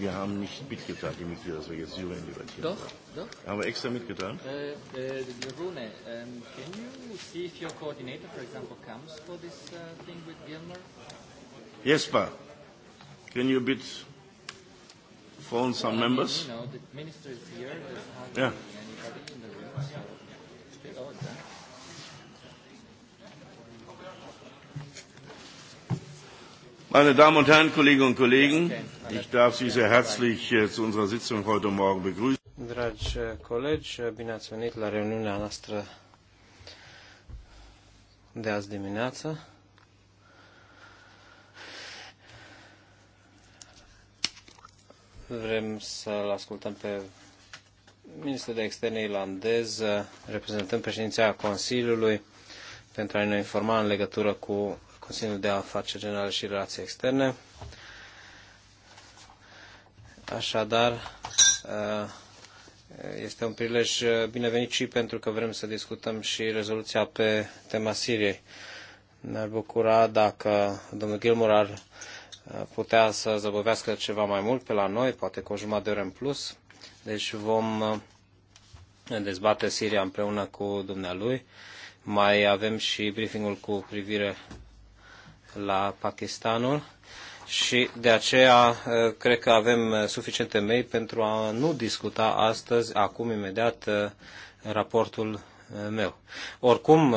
wir haben nicht mitgeteilt, die Mitglieder, dass wir jetzt Syrien debattieren. Doch, doch. Haben wir extra mitgeteilt? Äh, äh, Rune, um, can you see if your coordinator, for example, comes for this uh, thing with Gilmer? Jesper, can you a bit phone some well, members? you know, the minister is here. There's hardly yeah. anybody in the room, so it's a bit odd, huh? Meine Damen und Herren, Kolleginnen und Kollegen, ich darf Sie sehr herzlich äh, zu unserer Sitzung heute Morgen begrüßen. Dragi äh, colegi, äh, bine ați venit la reuniunea noastră de azi dimineață. Vrem să-l ascultăm pe ministrul de externe irlandez, reprezentând președinția Consiliului, pentru a ne informa în legătură cu Consiliul de Afaceri Generale și Relații Externe. Așadar, uh, este un prilej binevenit și pentru că vrem să discutăm și rezoluția pe tema Siriei. Ne-ar bucura dacă domnul Gilmour ar uh, putea să zăbăvească ceva mai mult pe la noi, poate cu o jumătate de oră în plus. Deci vom uh, dezbate Siria împreună cu dumnealui. Mai avem și briefingul cu privire la Pakistanul și de aceea uh, cred că avem uh, suficiente mei pentru a nu discuta astăzi, acum imediat, uh, raportul meu. Oricum,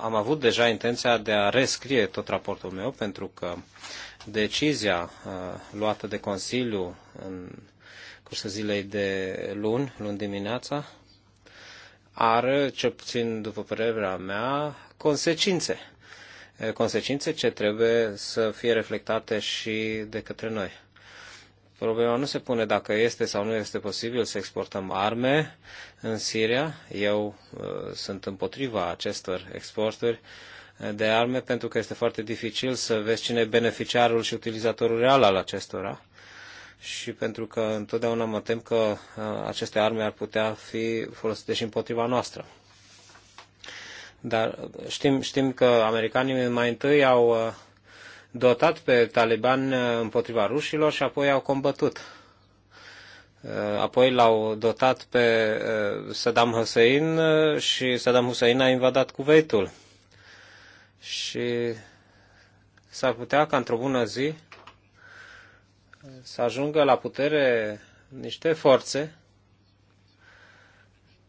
am avut deja intenția de a rescrie tot raportul meu, pentru că decizia luată de Consiliu în cursul zilei de luni, luni dimineața, are, cel puțin după părerea mea, consecințe consecințe ce trebuie să fie reflectate și de către noi. Problema nu se pune dacă este sau nu este posibil să exportăm arme în Siria. Eu uh, sunt împotriva acestor exporturi uh, de arme pentru că este foarte dificil să vezi cine e beneficiarul și utilizatorul real al acestora și pentru că întotdeauna mă tem că uh, aceste arme ar putea fi folosite și împotriva noastră. Dar știm, știm că americanii mai întâi au uh, dotat pe taliban uh, împotriva rușilor și apoi au combătut. Uh, apoi l-au dotat pe Saddam Hussein și Saddam Hussein a invadat Cuveitul. Și s-ar putea ca într-o bună zi să ajungă la putere niște forțe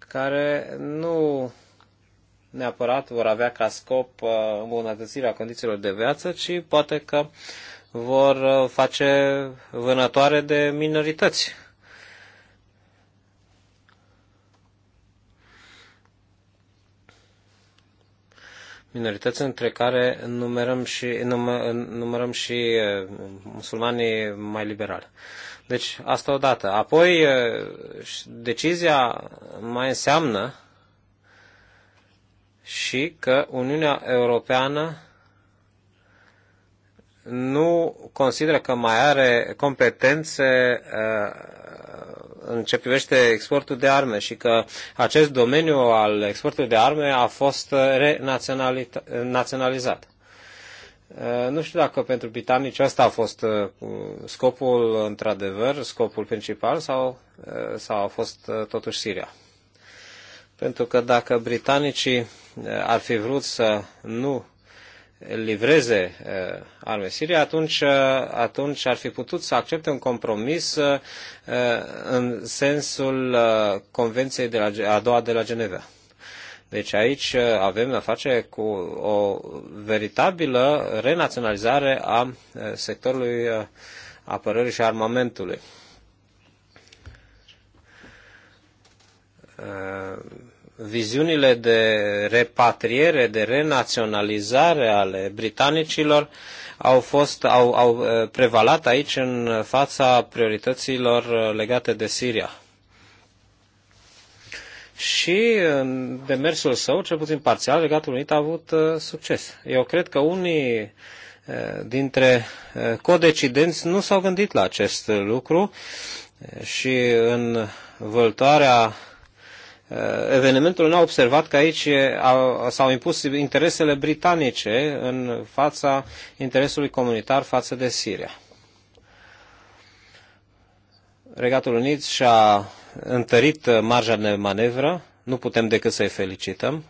care nu neapărat vor avea ca scop uh, îmbunătățirea condițiilor de viață, ci poate că vor uh, face vânătoare de minorități. Minorități între care numărăm și, numă, numărăm și uh, musulmanii mai liberali. Deci asta odată. Apoi, decizia mai înseamnă și că Uniunea Europeană nu consideră că mai are competențe uh, în ce privește exportul de arme și că acest domeniu al exportului de arme a fost renaționalizat. Uh, nu știu dacă pentru britanici asta a fost uh, scopul într-adevăr, scopul principal sau, sau a fost totuși Siria. Pentru că dacă britanicii ar fi vrut să nu livreze uh, arme Siriei, atunci, uh, atunci ar fi putut să accepte un compromis uh, în sensul Convenției de la, a doua de la Geneva. Deci aici avem la a face cu o veritabilă renaționalizare a sectorului apărării și armamentului viziunile de repatriere, de renaționalizare ale britanicilor au, fost, au, au uh, prevalat aici în fața priorităților uh, legate de Siria. Și în demersul său, cel puțin parțial, Regatul Unit a avut uh, succes. Eu cred că unii dintre codecidenți nu s-au gândit la acest lucru și în văltoarea Uh, evenimentul n au observat că aici s-au impus interesele britanice în fața interesului comunitar față de Siria. Regatul Unit și-a întărit marja de manevră, nu putem decât să-i felicităm.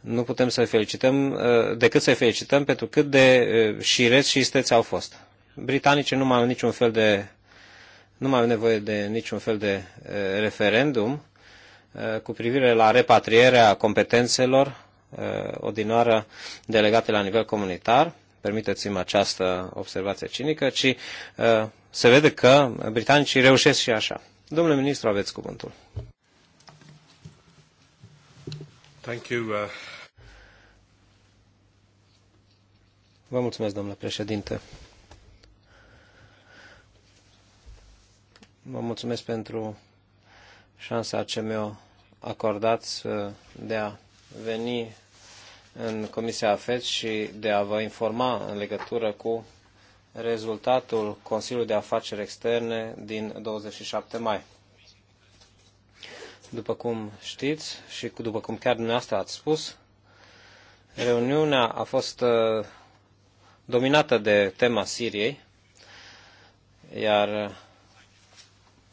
Nu putem să-i felicităm uh, decât să-i felicităm pentru cât de uh, șireți și isteți au fost. Britanicii nu mai au niciun fel de nu mai au nevoie de niciun fel de referendum Eh, cu privire la repatrierea competențelor eh, odinoară delegate la nivel comunitar, permiteți-mi această observație cinică, ci eh, se vede că britanicii reușesc și așa. Domnule ministru, aveți cuvântul. Thank you, uh... Vă mulțumesc, domnule președinte. Vă mulțumesc pentru șansa ce mi-o acordați de a veni în Comisia AFET și de a vă informa în legătură cu rezultatul Consiliului de Afaceri Externe din 27 mai. După cum știți și după cum chiar dumneavoastră ați spus, reuniunea a fost uh, dominată de tema Siriei, iar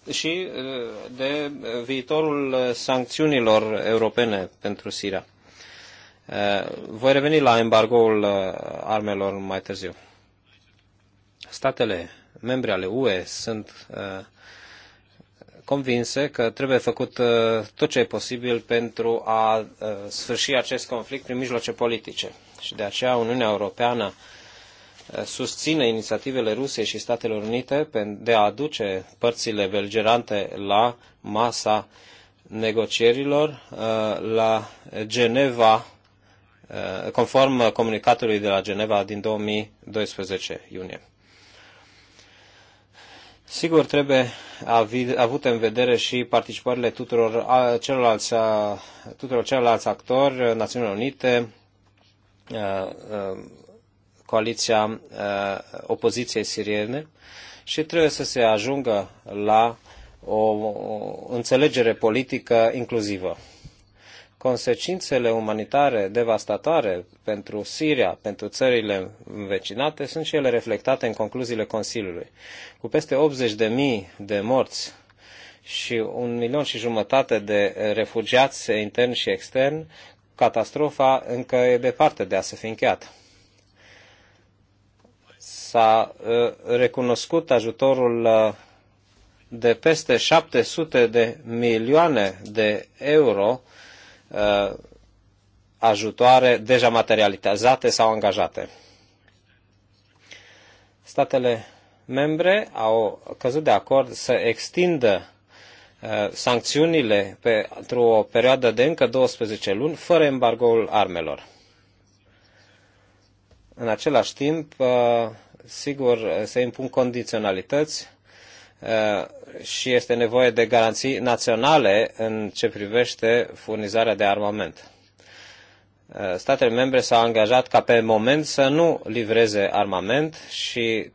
și uh, de viitorul uh, sancțiunilor europene pentru Siria. Uh, voi reveni la embargoul armelor mai târziu. Statele membre ale UE sunt convinse că trebuie făcut tot ce e posibil pentru a sfârși acest conflict prin mijloace politice. Și de aceea Uniunea Europeană susține inițiativele Rusiei și Statelor Unite de a aduce părțile belgerante la masa negocierilor uh, la Geneva, uh, conform comunicatului de la Geneva din 2012 iunie. Sigur, trebuie avute în vedere și participările tuturor celorlalți, tuturor celorlalți actori, Națiunile Unite, uh, coaliția uh, opoziției siriene și trebuie să se ajungă la o înțelegere politică inclusivă. Consecințele umanitare devastatoare pentru Siria, pentru țările învecinate, sunt și ele reflectate în concluziile Consiliului. Cu peste 80.000 de, de morți și un milion și jumătate de refugiați intern și extern, catastrofa încă e departe de a se fi încheiată s-a uh, recunoscut ajutorul uh, de peste 700 de milioane de euro uh, ajutoare deja materializate sau angajate. Statele membre au căzut de acord să extindă sancțiunile pentru o perioadă de încă 12 luni, fără embargoul armelor. În același timp, sigur, eh, se impun condiționalități eh, și este nevoie de garanții naționale în ce privește furnizarea de armament. Eh, statele membre s-au angajat ca pe moment să nu livreze armament și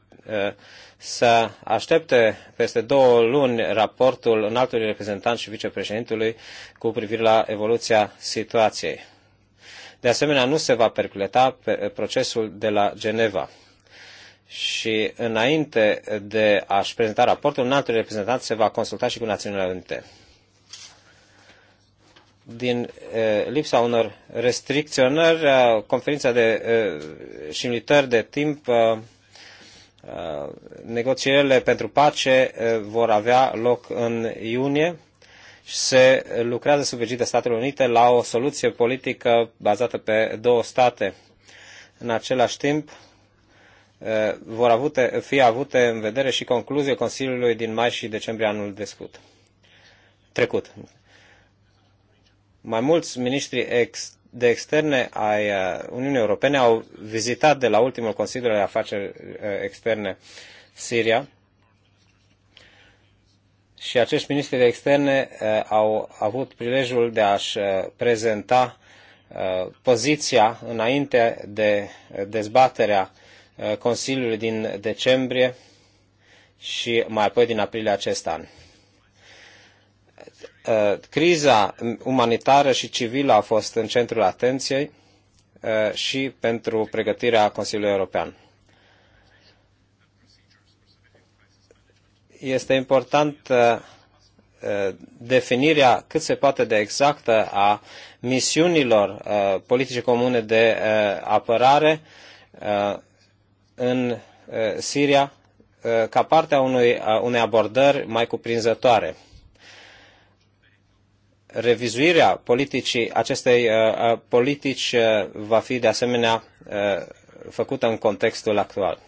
să aștepte peste două luni raportul înaltului reprezentant și vicepreședintului cu privire la evoluția situației. De asemenea, nu se va percleta procesul de la Geneva și înainte de a-și prezenta raportul, un alt reprezentant se va consulta și cu Națiunile Unite. Din e, lipsa unor restricționări, conferința de, e, și militări de timp, e, negocierile pentru pace e, vor avea loc în iunie și se lucrează sub egida Statelor Unite la o soluție politică bazată pe două state. În același timp, Uh, vor avute, fi avute în vedere și concluzie Consiliului din mai și decembrie anul descut, trecut. Mai mulți miniștri ex, de externe ai uh, Uniunii Europene au vizitat de la ultimul Consiliu de Afaceri uh, Externe Siria și acești miniștri de externe au avut prilejul de a-și prezenta poziția înainte de dezbaterea Uh, Consiliului din decembrie și mai apoi din aprilie acest an. Uh, criza umanitară și civilă a fost în centrul atenției uh, și pentru pregătirea Consiliului European. Este important definirea cât se poate de exactă a misiunilor politice comune de apărare în uh, Siria uh, ca parte a unui, a unei abordări mai cuprinzătoare. Revizuirea politicii, acestei uh, politici va fi de asemenea făcută în contextul actual.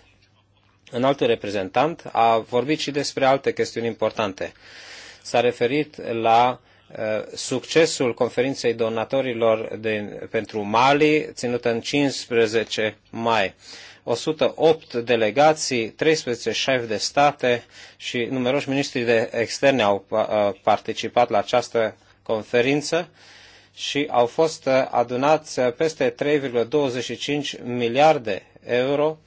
Un alt reprezentant a vorbit și despre alte chestiuni importante. S-a referit la succesul conferinței donatorilor de, pentru Mali, ținută în 15 mai. 108 delegații, 13 șefi de state și numeroși ministri de externe au uh, participat la această conferință și au fost uh, adunați uh, peste 3,25 miliarde euro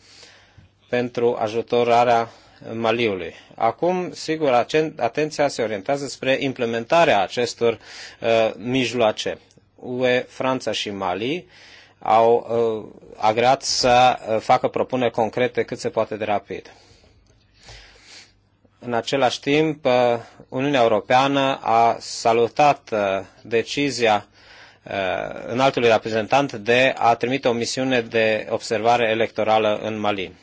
pentru ajutorarea Maliului. Acum, sigur, atenția se orientează spre implementarea acestor uh, mijloace. UE, Franța și Mali uh, au uh, agreat să uh, facă propuneri concrete cât se poate de rapid. În același timp, uh, Uniunea Europeană a salutat decizia înaltului reprezentant de a trimite o misiune de observare electorală în Mali.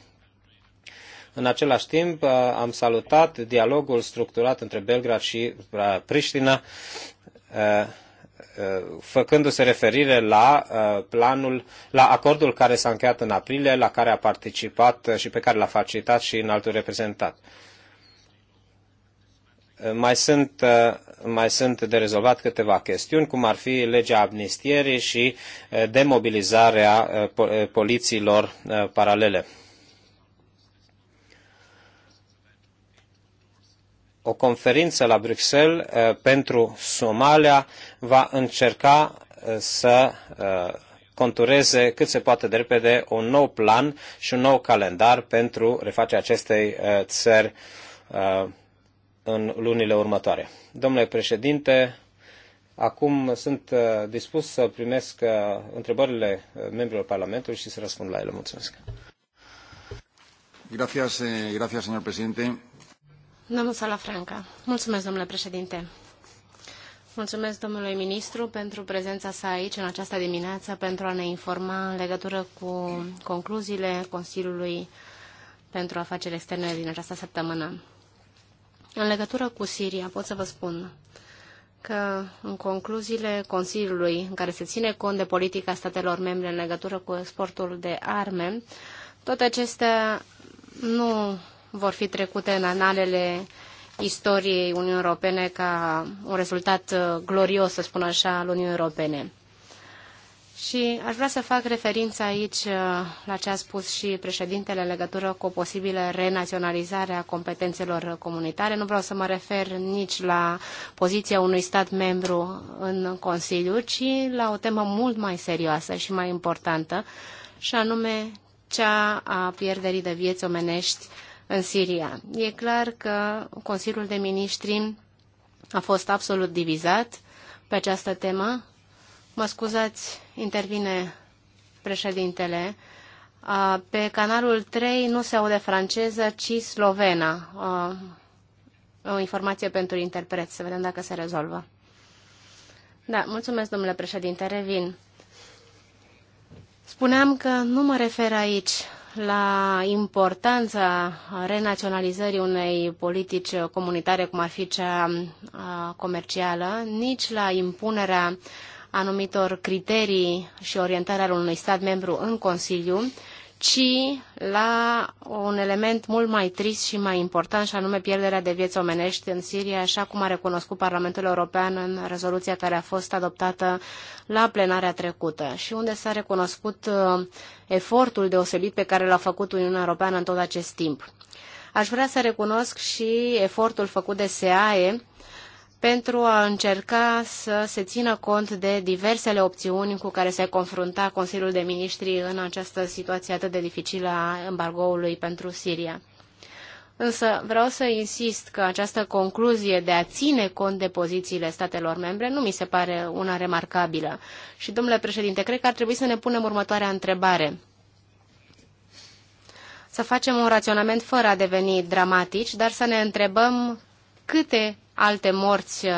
În același timp, am salutat dialogul structurat între Belgrad și Priștina Uh, făcându-se referire la uh, planul, la acordul care s-a încheiat în aprilie, la care a participat uh, și pe care l-a facilitat și în altul reprezentat. Mai sunt, mai sunt de rezolvat câteva chestiuni, cum ar fi legea amnistierii și demobilizarea polițiilor paralele. o conferință la Bruxelles uh, pentru Somalia va încerca uh, să uh, contureze cât se poate de repede un nou plan și un nou calendar pentru refacerea acestei țări în lunile următoare. Domnule președinte, acum sunt dispus să primesc întrebările membrilor Parlamentului și să răspund la ele. Mulțumesc. Gracias, eh, gracias, señor presidente. Doamna Salafranca. Mulțumesc, domnule președinte. Mulțumesc domnului ministru pentru prezența sa aici în această dimineață pentru a ne informa în legătură cu concluziile Consiliului pentru afaceri externe din această săptămână. În legătură cu Siria pot să vă spun că în concluziile Consiliului, în care se ține cont de politica statelor membre în legătură cu exportul de arme, toate acestea nu vor fi trecute în analele istoriei Uniunii Europene ca un rezultat uh, glorios, să spun așa, al Uniunii Europene. Și aș vrea să fac referință aici uh, la ce a spus și președintele în legătură cu o posibilă renaționalizare a competențelor comunitare. Nu vreau să mă refer nici la poziția unui stat membru în Consiliu, ci la o temă mult mai serioasă și mai importantă, și anume cea a pierderii de vieți omenești uh, în Siria. E clar că Consiliul de Ministri a fost absolut divizat pe această temă. Mă scuzați, intervine președintele. Pe canalul 3 nu se aude franceză, ci slovena. O informație pentru interpret, să vedem dacă se rezolvă. Da, mulțumesc, domnule președinte, revin. Spuneam că nu mă refer aici la importanța renaționalizării unei politici comunitare, cum ar fi cea comercială, nici la impunerea anumitor criterii și orientarea unui stat membru în Consiliu, ci la un element mult mai trist și mai important, și anume pierderea de vieți omenești în Siria, așa cum a recunoscut Parlamentul European în rezoluția care a fost adoptată la plenarea trecută și unde s-a recunoscut uh, efortul deosebit pe care l-a făcut Uniunea Europeană în tot acest timp. Aș vrea să recunosc și efortul făcut de SEAE pentru a încerca să se țină cont de diversele opțiuni cu care se confrunta Consiliul de Ministri în această situație atât de dificilă a embargoului pentru Siria. Însă vreau să insist că această concluzie de a ține cont de pozițiile statelor membre nu mi se pare una remarcabilă. Și, domnule președinte, cred că ar trebui să ne punem următoarea întrebare. Să facem un raționament fără a deveni dramatici, dar să ne întrebăm câte alte morți uh,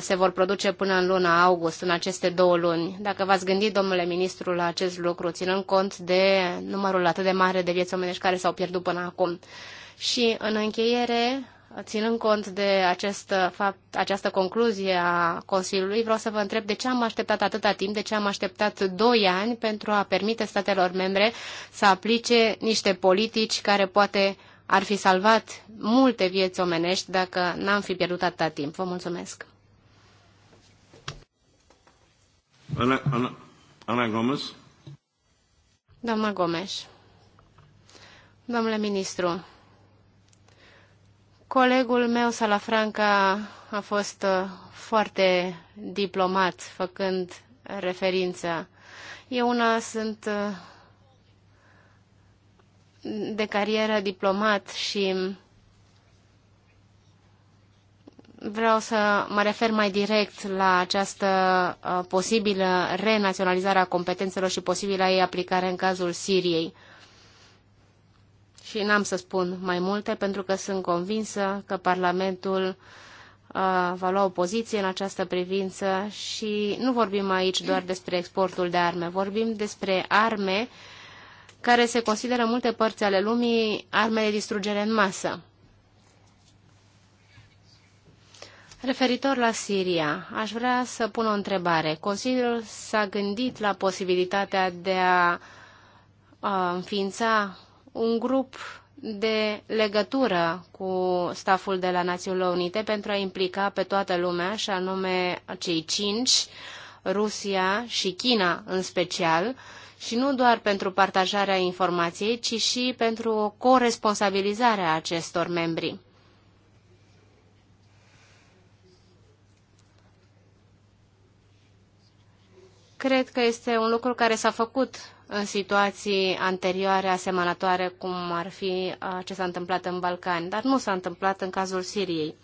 se vor produce până în luna august, în aceste două luni. Dacă v-ați gândit, domnule ministru, la acest lucru, ținând cont de numărul atât de mare de vieți omenești care s-au pierdut până acum. Și în încheiere, ținând cont de acest fapt, această concluzie a Consiliului, vreau să vă întreb de ce am așteptat atâta timp, de ce am așteptat doi ani pentru a permite statelor membre să aplice niște politici care poate ar fi salvat multe vieți omenești dacă n-am fi pierdut atâta timp. Vă mulțumesc. Ana, Ana, Ana Gomes. Doamna Gomes. Domnule ministru, colegul meu, Salafranca, a fost uh, foarte diplomat, făcând referință. Eu una sunt uh, de carieră diplomat și vreau să mă refer mai direct la această uh, posibilă renaționalizare a competențelor și posibilă ei aplicare în cazul Siriei. Și n-am să spun mai multe pentru că sunt convinsă că Parlamentul uh, va lua o poziție în această privință și nu vorbim aici doar despre exportul de arme, vorbim despre arme uh, care se consideră în multe părți ale lumii arme de distrugere în masă. Referitor la Siria, aș vrea să pun o întrebare. Consiliul s-a gândit la posibilitatea de a, a înființa un grup de legătură cu staful de la Națiunile Unite pentru a implica pe toată lumea, și anume cei cinci, Rusia și China în special, și nu doar pentru partajarea informației, ci și pentru o coresponsabilizare a acestor membri. Cred că este un lucru care s-a făcut în situații anterioare, asemănătoare, cum ar fi uh, ce s-a întâmplat în Balcani, dar nu s-a întâmplat în cazul Siriei.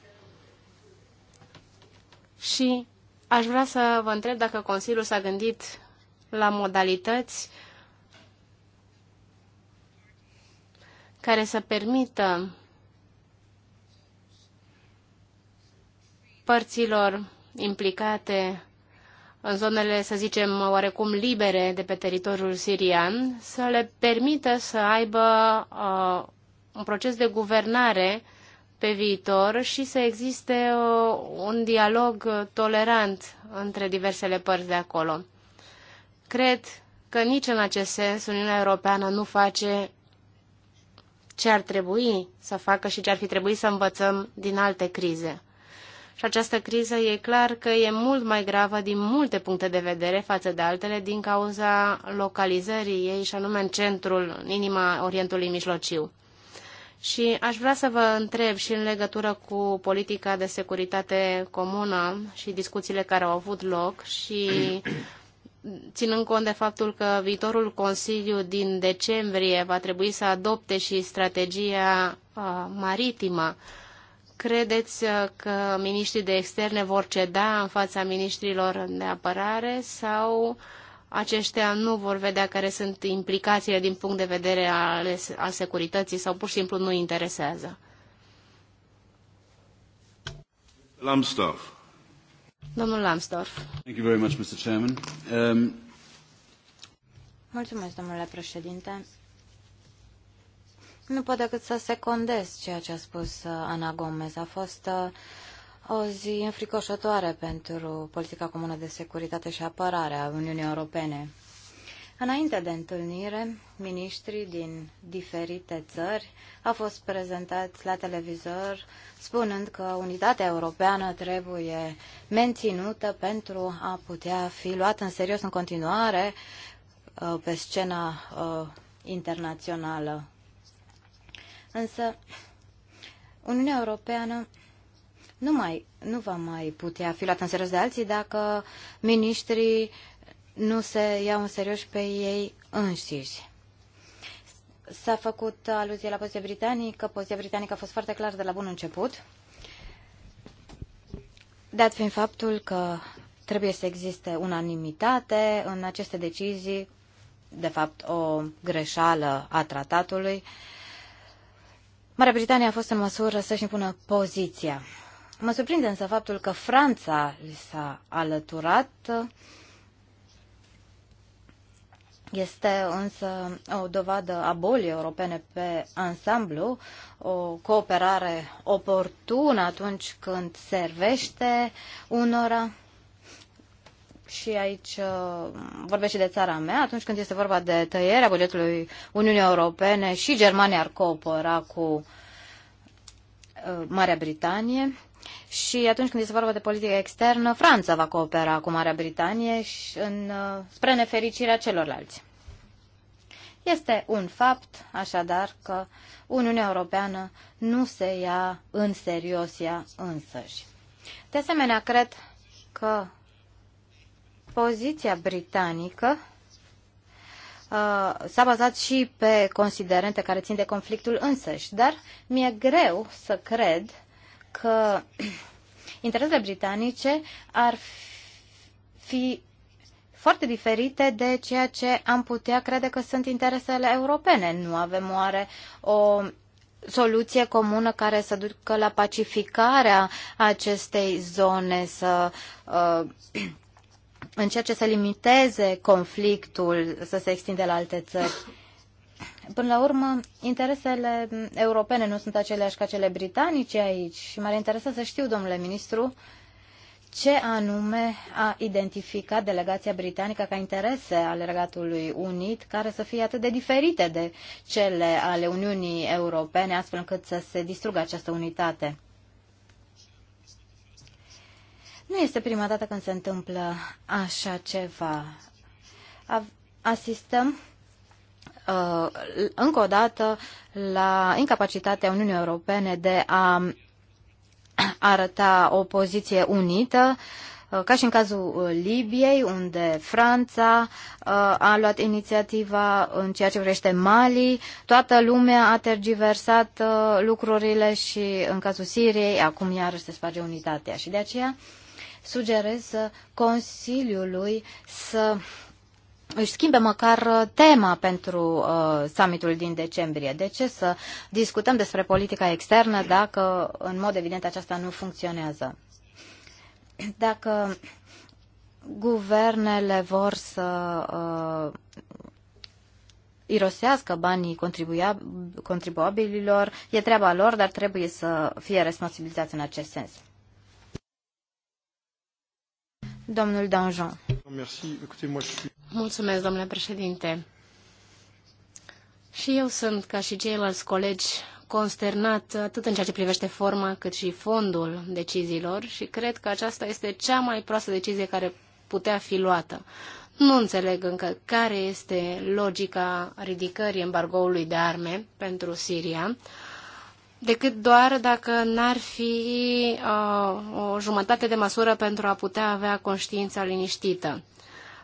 Și aș vrea să vă întreb dacă Consiliul s-a gândit la modalități care să permită părților implicate în zonele, să zicem, oarecum libere de pe teritoriul sirian, să le permită să aibă uh, un proces de guvernare pe viitor și să existe uh, un dialog tolerant între diversele părți de acolo. Cred că nici în acest sens Uniunea Europeană nu face ce ar trebui să facă și ce ar fi trebuit să învățăm din alte crize. Și această criză e clar că e mult mai gravă din multe puncte de vedere față de altele din cauza localizării ei și anume în centrul, în inima Orientului Mijlociu. Și aș vrea să vă întreb și în legătură cu politica de securitate comună și discuțiile care au avut loc și ținând cont de faptul că viitorul Consiliu din decembrie va trebui să adopte și strategia uh, maritimă, credeți uh, că miniștrii de externe vor ceda în fața miniștrilor de apărare sau aceștia nu vor vedea care sunt implicațiile din punct de vedere al, al securității sau pur și simplu nu interesează? Lambsdorff. Domnul Lambsdorff. Thank you very much, Mr. Chairman. Um... Mulțumesc, domnule președinte. Nu pot decât să secondez ceea ce a spus uh, Ana Gomez. A fost uh, o zi înfricoșătoare pentru politica comună de securitate și apărare a Uniunii Europene. Înainte de întâlnire, miniștrii din diferite țări au fost prezentați la televizor spunând că unitatea europeană trebuie menținută pentru a putea fi luată în serios în continuare uh, pe scena uh, internațională. Însă, Uniunea Europeană nu, mai, nu va mai putea fi luată în serios de alții dacă miniștrii nu se iau în serios pe ei înșiși. S-a făcut aluzie la poziția britanică. Poziția britanică a fost foarte clară de la bun început. Dat fiind faptul că trebuie să existe unanimitate în aceste decizii, de fapt o greșeală a tratatului, Marea Britanie a fost în măsură să-și impună poziția. Mă surprinde însă faptul că Franța li s-a alăturat este însă o dovadă a bolii europene pe ansamblu, o cooperare oportună atunci când servește unora. Și aici uh, vorbesc și de țara mea, atunci când este vorba de tăierea bugetului Uniunii Europene și Germania ar coopera cu uh, Marea Britanie și atunci când este vorba de politică externă, Franța va coopera cu Marea Britanie și în, uh, spre nefericirea celorlalți. Este un fapt, așadar, că Uniunea Europeană nu se ia în serios ea însăși. De asemenea, cred că poziția britanică uh, s-a bazat și pe considerente care țin de conflictul însăși, dar mi-e greu să cred că interesele britanice ar fi foarte diferite de ceea ce am putea crede că sunt interesele europene. Nu avem oare o soluție comună care să ducă la pacificarea acestei zone, să uh, încerce să limiteze conflictul, să se extinde la alte țări. Până la urmă, interesele europene nu sunt aceleași ca cele britanice aici și m-ar interesa să știu, domnule ministru, ce anume a identificat delegația britanică ca interese ale Regatului Unit, care să fie atât de diferite de cele ale Uniunii Europene, astfel încât să se distrugă această unitate? Nu este prima dată când se întâmplă așa ceva. Asistăm Uh, încă o dată la incapacitatea Uniunii Europene de a arăta o poziție unită, uh, ca și în cazul uh, Libiei, unde Franța a luat inițiativa în ceea ce vrește Mali, toată lumea a tergiversat lucrurile și în cazul Siriei, acum iarăși se sparge unitatea. Și de aceea sugerez Consiliului să își schimbe măcar uh, tema pentru uh, summitul din decembrie. De ce să discutăm despre politica externă dacă, în mod evident, aceasta nu funcționează? Dacă guvernele vor să uh, irosească banii contribuabililor, e treaba lor, dar trebuie să fie responsabilizați în acest sens. Domnul Danjon. Mulțumesc, domnule președinte. Și eu sunt, ca și ceilalți colegi, consternat atât în ceea ce privește forma, cât și fondul deciziilor și cred că aceasta este cea mai proastă decizie care putea fi luată. Nu înțeleg încă care este logica ridicării embargoului de arme pentru Siria decât doar dacă n-ar fi uh, o jumătate de măsură pentru a putea avea conștiința liniștită.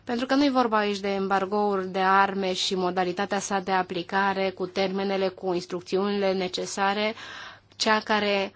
Pentru că nu e vorba aici de embargouri de arme și modalitatea sa de aplicare cu termenele, cu instrucțiunile necesare, cea care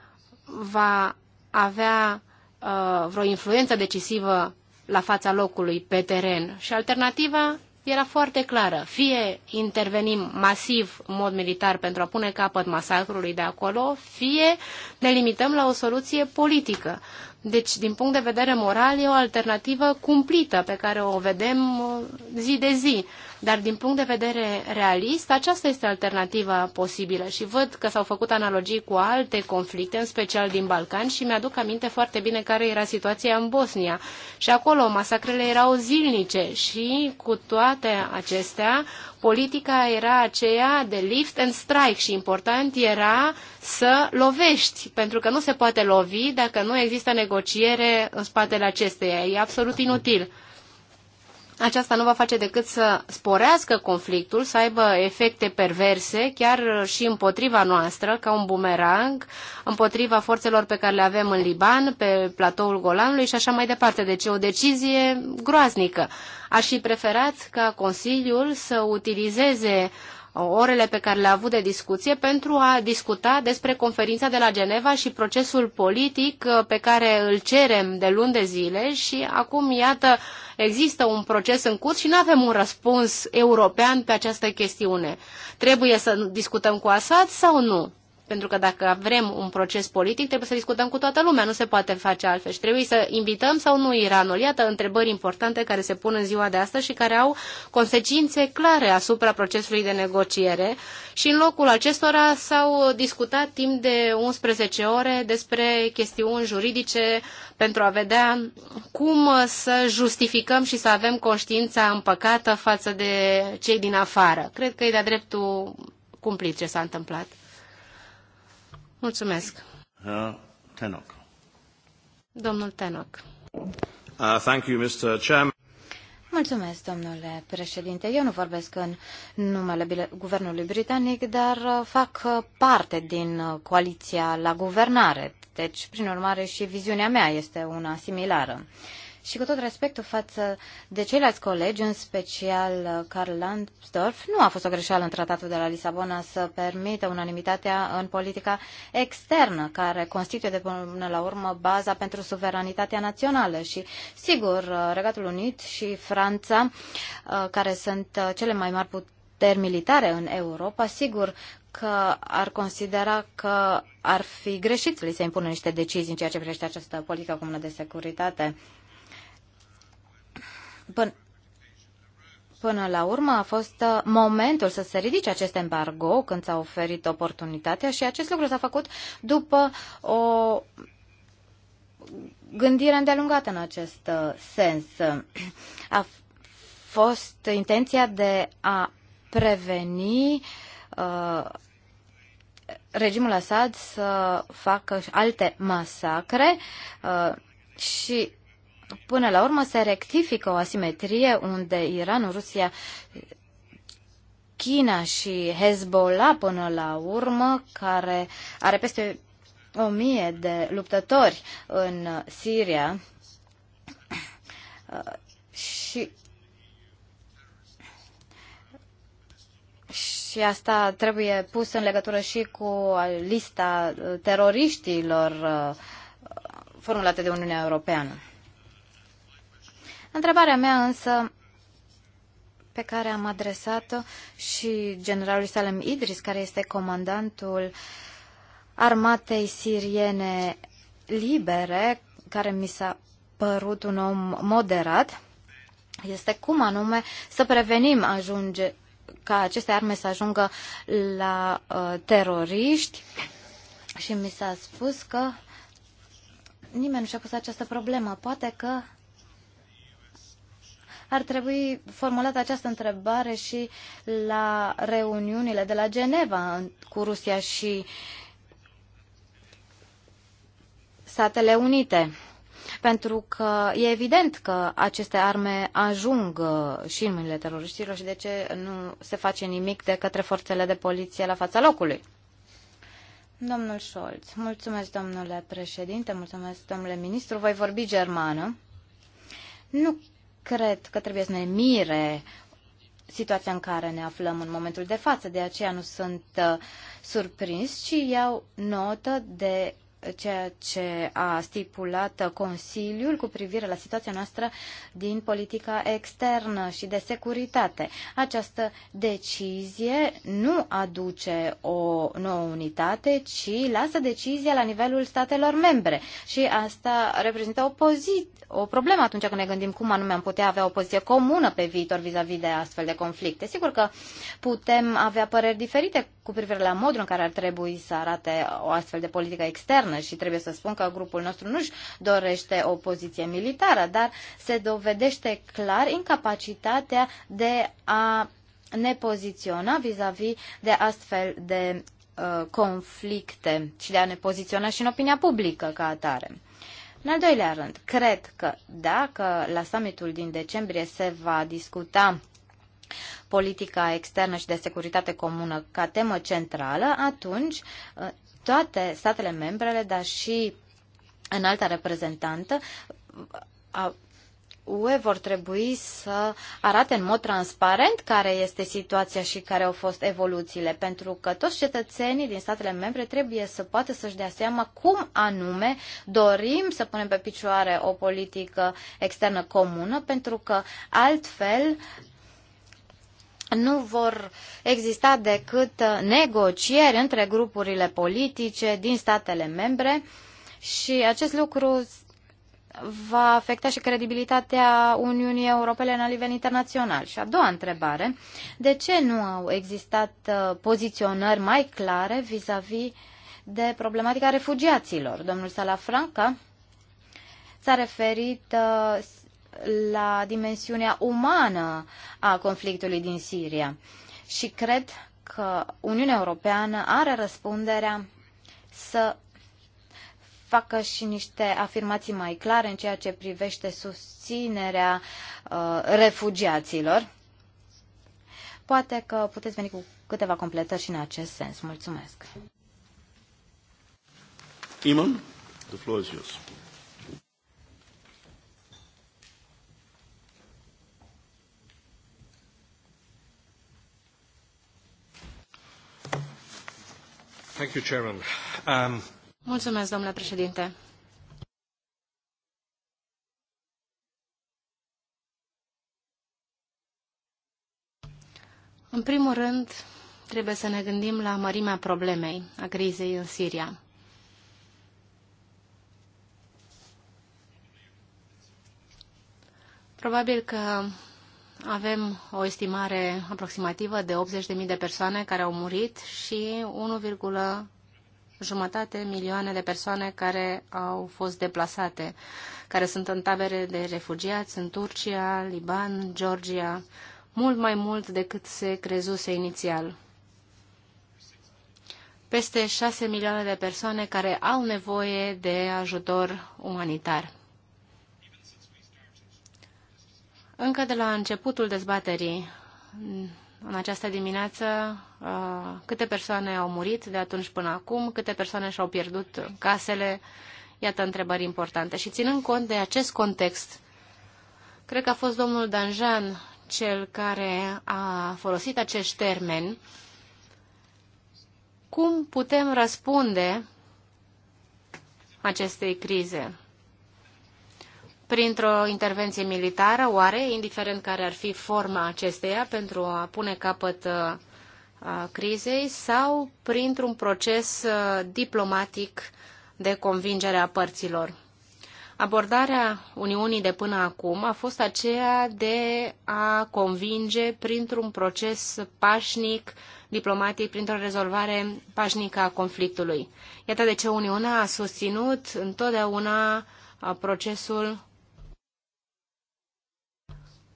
va avea uh, vreo influență decisivă la fața locului, pe teren. Și alternativa era foarte clară. Fie intervenim masiv în mod militar pentru a pune capăt masacrului de acolo, fie ne limităm la o soluție politică. Deci, din punct de vedere moral, e o alternativă cumplită pe care o vedem uh, zi de zi. Dar din punct de vedere realist, aceasta este alternativa posibilă și văd că s-au făcut analogii cu alte conflicte, în special din Balcan și mi-aduc aminte foarte bine care era situația în Bosnia. Și acolo masacrele erau zilnice și cu toate acestea, politica era aceea de lift and strike și important era să lovești, pentru că nu se poate lovi dacă nu există negociere în spatele acesteia. E absolut inutil aceasta nu va face decât să sporească conflictul, să aibă efecte perverse, chiar și împotriva noastră, ca un bumerang, împotriva forțelor pe care le avem în Liban, pe platoul Golanului și așa mai departe. Deci e o decizie groaznică. Aș fi preferat ca Consiliul să utilizeze orele pe care le-a avut de discuție pentru a discuta despre conferința de la Geneva și procesul politic uh, pe care îl cerem de luni de zile și acum, iată, există un proces în curs și nu avem un răspuns european pe această chestiune. Trebuie să discutăm cu Assad sau nu? Pentru că dacă vrem un proces politic, trebuie să discutăm cu toată lumea, nu se poate face altfel. Și trebuie să invităm sau nu Iranul. Iată întrebări importante care se pun în ziua de astăzi și care au consecințe clare asupra procesului de negociere. Și în locul acestora s-au discutat timp de 11 ore despre chestiuni juridice pentru a vedea cum să justificăm și să avem conștiința împăcată față de cei din afară. Cred că e de-a dreptul cumplit ce s-a întâmplat. Mulțumesc. Tenoc. Domnul Tenoc. Uh, thank you, Mr. Chairman. Mulțumesc, domnule președinte. Eu nu vorbesc în numele guvernului britanic, dar uh, fac uh, parte din uh, coaliția la guvernare. Deci, prin urmare, și viziunea mea este una similară. Uh, și cu tot respectul față de ceilalți colegi, în special uh, Karl Landsdorf, nu a fost o greșeală în tratatul de la Lisabona să permită unanimitatea în politica externă, care constituie de până la urmă baza pentru suveranitatea națională. Și sigur, uh, Regatul Unit și Franța, uh, care sunt cele mai mari puteri militare în Europa, sigur că ar considera că ar fi greșit să li se impună niște decizii în ceea ce privește această politică comună de securitate. Până, la urmă a fost uh, momentul să se ridice acest embargo când s-a oferit oportunitatea și acest lucru s-a făcut după o gândire îndelungată în acest uh, sens. A fost intenția de a preveni uh, regimul Assad să facă alte masacre și până la urmă se rectifică o asimetrie unde Iranul, Rusia, China și Hezbollah până la urmă, care are peste o mie de luptători în Siria și și asta trebuie pus în legătură și cu lista teroriștilor uh, formulată de Uniunea Europeană. Întrebarea mea însă pe care am adresat-o și generalul Salem Idris, care este comandantul armatei siriene libere, care mi s-a părut un om moderat, este cum anume să prevenim ajunge, ca aceste arme să ajungă la uh, teroriști și mi s-a spus că nimeni nu și-a pus această problemă. Poate că ar trebui formulată această întrebare și la reuniunile de la Geneva cu Rusia și Statele Unite. Pentru că e evident că aceste arme ajung uh, și în mâinile teroriștilor și de ce nu se face nimic de către forțele de poliție la fața locului. Domnul Scholz, mulțumesc domnule președinte, mulțumesc domnule ministru, voi vorbi germană. Nu cred că trebuie să ne mire situația în care ne aflăm în momentul de față, de aceea nu sunt uh, surprins, ci iau notă de ceea ce a stipulat Consiliul cu privire la situația noastră din politica externă și de securitate. Această decizie nu aduce o nouă unitate, ci lasă decizia la nivelul statelor membre. Și asta reprezintă o, pozit- o problemă atunci când ne gândim cum anume am putea avea o poziție comună pe viitor vis-a-vis -vis de astfel de conflicte. Sigur că putem avea păreri diferite cu privire la modul în care ar trebui să arate o astfel de politică externă și trebuie să spun că grupul nostru nu-și dorește o poziție militară, dar se dovedește clar incapacitatea de a ne poziționa vis-a-vis -vis de astfel de uh, conflicte și de a ne poziționa și în opinia publică ca atare. În al doilea rând, cred că dacă la summitul din decembrie se va discuta politica externă și de securitate comună ca temă centrală, atunci uh, toate statele membrele, dar și în alta reprezentantă, uh, a, UE vor trebui să arate în mod transparent care este situația și care au fost evoluțiile, pentru că toți cetățenii din statele membre trebuie să poată să-și dea seama cum anume dorim să punem pe picioare o politică externă comună, pentru că altfel nu vor exista decât uh, negocieri între grupurile politice din statele membre și acest lucru va afecta și credibilitatea Uniunii Europene la nivel internațional. Și a doua întrebare, de ce nu au existat uh, poziționări mai clare vis-a-vis de problematica refugiaților? Domnul Salafranca s-a referit uh, la dimensiunea umană a conflictului din Siria. Și cred că Uniunea Europeană are răspunderea să facă și niște afirmații mai clare în ceea ce privește susținerea uh, refugiaților. Poate că puteți veni cu câteva completări și în acest sens. Mulțumesc. Iman, the floor is yours. Um, Mulțumesc, domnule președinte. În primul rând, trebuie să ne gândim la mărimea problemei a crizei în Siria. Probabil că avem o estimare aproximativă de 80.000 de persoane care au murit și 1, jumătate milioane de persoane care au fost deplasate, care sunt în tabere de refugiați în Turcia, Liban, Georgia, mult mai mult decât se crezuse inițial. Peste 6 milioane de persoane care au nevoie de ajutor umanitar. Încă de la începutul dezbaterii, în această dimineață, uh, câte persoane au murit de atunci până acum, câte persoane și-au pierdut casele, iată întrebări importante. Și ținând cont de acest context, cred că a fost domnul Danjan cel care a folosit acești termeni, cum putem răspunde acestei crize? printr-o intervenție militară, oare, indiferent care ar fi forma acesteia, pentru a pune capăt uh, crizei, sau printr-un proces uh, diplomatic de convingere a părților. Abordarea Uniunii de până acum a fost aceea de a convinge printr-un proces pașnic, diplomatic, printr-o rezolvare pașnică a conflictului. Iată de ce Uniunea a susținut întotdeauna procesul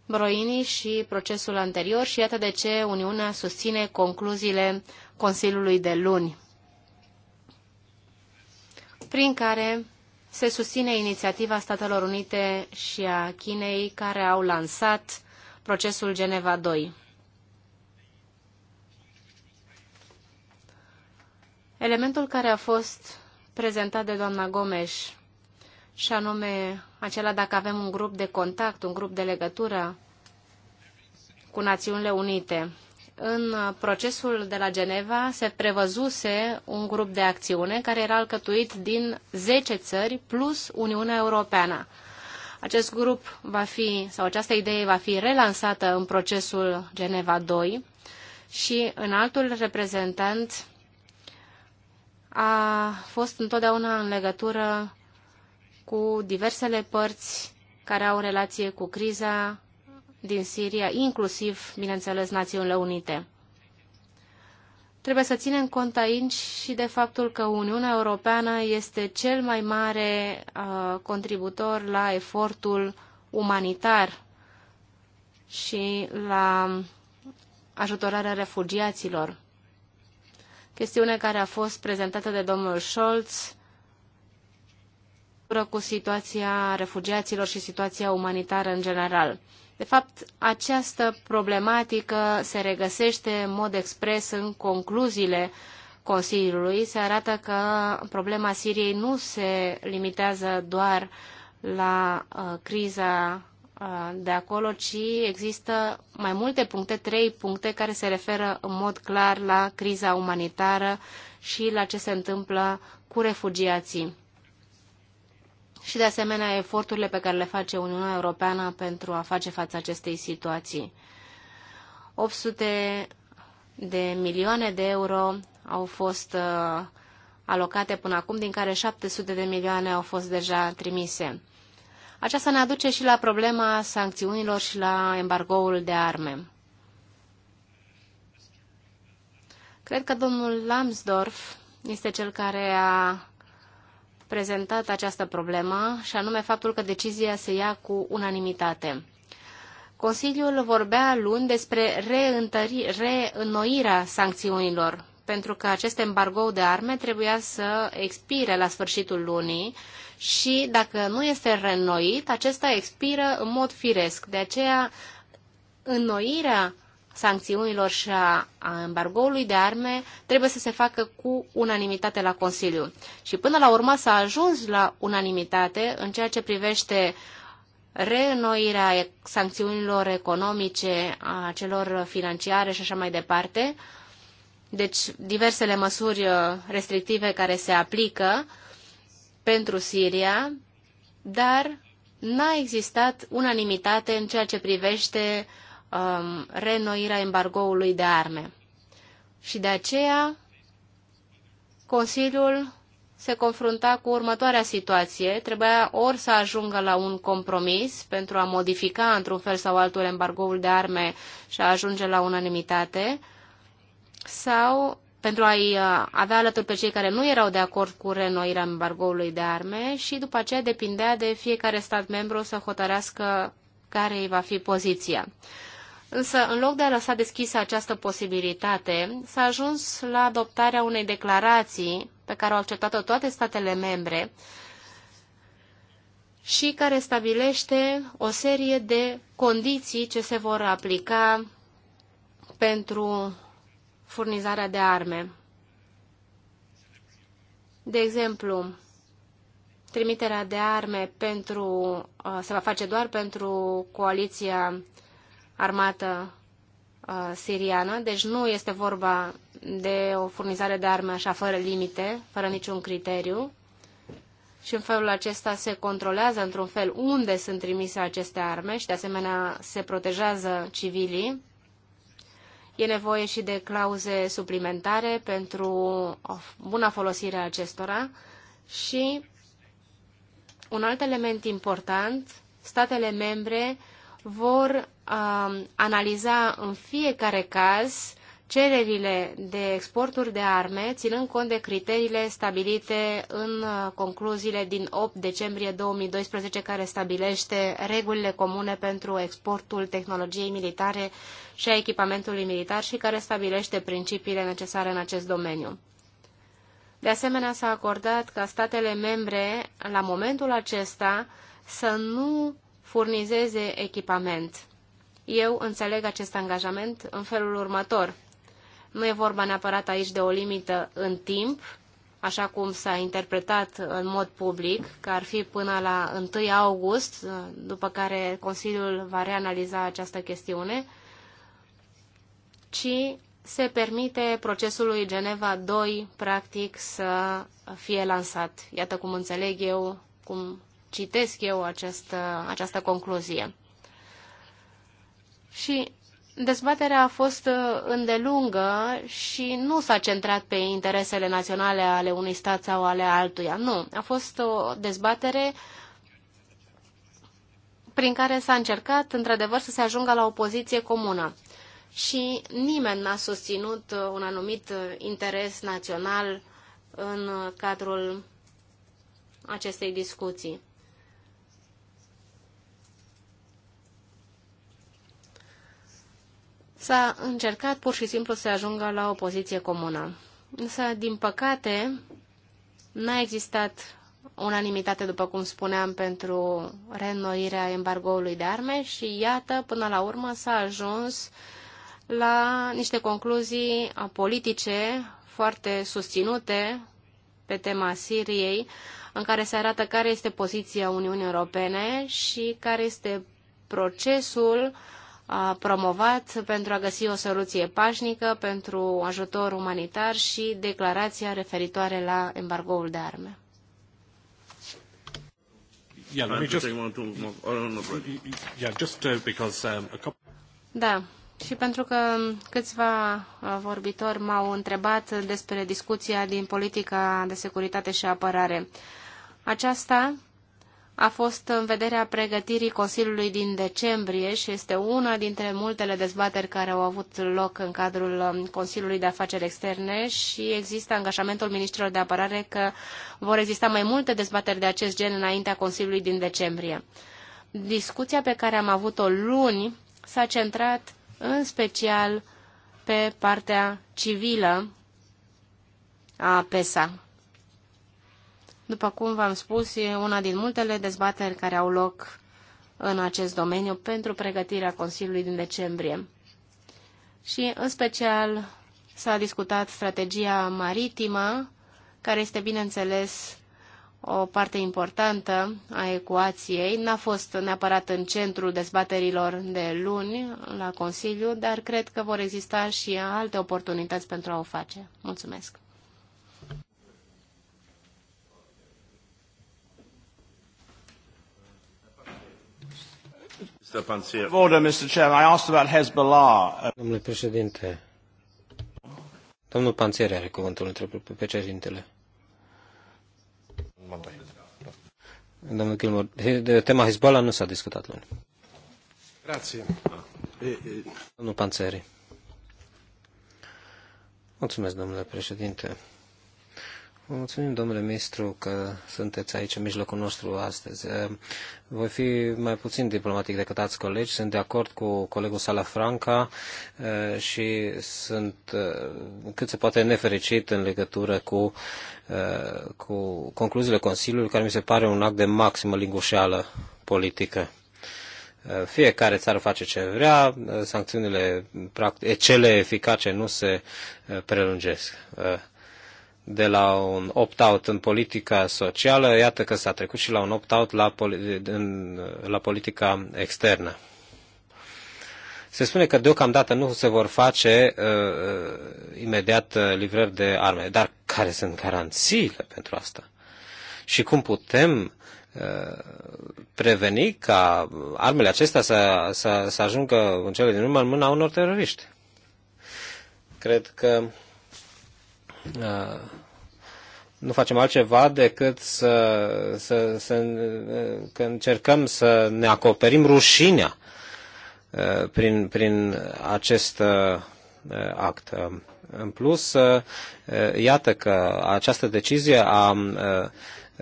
Broini și procesul anterior și iată de ce Uniunea susține concluziile Consiliului de luni, prin care se susține inițiativa Statelor Unite și a Chinei care au lansat procesul Geneva 2. Elementul care a fost prezentat de doamna Gomes și anume acela dacă avem un grup de contact, un grup de legătură cu Națiunile Unite. În procesul de la Geneva se prevăzuse un grup de acțiune care era alcătuit din 10 țări plus Uniunea Europeană. Acest grup va fi, sau această idee va fi relansată în procesul Geneva 2 și în altul reprezentant a fost întotdeauna în legătură cu diversele părți care au relație cu criza din Siria, inclusiv, bineînțeles, Națiunile Unite. Trebuie să ținem cont aici și de faptul că Uniunea Europeană este cel mai mare uh, contributor la efortul umanitar și la ajutorarea refugiaților. Chestiune care a fost prezentată de domnul Scholz cu situația refugiaților și situația umanitară în general. De fapt, această problematică se regăsește în mod expres în concluziile Consiliului. Se arată că problema Siriei nu se limitează doar la uh, criza uh, de acolo, ci există mai multe puncte, trei puncte, care se referă în mod clar la criza umanitară și la ce se întâmplă cu refugiații și, de asemenea, eforturile pe care le face Uniunea Europeană pentru a face față acestei situații. 800 de milioane de euro au fost uh, alocate până acum, din care 700 de milioane au fost deja trimise. Aceasta ne aduce și la problema sancțiunilor și la embargoul de arme. Cred că domnul Lambsdorff este cel care a prezentat această problemă, și anume faptul că decizia se ia cu unanimitate. Consiliul vorbea luni despre reîntări, reînnoirea sancțiunilor, pentru că acest embargo de arme trebuia să expire la sfârșitul lunii și dacă nu este reînnoit, acesta expiră în mod firesc. De aceea, înnoirea sancțiunilor și a, a embargoului de arme trebuie să se facă cu unanimitate la Consiliu. Și până la urmă s-a ajuns la unanimitate în ceea ce privește reînnoirea sancțiunilor economice, a celor financiare și așa mai departe, deci diversele măsuri uh, restrictive care se aplică pentru Siria, dar n-a existat unanimitate în ceea ce privește uh, um, reînnoirea embargoului de arme. Și de aceea Consiliul se confrunta cu următoarea situație. Trebuia ori să ajungă la un compromis pentru a modifica într-un fel sau altul embargoul de arme și a ajunge la unanimitate, sau pentru a-i uh, avea alături pe cei care nu erau de acord cu renoirea embargoului de arme și după aceea depindea de fiecare stat membru să hotărească care îi va fi poziția. Însă, în loc de a lăsa deschisă această posibilitate, s-a ajuns la adoptarea unei declarații pe care au acceptat-o toate statele membre și care stabilește o serie de condiții ce se vor aplica pentru furnizarea de arme. De exemplu, trimiterea de arme pentru, uh, se va face doar pentru coaliția armată uh, siriană, deci nu este vorba de o furnizare de arme așa fără limite, fără niciun criteriu. Și în felul acesta se controlează într-un fel unde sunt trimise aceste arme și de asemenea se protejează civilii. E nevoie și de clauze suplimentare pentru o bună folosire a acestora și un alt element important, statele membre vor uh, analiza în fiecare caz cererile de exporturi de arme, ținând cont de criteriile stabilite în uh, concluziile din 8 decembrie 2012, care stabilește regulile comune pentru exportul tehnologiei militare și a echipamentului militar și care stabilește principiile necesare în acest domeniu. De asemenea, s-a acordat ca statele membre, la momentul acesta, să nu furnizeze echipament. Eu înțeleg acest angajament în felul următor. Nu e vorba neapărat aici de o limită în timp, așa cum s-a interpretat în mod public, că ar fi până la 1 august, după care Consiliul va reanaliza această chestiune, ci se permite procesului Geneva 2, practic, să fie lansat. Iată cum înțeleg eu cum citesc eu această, această concluzie. Și Dezbaterea a fost uh, îndelungă și nu s-a centrat pe interesele naționale ale unui stat sau ale altuia. Nu, a fost o dezbatere prin care s-a încercat, într-adevăr, să se ajungă la o poziție comună. Și nimeni n-a susținut uh, un anumit uh, interes național în cadrul acestei discuții. S-a încercat pur și simplu să ajungă la o poziție comună. Însă, din păcate, n-a existat unanimitate, după cum spuneam, pentru reînnoirea embargoului de arme și iată, până la urmă s-a ajuns la niște concluzii politice foarte susținute pe tema Siriei, în care se arată care este poziția Uniunii Europene și care este procesul uh, promovat pentru a găsi o soluție pașnică pentru ajutor umanitar și declarația referitoare la embargoul de arme. Da, și pentru că câțiva uh, vorbitori m-au întrebat despre discuția din politica de securitate și apărare. Aceasta a fost în vederea pregătirii Consiliului din decembrie și este una dintre multele dezbateri care au avut loc în cadrul um, Consiliului de Afaceri Externe și există angajamentul ministrilor de apărare că vor exista mai multe dezbateri de acest gen înaintea Consiliului din decembrie. Discuția pe care am avut-o luni s-a centrat în special pe partea civilă a PESA, după cum v-am spus, e una din multele dezbateri care au loc în acest domeniu pentru pregătirea Consiliului din decembrie. Și, în special, s-a discutat strategia maritimă, care este, bineînțeles, o parte importantă a ecuației. N-a fost neapărat în centrul dezbaterilor de luni la Consiliu, dar cred că vor exista și alte oportunități pentru a o face. Mulțumesc! Mr. Panzeri. Order, Mr. Chairman. I asked about Hezbollah. Domnule președinte, domnul Panzeri are cuvântul, întrebări pe președintele. Domnul Gilmore, tema Hezbollah nu s-a discutat luni. Grazie. Ah. Domnul Panzeri. Mulțumesc, domnule președinte. Vă mulțumim, domnule ministru, că sunteți aici în mijlocul nostru astăzi. Ehm, voi fi mai puțin diplomatic decât alți colegi. Sunt de acord cu colegul Sala Franca ehm, și sunt ehm, cât se poate nefericit în legătură cu, cu concluziile Consiliului, care mi se pare un act de maximă lingușeală politică fiecare țară face ce vrea, sancțiunile cele eficace nu se prelungesc de la un opt-out în politica socială, iată că s-a trecut și la un opt-out la, poli- în, la politica externă. Se spune că deocamdată nu se vor face uh, uh imediat uh, livrări de arme, dar care sunt garanțiile pentru asta? Și cum putem uh, preveni ca armele acestea să, să, să ajungă în cele din urmă în mâna unor teroriști? Cred că Uh, nu facem altceva decât să, să, să că încercăm să ne acoperim rușinea uh, prin, prin acest uh, act. În plus, iată că această decizie a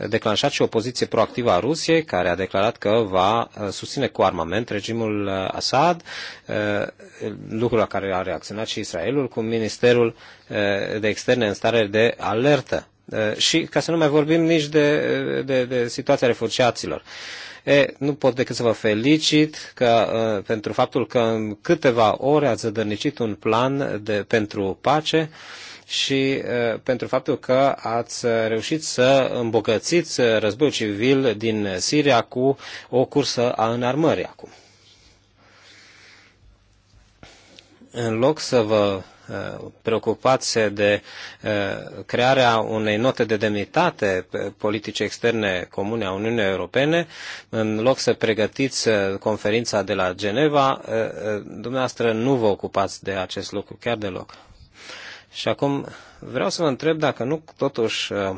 declanșat și o poziție proactivă a Rusiei, care a declarat că va uh, susține cu armament regimul uh, Assad, uh, lucru la care a reacționat și Israelul cu Ministerul de Externe în stare de alertă. Și ca să nu mai vorbim nici de, de, de situația refugiaților. E, nu pot decât să vă felicit că, pentru faptul că în câteva ore ați zădărnicit un plan de, pentru pace uh, și pentru faptul că ați reușit să îmbogățiți războiul civil din Siria cu o cursă a înarmării acum. În loc să vă preocupați de crearea unei note de demnitate politice externe comune a Uniunii Europene, în loc să pregătiți conferința de la Geneva, dumneavoastră nu vă ocupați de acest lucru chiar deloc. Și acum vreau să vă întreb dacă nu totuși uh,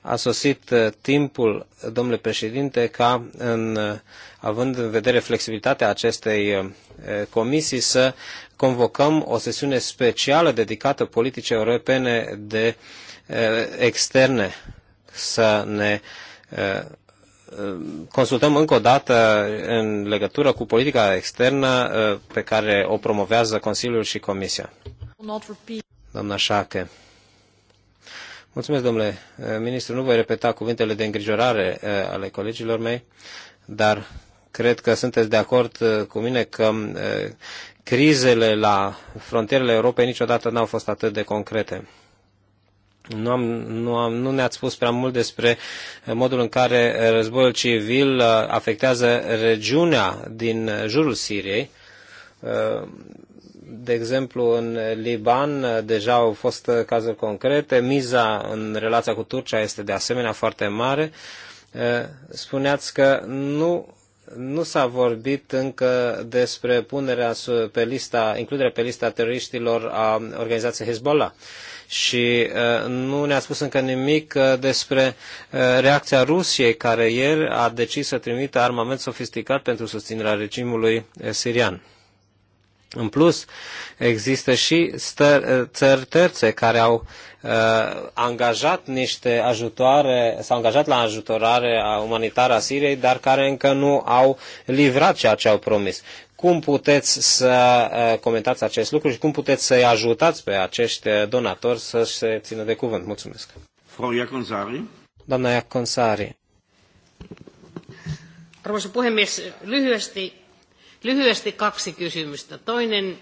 a sosit uh, timpul, domnule președinte, ca, în, uh, având în vedere flexibilitatea acestei comisii, să convocăm o sesiune specială dedicată politicii europene de externe, să ne consultăm încă o dată în legătură cu politica externă pe care o promovează Consiliul și Comisia. Doamna Șache. Mulțumesc, domnule eh, ministru. Nu voi repeta cuvintele de îngrijorare eh, ale colegilor mei, dar cred că sunteți de acord eh, cu mine că crizele la frontierele Europei niciodată n-au fost atât de concrete. Nu, am, nu, am, nu ne-ați spus prea mult despre modul în care războiul civil afectează regiunea din jurul Siriei de exemplu, în Liban uh, deja au fost uh, cazuri concrete. Miza în relația cu Turcia este de asemenea foarte mare. Uh, spuneați că nu, nu s-a vorbit încă despre punerea pe lista, includerea pe lista teroriștilor a organizației Hezbollah și nu ne-a spus încă nimic despre reacția Rusiei, care ieri a decis să trimită armament sofisticat pentru susținerea regimului sirian. În plus, există și țări terțe care au uh, angajat niște ajutoare, s-au angajat la ajutorare a umanitară a Siriei, dar care încă nu au livrat ceea ce au promis. Cum puteți să uh, comentați acest lucru și cum puteți să-i ajutați pe acești uh, donatori să se țină de cuvânt? Mulțumesc. Frau Iaconsari. Doamna Iaconsari. Arvoisa puhemies, lyhyesti Lyhyesti kaksi kysymystä. Toinen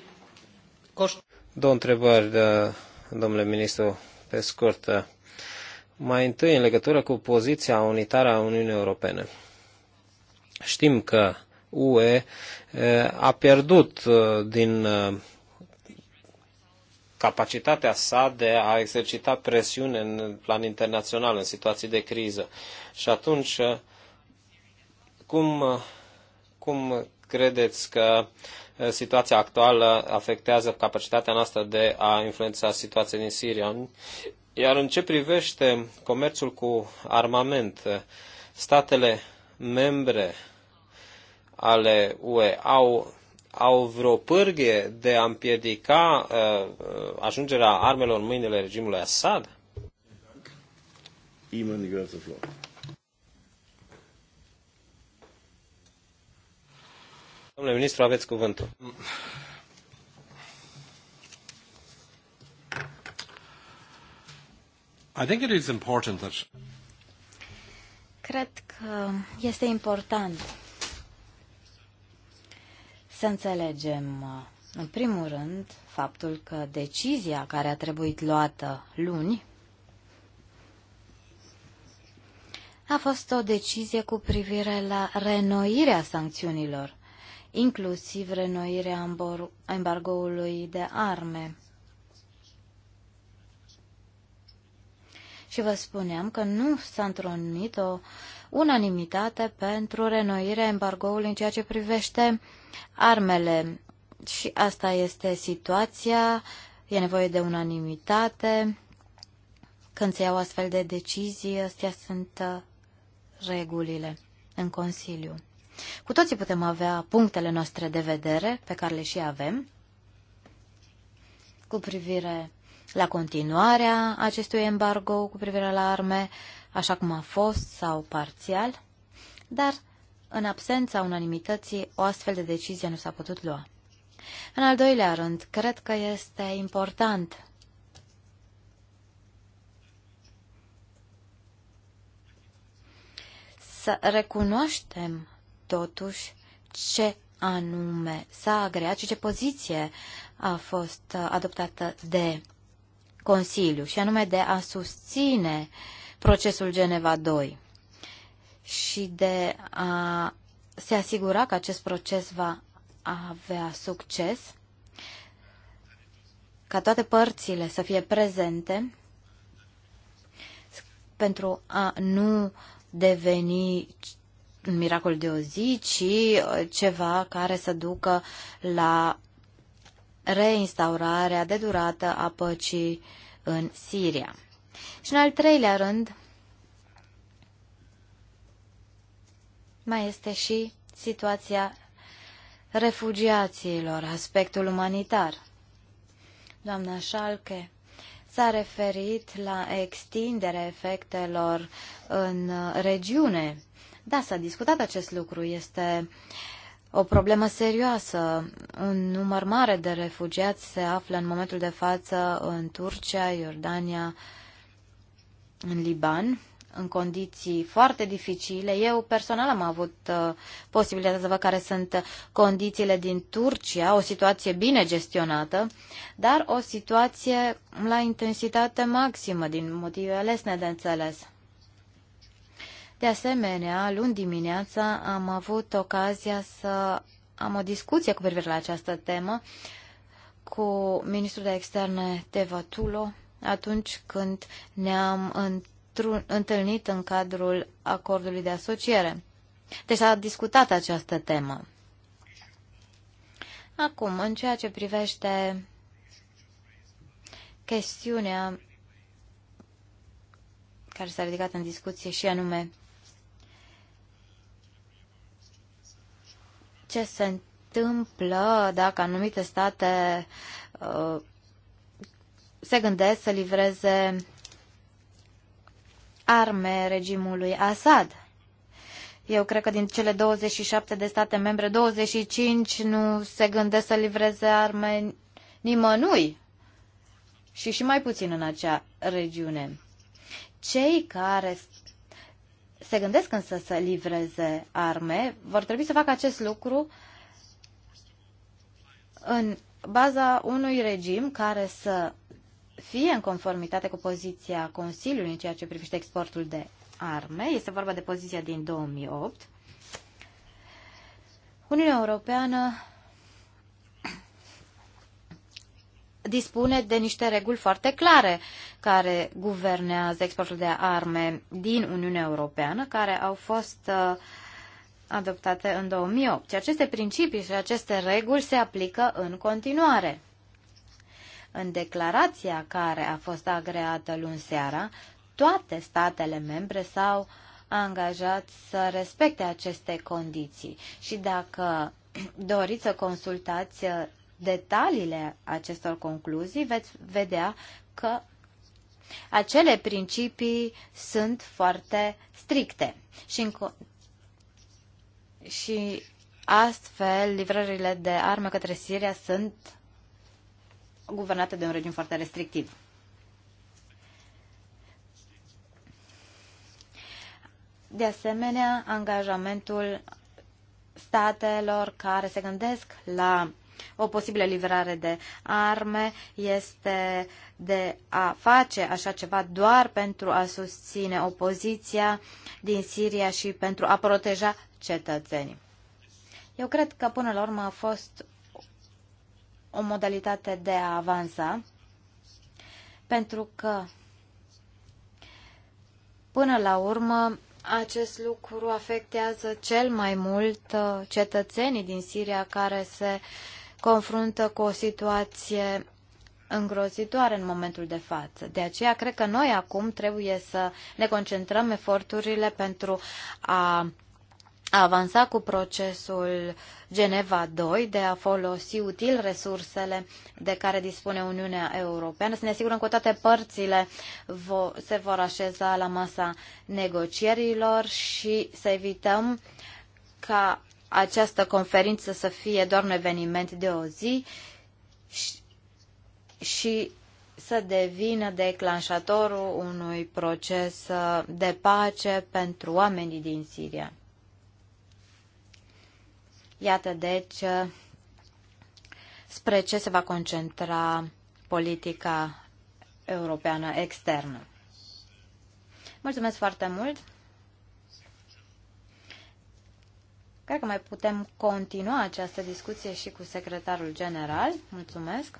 Două întrebări, da, domnule ministru, pe scurt. Mai întâi, în legătură cu poziția unitară a Uniunii Europene. Știm că UE a pierdut din capacitatea sa de a exercita presiune în plan internațional, în situații de criză. Și atunci, cum, cum credeți că uh, situația actuală afectează capacitatea noastră de a influența situația din Siria? Iar în ce privește comerțul cu armament, statele membre ale UE au, au vreo pârghie de a împiedica uh, ajungerea armelor în mâinile regimului Assad? Iman, you have the floor. Domnule ministru, aveți cuvântul. I think it is important that... Cred că este important să înțelegem, în primul rând, faptul că decizia care a trebuit luată luni a fost o decizie cu privire la renoirea sancțiunilor inclusiv renoirea embargoului de arme. Și vă spuneam că nu s-a întrunit o unanimitate pentru renoirea embargoului în ceea ce privește armele. Și asta este situația, e nevoie de unanimitate. Când se iau astfel de decizii, astea sunt uh, regulile în Consiliu. Cu toții putem avea punctele noastre de vedere, pe care le și avem, cu privire la continuarea acestui embargo, cu privire la arme, așa cum a fost sau parțial, dar în absența unanimității o astfel de decizie nu s-a putut lua. În al doilea rând, cred că este important să recunoaștem totuși ce anume s-a agreat și ce poziție a fost adoptată de Consiliu, și anume de a susține procesul Geneva 2 și de a se asigura că acest proces va avea succes, ca toate părțile să fie prezente pentru a nu deveni un miracol de o zi, ci uh, ceva care să ducă la reinstaurarea de durată a păcii în Siria. Și în al treilea rând, mai este și situația refugiaților, aspectul umanitar. Doamna Șalche s-a referit la extinderea efectelor în regiune da, s-a discutat acest lucru. Este o problemă serioasă. Un număr mare de refugiați se află în momentul de față în Turcia, Iordania, în Liban, în condiții foarte dificile. Eu personal am avut uh, posibilitatea să văd care sunt condițiile din Turcia, o situație bine gestionată, dar o situație la intensitate maximă, din motive lesne de înțeles. De asemenea, luni dimineața am avut ocazia să am o discuție cu privire la această temă cu ministrul de externe Tevatulo atunci când ne-am întâlnit în cadrul acordului de asociere. Deci s-a discutat această temă. Acum, în ceea ce privește chestiunea care s-a ridicat în discuție și anume ce se întâmplă dacă anumite state uh, se gândesc să livreze arme regimului Assad. Eu cred că din cele 27 de state membre, 25 nu se gândesc să livreze arme nimănui și și mai puțin în acea regiune. Cei care se gândesc însă să livreze arme, vor trebui să facă acest lucru în baza unui regim care să fie în conformitate cu poziția Consiliului în ceea ce privește exportul de arme. Este vorba de poziția din 2008. Uniunea Europeană dispune de niște reguli foarte clare care guvernează exportul de arme din Uniunea Europeană, care au fost uh, adoptate în 2008. Și aceste principii și aceste reguli se aplică în continuare. În declarația care a fost agreată luni seara, toate statele membre s-au angajat să respecte aceste condiții. Și dacă doriți să consultați uh, detaliile acestor concluzii, veți vedea că acele principii sunt foarte stricte și, în și astfel livrările de arme către Siria sunt guvernate de un regim foarte restrictiv. De asemenea, angajamentul statelor care se gândesc la o posibilă livrare de arme este de a face așa ceva doar pentru a susține opoziția din Siria și pentru a proteja cetățenii. Eu cred că până la urmă a fost o modalitate de a avansa, pentru că până la urmă acest lucru afectează cel mai mult uh, cetățenii din Siria care se uh, confruntă cu o situație îngrozitoare în momentul de față. De aceea cred că noi acum trebuie să ne concentrăm eforturile pentru a avansa cu procesul Geneva 2 de a folosi util resursele de care dispune Uniunea Europeană, să ne asigurăm că toate părțile vo- se vor așeza la masa negocierilor și să evităm ca această conferință să fie doar un eveniment de o zi și, și să devină declanșatorul unui proces uh, de pace pentru oamenii din Siria. Iată deci uh, spre ce se va concentra politica europeană externă. Mulțumesc foarte mult! Cred că mai putem continua această discuție și cu secretarul general. Mulțumesc.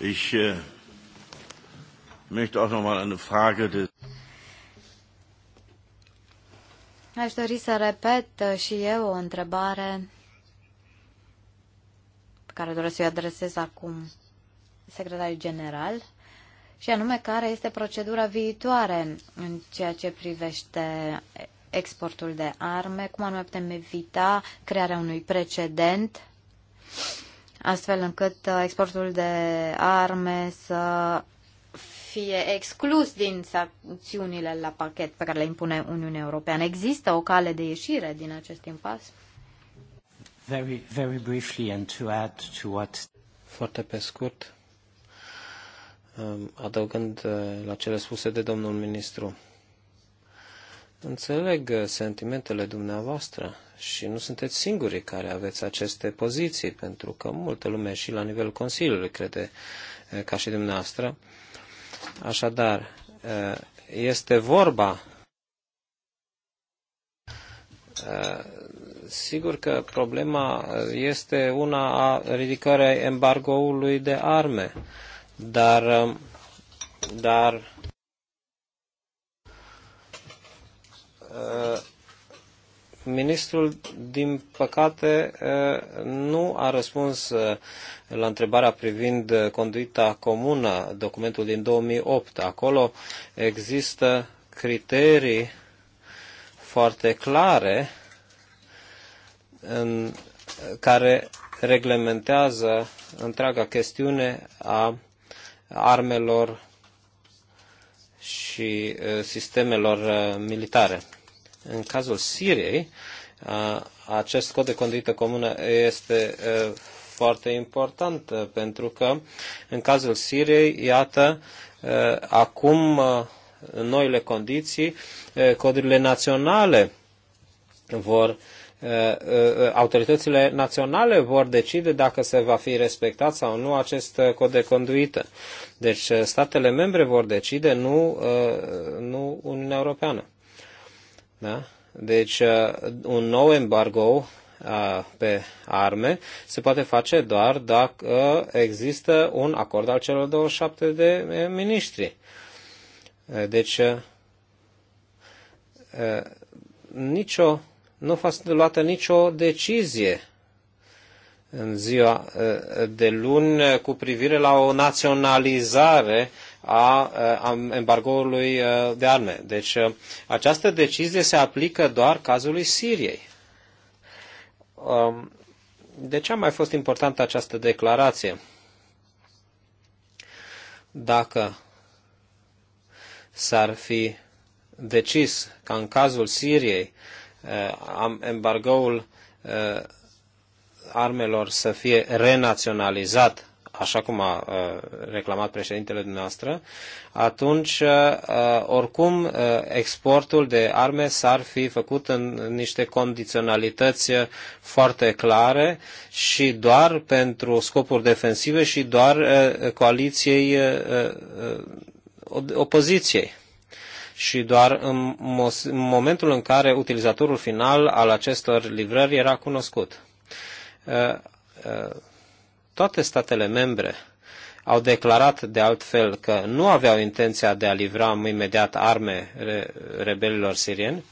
Ich äh, möchte auch noch mal eine Frage des Aș dori să repet uh, și eu o întrebare care doresc să-i adresez acum secretarul general, și anume care este procedura viitoare în ceea ce privește exportul de arme, cum anume putem evita crearea unui precedent astfel încât uh, exportul de arme să fie exclus din sancțiunile la pachet pe care le impune Uniunea Europeană. Există o cale de ieșire din acest impas? Very, very briefly and to add to what... Foarte pe scurt, um, adăugând uh, la cele spuse de domnul ministru. Înțeleg uh, sentimentele dumneavoastră și nu sunteți singurii care aveți aceste poziții, pentru că multă lume și la nivelul Consiliului crede uh, ca și dumneavoastră. Așadar, este vorba Sigur că problema este una a ridicării embargoului de arme, dar, dar uh, ministrul, din păcate, uh, nu a răspuns uh, la întrebarea privind conduita comună, documentul din 2008. Acolo există criterii foarte clare în, care reglementează întreaga chestiune a armelor și sistemelor militare. În cazul Siriei, acest cod de conduită comună este foarte important pentru că în cazul Siriei, iată, acum în noile condiții, codurile naționale vor Uh, uh, uh, autoritățile naționale vor decide dacă se va fi respectat sau nu acest cod de conduită. Deci statele membre vor decide, nu, nu Uniunea Europeană. Da? Deci un nou embargo pe arme se poate face doar dacă există un acord al celor 27 de miniștri. Deci nicio nu a fost luată nicio decizie în ziua eh, de luni cu privire la o naționalizare a eh, embargoului eh, de arme. Deci această decizie se aplică doar cazului Siriei. Um, de ce a mai fost importantă această declarație? Dacă s-ar fi decis ca în cazul Siriei Uh, embargoul uh, armelor să fie renaționalizat, așa cum a uh, reclamat președintele dumneavoastră, atunci oricum exportul de arme s-ar fi făcut în niște condiționalități foarte clare și doar pentru scopuri defensive și doar coaliției opoziției și doar în momentul în care utilizatorul final al acestor livrări era cunoscut. Uh, uh, toate statele membre au declarat de altfel că nu aveau intenția de a livra imediat arme rebelilor sirieni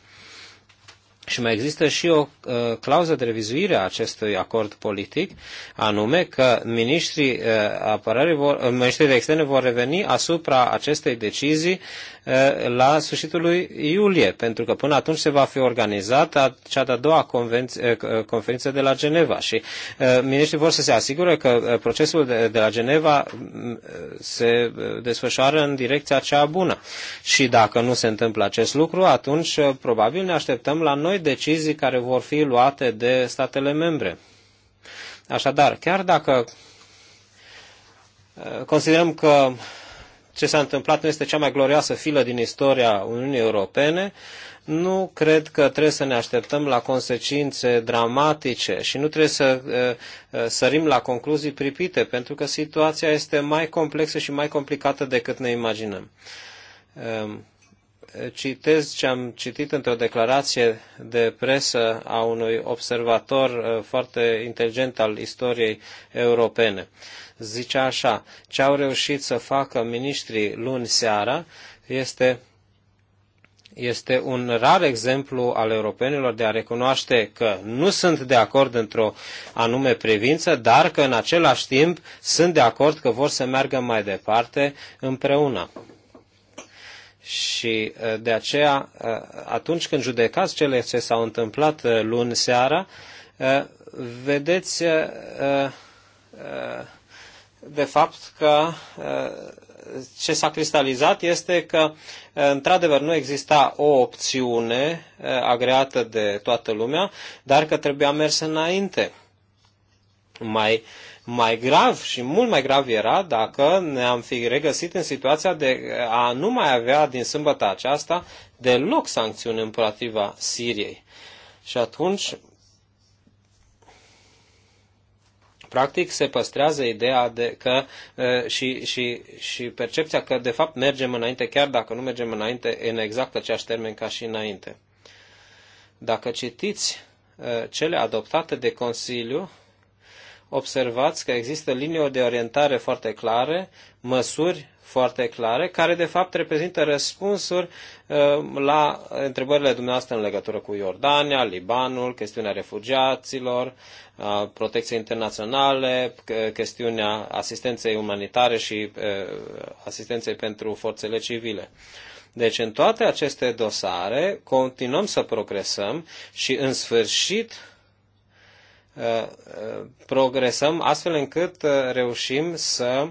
și mai există și o uh, clauză de revizuire a acestui acord politic, anume că ministrii, uh, apărării vor, uh, ministrii de externe vor reveni asupra acestei decizii Eh, la sfârșitul lui iulie, pentru că până atunci se va fi organizată cea de-a doua eh, eh, conferință de la Geneva și miniștrii vor să se asigure că procesul de, de la Geneva mm, se desfășoară în direcția cea bună. Și dacă nu se întâmplă acest lucru, atunci probabil ne așteptăm la noi decizii care vor fi luate de statele membre. Așadar, chiar dacă considerăm că ce s-a întâmplat nu este cea mai glorioasă filă din istoria Uniunii Europene, nu cred că trebuie să ne așteptăm la consecințe dramatice și nu trebuie să uh, uh, sărim la concluzii pripite, pentru că situația este mai complexă și mai complicată decât ne imaginăm. Um, citez ce am citit într-o declarație de presă a unui observator uh, foarte inteligent al istoriei europene. Zice așa, ce au reușit să facă miniștrii luni seara este, este un rar exemplu al europenilor de a recunoaște că nu sunt de acord într-o anume privință, dar că în același timp sunt de acord că vor să meargă mai departe împreună. Și uh, de aceea, uh, atunci când judecați cele ce s-au întâmplat uh, luni seara, vedeți de fapt că ce s-a cristalizat este că, într-adevăr, nu exista o opțiune agreată de toată lumea, dar că trebuia mers înainte. Mai uh, mai grav și mult mai grav era dacă ne-am fi regăsit în situația de a nu mai avea din sâmbătă aceasta deloc sancțiuni împotriva Siriei. Și atunci, practic, se păstrează ideea de că, și, și, și percepția că, de fapt, mergem înainte, chiar dacă nu mergem înainte, în exact aceeași termen ca și înainte. Dacă citiți cele adoptate de Consiliu, observați că există linii de orientare foarte clare, măsuri foarte clare, care de fapt reprezintă răspunsuri uh, la întrebările dumneavoastră în legătură cu Iordania, Libanul, chestiunea refugiaților, uh, protecție internaționale, chestiunea asistenței umanitare și uh, asistenței pentru forțele civile. Deci în toate aceste dosare continuăm să progresăm și în sfârșit Uh, uh, progresăm astfel încât uh, reușim să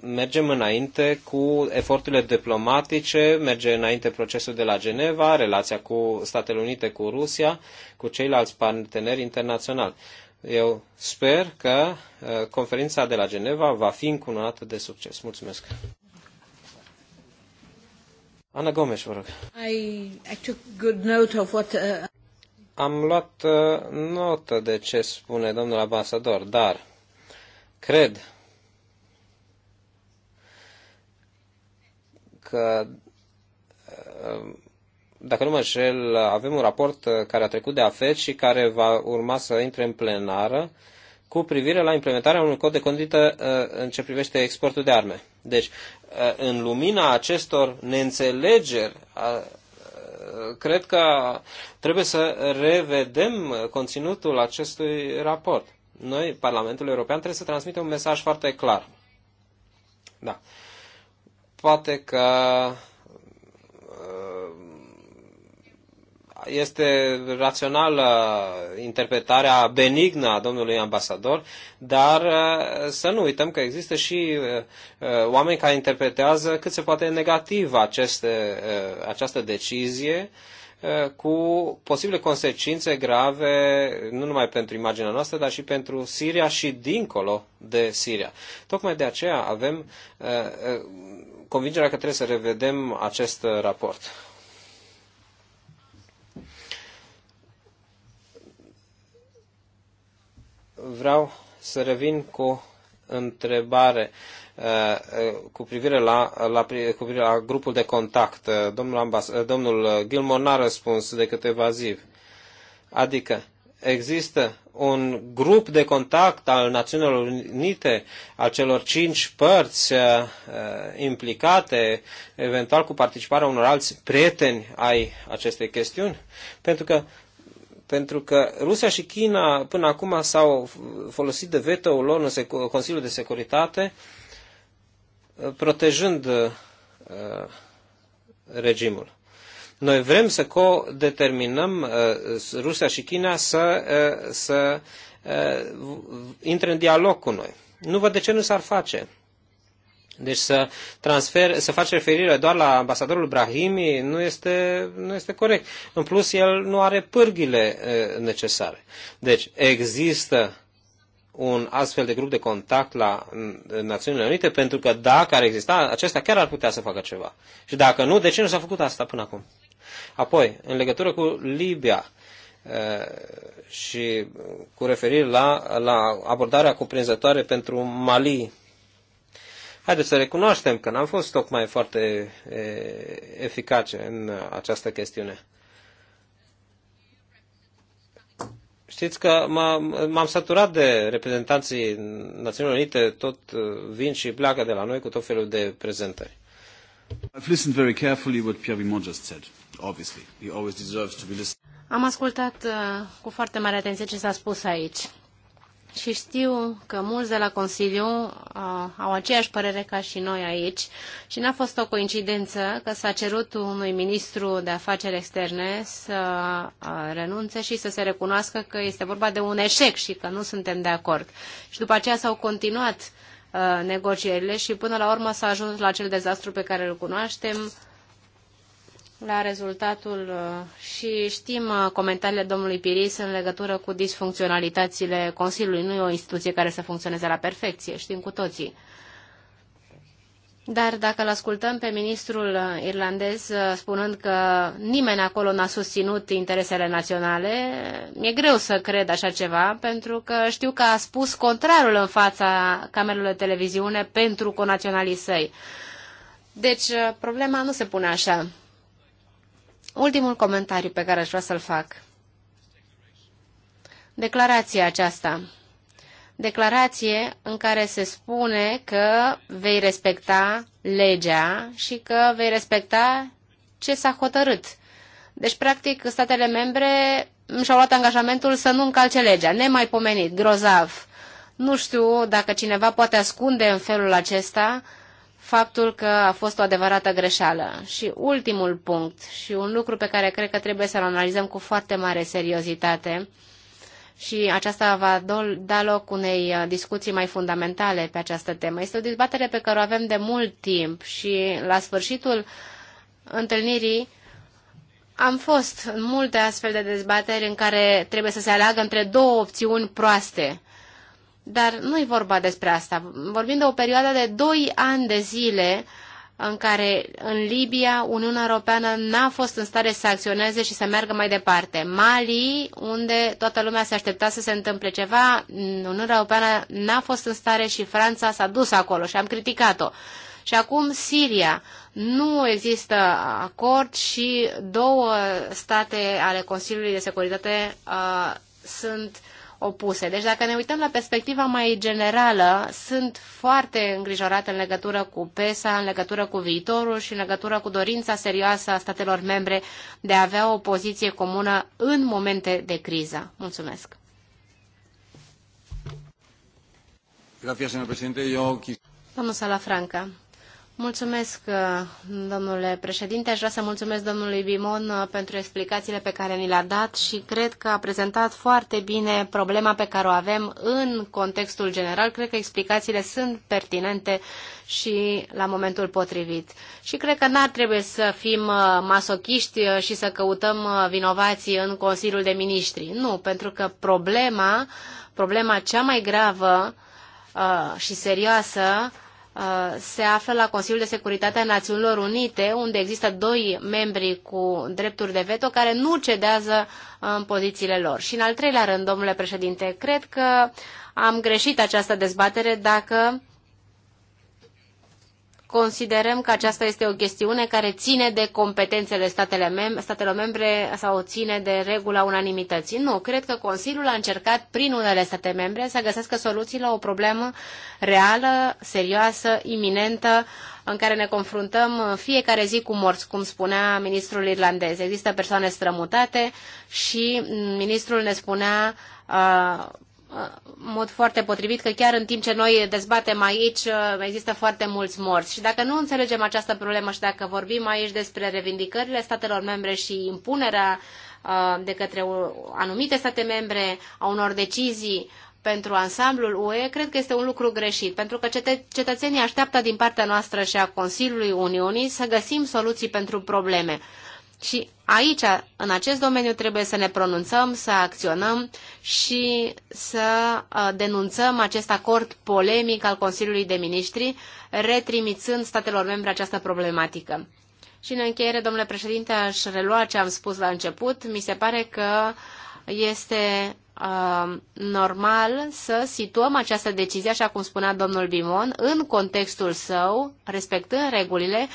mergem înainte cu eforturile diplomatice, merge înainte procesul de la Geneva, relația cu Statele Unite, cu Rusia, cu ceilalți parteneri internaționali. Eu sper că conferința de la Geneva va fi încununată de succes. Mulțumesc! Ana Gomes, vă rog. I, I took good note of what, uh am luat uh, notă de ce spune domnul ambasador, dar cred că uh, dacă nu mă înșel, avem un raport uh, care a trecut de AFET și care va urma să intre în plenară cu privire la implementarea unui cod de condită în ce privește exportul de arme. Deci, în lumina acestor neînțelegeri cred că trebuie să revedem conținutul acestui raport. Noi, Parlamentul European, trebuie să transmitem un mesaj foarte clar. Da. Poate că este rațională interpretarea benignă a domnului ambasador, dar uh, să nu uităm că există și uh, uh, oameni care interpretează cât se poate negativ aceste, această decizie cu posibile consecințe grave, nu numai pentru imaginea noastră, dar și pentru Siria și dincolo de Siria. Tocmai de aceea avem convingerea că trebuie să revedem acest raport. vreau să revin cu întrebare uh, uh, cu privire la, la, cu privire la grupul de contact. Uh, domnul, ambas, domnul Gilmore n-a răspuns decât evaziv. Adică există un grup de contact al Națiunilor Unite, al celor cinci părți uh, implicate, eventual cu participarea unor alți prieteni ai acestei chestiuni? Pentru că pentru că Rusia și China până acum s-au folosit de veto-ul lor în Consiliul de Securitate, uh, protejând uh, regimul. Noi vrem să co-determinăm uh, Rusia și China să, uh, să uh, intre în dialog cu noi. Nu văd de ce nu s-ar face. Deci să, transfer, să faci referire doar la ambasadorul Brahimi nu este, nu este corect. În plus, el nu are pârghile necesare. Deci există un astfel de grup de contact la Națiunile Unite, pentru că dacă ar exista, acesta chiar ar putea să facă ceva. Și dacă nu, de ce nu s-a făcut asta până acum? Apoi, în legătură cu Libia și cu referire la, la abordarea cuprinzătoare pentru Mali, Haideți să recunoaștem că n-am fost tocmai foarte e, eficace în această chestiune. Știți că m-am săturat de reprezentanții Națiunilor Unite, tot vin și pleacă de la noi cu tot felul de prezentări. Am ascultat cu foarte mare atenție ce s-a spus aici și știu că mulți de la Consiliu uh, au aceeași părere ca și noi aici și n-a fost o coincidență că s-a cerut unui ministru de afaceri externe să uh, renunțe și să se recunoască că este vorba de un eșec și că nu suntem de acord. Și după aceea s-au continuat uh, negocierile și până la urmă s-a ajuns la acel dezastru pe care îl cunoaștem, la rezultatul uh, și știm uh, comentariile domnului Piris în legătură cu disfuncționalitățile Consiliului. Nu e o instituție care să funcționeze la perfecție, știm cu toții. Dar dacă îl ascultăm pe ministrul uh, irlandez spunând că nimeni acolo n-a susținut interesele naționale, mi-e greu să cred așa ceva, pentru că știu că a spus contrarul în fața camerelor de televiziune pentru conaționalii săi. Deci, problema nu se pune așa. Ultimul comentariu pe care aș vrea să-l fac. Declarația aceasta. Declarație în care se spune că vei respecta legea și că vei respecta ce s-a hotărât. Deci, practic, statele membre și-au luat angajamentul să nu încalce legea. Nemaipomenit, grozav. Nu știu dacă cineva poate ascunde în felul acesta uh, faptul că a fost o adevărată greșeală. Și ultimul punct și un lucru pe care cred că trebuie să-l analizăm cu foarte mare seriozitate și aceasta va da loc unei uh, discuții mai fundamentale pe această temă. Este o dezbatere pe care o avem de mult timp și la sfârșitul întâlnirii am fost în multe astfel de dezbateri în care trebuie să se aleagă între două opțiuni proaste dar nu e vorba despre asta. Vorbim de o perioadă de 2 ani de zile în care în Libia Uniunea Europeană n-a fost în stare să acționeze și să meargă mai departe. Mali, unde toată lumea se aștepta să se întâmple ceva, Uniunea Europeană n-a fost în stare și Franța s-a dus acolo și am criticat-o. Și acum Siria. Nu există acord și două state ale Consiliului de Securitate uh, sunt uh, opuse. Deci dacă ne uităm la perspectiva mai generală, sunt foarte îngrijorată în legătură cu PESA, în legătură cu viitorul și în legătură cu dorința serioasă a statelor membre de a avea o poziție comună în momente de criză. Mulțumesc! Gracias, señor presidente. Yo... Domnul Salafranca. Mulțumesc, uh, domnule președinte. Aș vrea să mulțumesc domnului Bimon uh, pentru explicațiile pe care ni le-a dat și cred că a prezentat foarte bine problema pe care o avem în contextul general. Cred că explicațiile sunt pertinente și la momentul potrivit. Și cred că n-ar trebui să fim uh, masochiști și să căutăm vinovații în Consiliul de Ministri. Nu, pentru că problema, problema cea mai gravă și serioasă Uh, se află la Consiliul de Securitate a Națiunilor Unite, unde există doi membri cu drepturi de veto care nu cedează uh, în pozițiile lor. Și în al treilea rând, domnule președinte, cred că am greșit această dezbatere dacă Considerăm că aceasta este o chestiune care ține de competențele statele mem- statelor membre sau ține de regula unanimității. Nu, cred că Consiliul a încercat prin unele state membre să găsească soluții la o problemă reală, serioasă, iminentă, în care ne confruntăm fiecare zi cu morți, cum spunea ministrul irlandez. Există persoane strămutate și ministrul ne spunea uh, mod foarte potrivit că chiar în timp ce noi dezbatem aici uh, există foarte mulți morți. Și dacă nu înțelegem această problemă și dacă vorbim aici despre revindicările statelor membre și impunerea uh, de către anumite state membre a unor decizii pentru ansamblul UE, cred că este un lucru greșit, pentru că cetățenii așteaptă din partea noastră și a Consiliului Uniunii să găsim soluții pentru probleme. Și aici, în acest domeniu, trebuie să ne pronunțăm, să acționăm și să uh, denunțăm acest acord polemic al Consiliului de Ministri, retrimițând statelor membre această problematică. Și în încheiere, domnule președinte, aș relua ce am spus la început. Mi se pare că este uh, normal să situăm această decizie, așa cum spunea domnul Bimon, în contextul său, respectând regulile, uh,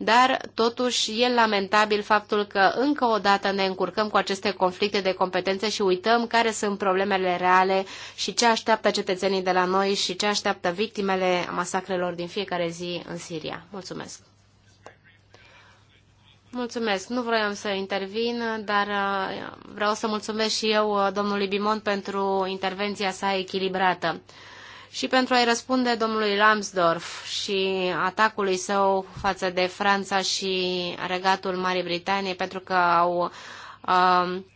dar totuși e lamentabil faptul că încă o dată ne încurcăm cu aceste conflicte de competențe și uităm care sunt problemele reale și ce așteaptă cetățenii de la noi și ce așteaptă victimele masacrelor din fiecare zi în Siria. Mulțumesc! Mulțumesc. Nu vroiam să intervin, dar uh, vreau să mulțumesc și eu uh, domnului Bimon pentru intervenția sa echilibrată. Și pentru a-i răspunde domnului Lambsdorff și atacului său față de Franța și regatul Marii Britanie, pentru că au, um,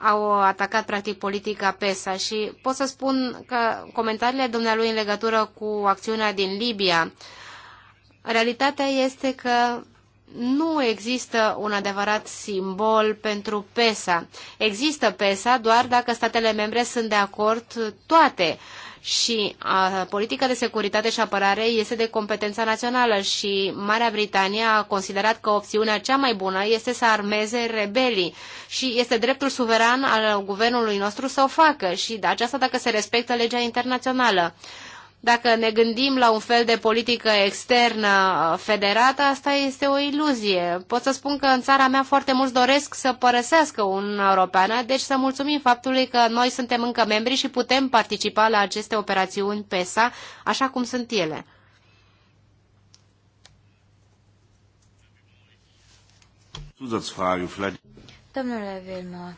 au atacat practic politica PESA și pot să spun că comentariile dumnealui în legătură cu acțiunea din Libia, realitatea este că nu există un adevărat simbol pentru PESA. Există PESA doar dacă statele membre sunt de acord toate și a, politica de securitate și apărare este de competența națională și Marea Britanie a considerat că opțiunea cea mai bună este să armeze rebelii și este dreptul suveran al guvernului nostru să o facă și aceasta dacă se respectă legea internațională dacă ne gândim la un fel de politică externă uh, federată, asta este o iluzie. Pot să spun că în țara mea foarte mulți doresc să părăsească Uniunea Europeană, deci să mulțumim faptului că noi suntem încă membri și putem participa la aceste operațiuni PESA așa cum sunt ele. Domnule Vilma,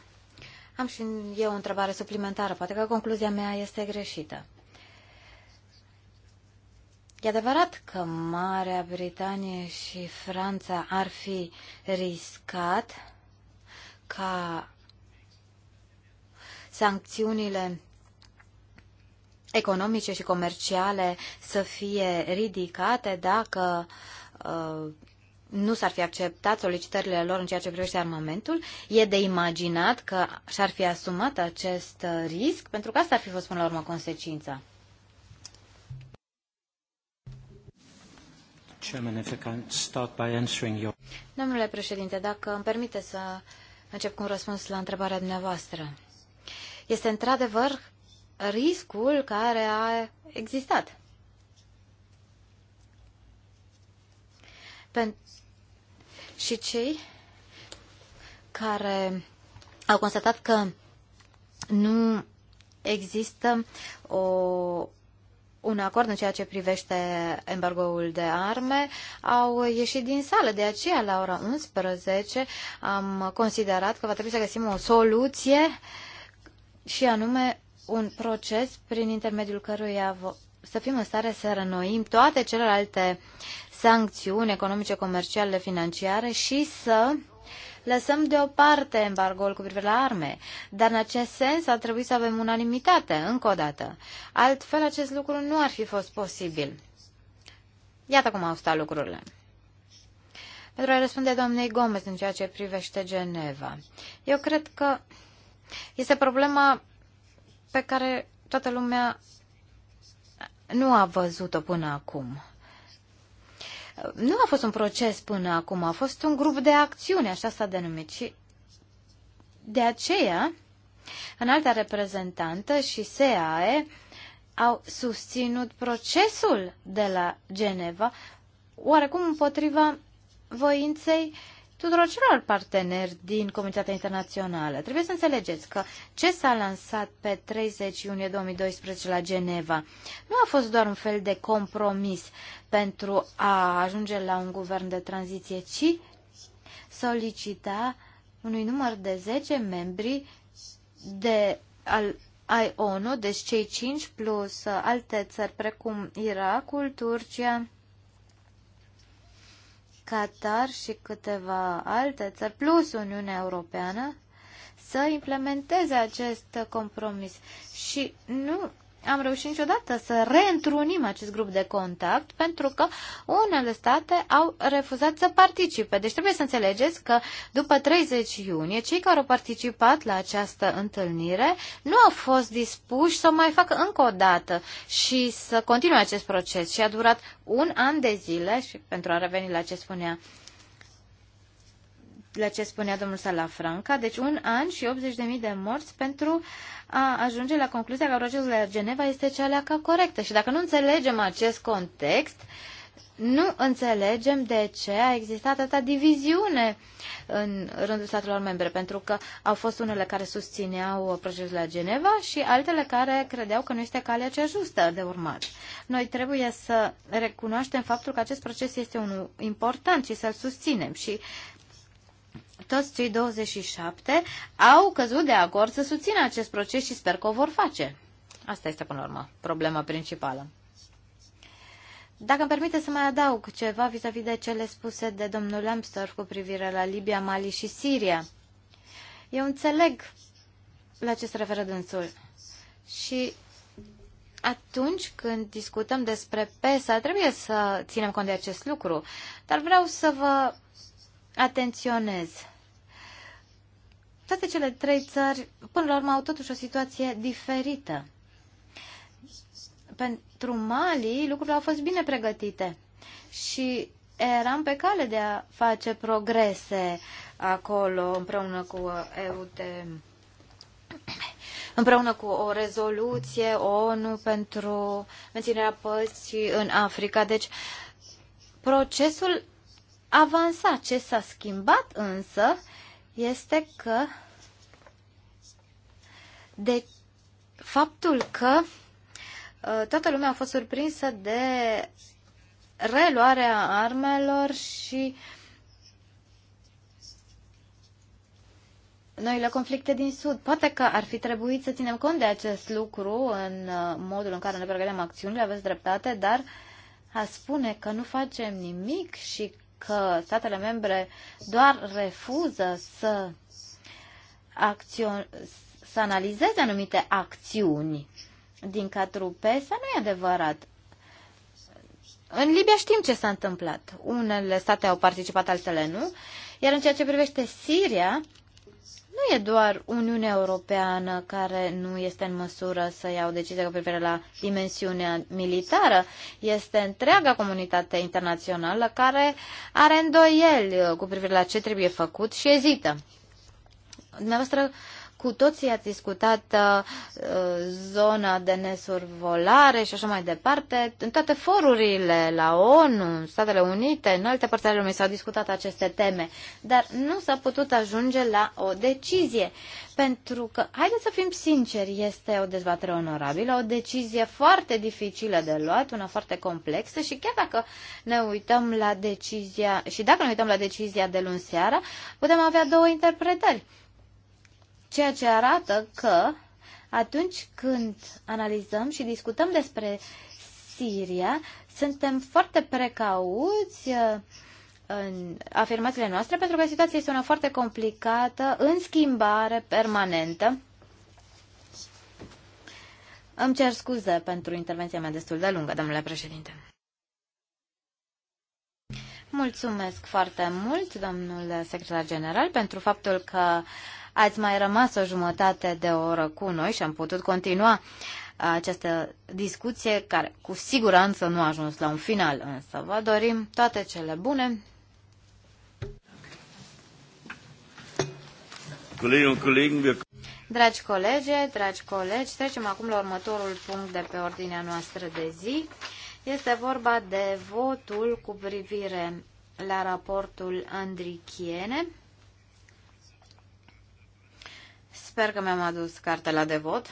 am și eu o întrebare suplimentară. Poate că concluzia mea este greșită. E adevărat că Marea Britanie și Franța ar fi riscat ca sancțiunile economice și comerciale să fie ridicate dacă uh, nu s-ar fi acceptat solicitările lor în ceea ce privește armamentul, e de imaginat că și-ar fi asumat acest risc, pentru că asta ar fi fost până la urmă consecința. Domnule președinte, dacă îmi permite să încep cu un răspuns la întrebarea dumneavoastră. Este într-adevăr riscul care a existat. Pen- și cei care au constatat că nu există o un acord în ceea ce privește embargoul de arme, au ieșit din sală. De aceea, la ora 11, am considerat că va trebui să găsim o soluție și anume un proces prin intermediul căruia să fim în stare să rănoim toate celelalte sancțiuni economice, comerciale, financiare și să lăsăm deoparte embargoul cu privire la arme, dar în acest sens ar trebui să avem unanimitate, încă o dată. Altfel, acest lucru nu ar fi fost posibil. Iată cum au stat lucrurile. Pentru a răspunde doamnei Gomez în ceea ce privește Geneva, eu cred că este problema pe care toată lumea nu a văzut-o până acum. Nu a fost un proces până acum, a fost un grup de acțiune, așa s-a denumit. Și de aceea, în alta reprezentantă și SEAE au susținut procesul de la Geneva, oarecum împotriva voinței uh, tuturor celor parteneri din comunitatea internațională. Trebuie să înțelegeți că ce s-a lansat pe 30 iunie 2012 la Geneva nu a fost doar un fel de compromis pentru a ajunge la un guvern de tranziție, ci solicita unui număr de 10 membri de, al, ai ONU, deci cei 5 plus alte țări precum Irakul, Turcia, Qatar și câteva alte țări, plus Uniunea Europeană, să implementeze acest compromis. Și nu am reușit niciodată să reîntrunim acest grup de contact pentru că unele state au refuzat să participe. Deci trebuie să înțelegeți că după 30 iunie, cei care au participat la această întâlnire nu au fost dispuși să o mai facă încă o dată și să continue acest proces. Și a durat un an de zile și pentru a reveni la ce spunea la ce spunea domnul Salafranca, deci un an și 80.000 de morți pentru a ajunge la concluzia că procesul de la Geneva este cea corectă. Și dacă nu înțelegem acest context, nu înțelegem de ce a existat atâta diviziune în rândul statelor membre, pentru că au fost unele care susțineau procesul la Geneva și altele care credeau că nu este calea cea justă de urmat. Noi trebuie să recunoaștem faptul că acest proces este unul important și să-l susținem și toți cei 27 au căzut de acord să susțină acest proces și sper că o vor face. Asta este, până la urmă, problema principală. Dacă îmi permite să mai adaug ceva vis-a-vis -vis de cele spuse de domnul Lambsdorff cu privire la Libia, Mali și Siria. Eu înțeleg la ce se referă dânsul. Și atunci când discutăm despre PESA, trebuie să ținem cont de acest lucru. Dar vreau să vă atenționez toate cele trei țări, până la urmă, au totuși o situație diferită. Pentru Mali, lucrurile au fost bine pregătite și eram pe cale de a face progrese acolo împreună cu uh, EUT, împreună cu o rezoluție ONU pentru menținerea păcii în Africa. Deci, procesul avansa. Ce s-a schimbat însă este că de faptul că uh, toată lumea a fost surprinsă de reluarea armelor și noile conflicte din Sud. Poate că ar fi trebuit să ținem cont de acest lucru în uh, modul în care ne pregăteam acțiunile, aveți dreptate, dar a spune că nu facem nimic și că statele membre doar refuză să, acțion- să analizeze anumite acțiuni din cadrul PESA, nu e adevărat. În Libia știm ce s-a întâmplat. Unele state au participat, altele nu. Iar în ceea ce privește Siria, nu e doar Uniunea Europeană care nu este în măsură să ia o decizie cu privire la dimensiunea militară, este întreaga comunitate internațională care are îndoieli cu privire la ce trebuie făcut și ezită. Dumneavoastră cu toții ați discutat uh, zona de nesurvolare și așa mai departe. În toate forurile, la ONU, în Statele Unite, în alte părți ale lumii s-au discutat aceste teme, dar nu s-a putut ajunge la o decizie. Pentru că, haideți să fim sinceri, este o dezbatere onorabilă, o decizie foarte dificilă de luat, una foarte complexă și chiar dacă ne uităm la decizia, și dacă ne uităm la decizia de luni seara, putem avea două interpretări. Ceea ce arată că atunci când analizăm și discutăm despre Siria, suntem foarte precauți uh, în afirmațiile noastre, pentru că situația este una foarte complicată, în schimbare permanentă. Îmi cer scuze pentru intervenția mea destul de lungă, domnule președinte. Mulțumesc foarte mult, domnul secretar general, pentru faptul că Ați mai rămas o jumătate de oră cu noi și am putut continua această discuție care cu siguranță nu a ajuns la un final, însă vă dorim toate cele bune. Dragi colegi, dragi colegi, trecem acum la următorul punct de pe ordinea noastră de zi. Este vorba de votul cu privire la raportul Andrichiene. Sper că mi-am adus cartela de vot.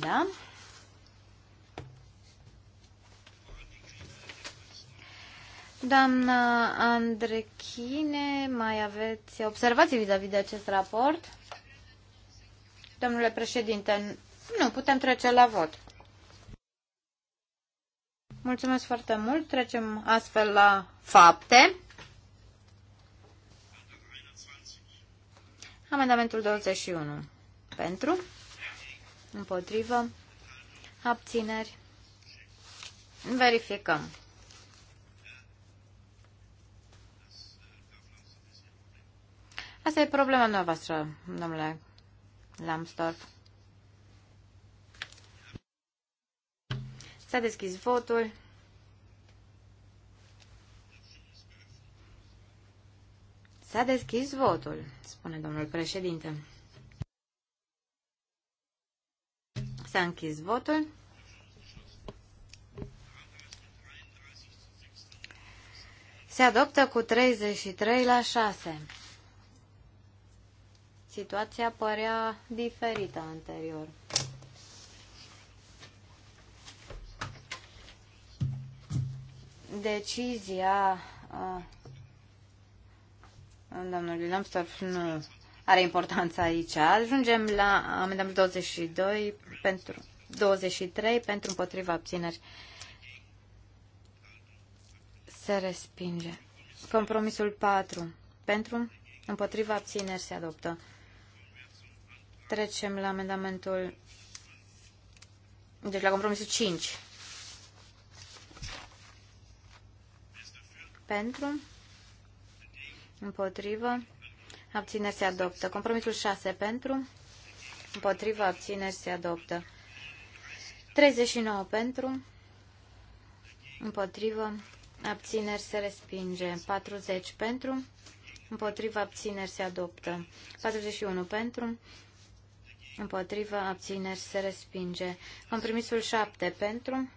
Da. Doamna Andrechine, mai aveți observații vis-a-vis -vis de acest raport? Domnule președinte, nu, putem trece la vot. Mulțumesc foarte mult. Trecem astfel la fapte. Amendamentul 21. Pentru. Împotrivă. Abțineri. Verificăm. Asta e problema noastră, domnule Lambsdorff. S-a deschis votul. S-a deschis votul, spune domnul președinte. S-a închis votul. Se adoptă cu 33 la 6. Situația părea diferită anterior. decizia uh, domnului Lambsdorff nu are importanță aici. Ajungem la amendamentul 22 pentru 23 pentru împotriva abțineri. Se respinge. Compromisul 4 pentru împotriva abțineri se adoptă. Trecem la amendamentul deci la compromisul 5 pentru, împotrivă, abțineri se adoptă. Compromisul 6 pentru, împotrivă, abțineri se adoptă. 39 pentru, împotrivă, abțineri se respinge. 40 pentru, împotrivă, abțineri se adoptă. 41 pentru, Împotrivă, abțineri, se respinge. Compromisul 7 pentru.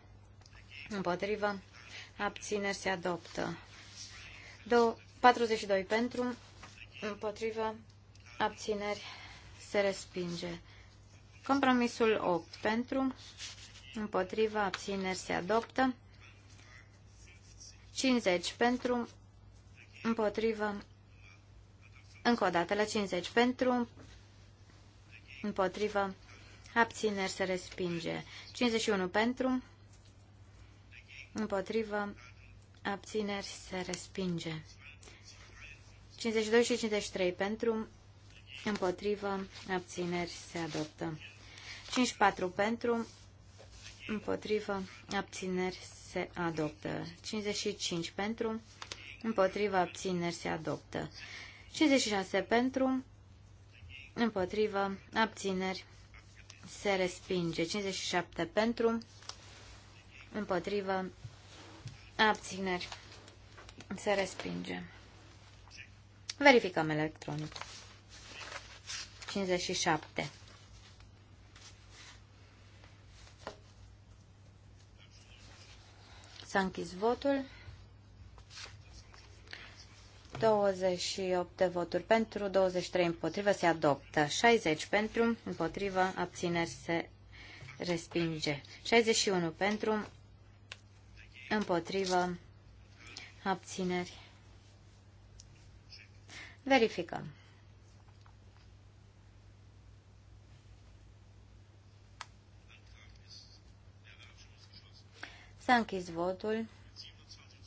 Împotrivă, abțineri, se adoptă. 42 pentru, împotrivă, abțineri, se respinge. Compromisul 8 pentru, împotrivă, abțineri, se adoptă. 50 pentru, împotrivă, încă o dată la 50 pentru, împotrivă, abțineri, se respinge. 51 pentru, împotrivă, abțineri se respinge. 52 și 53 pentru, împotrivă, abțineri se adoptă. 54 pentru, împotrivă, abțineri se adoptă. 55 pentru, împotrivă, abțineri se adoptă. 56 pentru, împotrivă, abțineri se respinge. 57 pentru, împotrivă, abțineri, se respinge. Verificăm electronic. 57. S-a închis votul. 28 de voturi pentru, 23 împotrivă, se adoptă. 60 pentru, împotrivă, abțineri, se respinge. 61 pentru, împotrivă, abțineri. Verificăm. S-a închis votul.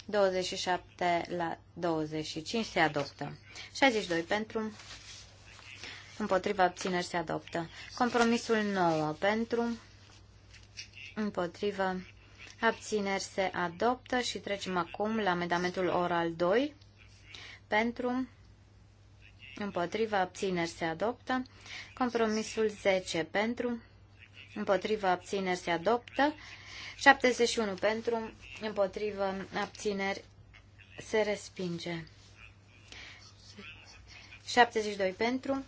27 la 25 se adoptă. 62 pentru. Împotriva abțineri se adoptă. Compromisul 9 pentru. Împotriva Abțineri se adoptă și trecem acum la amendamentul oral 2. Pentru, împotriva, abțineri se adoptă. Compromisul 10 pentru, împotriva, abțineri se adoptă. 71 pentru, împotriva, abțineri se respinge. 72 pentru,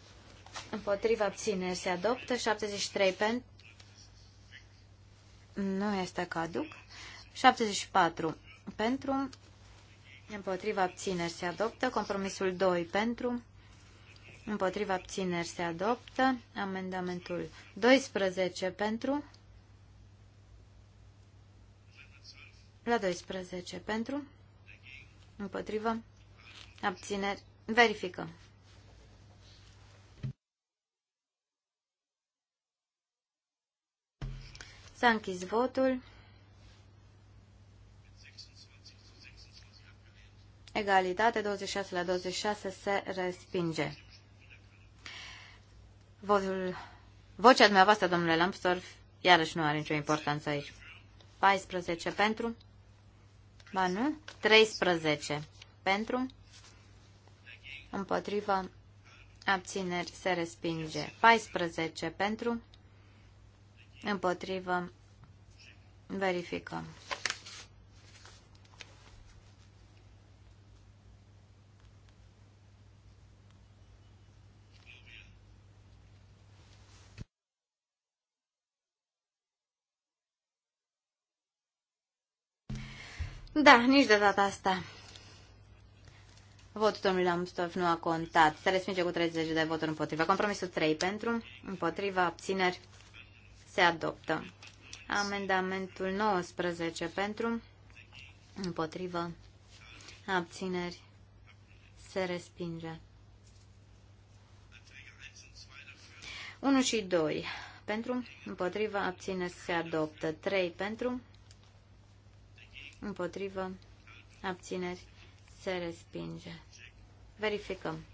împotriva, abțineri se adoptă. 73 pentru, nu este caduc. 74 pentru, împotriva abțineri se adoptă. Compromisul 2 pentru, împotriva abțineri se adoptă. Amendamentul 12 pentru, la 12 pentru, împotriva abțineri. Verificăm. S-a închis votul. Egalitate 26 la 26 se respinge. Votul, vocea dumneavoastră, domnule Lambsdorff, iarăși nu are nicio importanță aici. 14 pentru. Ba nu? 13 pentru. Împotriva. Abțineri se respinge. 14 pentru. Împotrivă. Verificăm. Da, nici de data asta. Votul domnului Lamstov nu a contat. Se respinge cu 30 de voturi împotriva. Compromisul 3 pentru, împotriva, abțineri, se adoptă. Amendamentul 19 pentru, împotrivă, abțineri, se respinge. 1 și 2 pentru, împotrivă, abțineri, se adoptă. 3 pentru, împotrivă, abțineri, se respinge. Verificăm.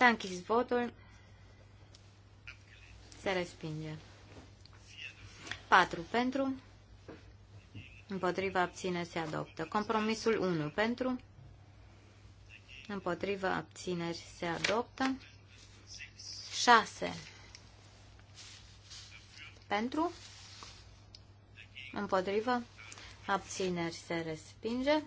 S-a închis votul. Se respinge. 4 pentru. Împotriva abține se adoptă. Compromisul 1 pentru. Împotriva abțineri se adoptă. 6 pentru. Împotriva abțineri se respinge.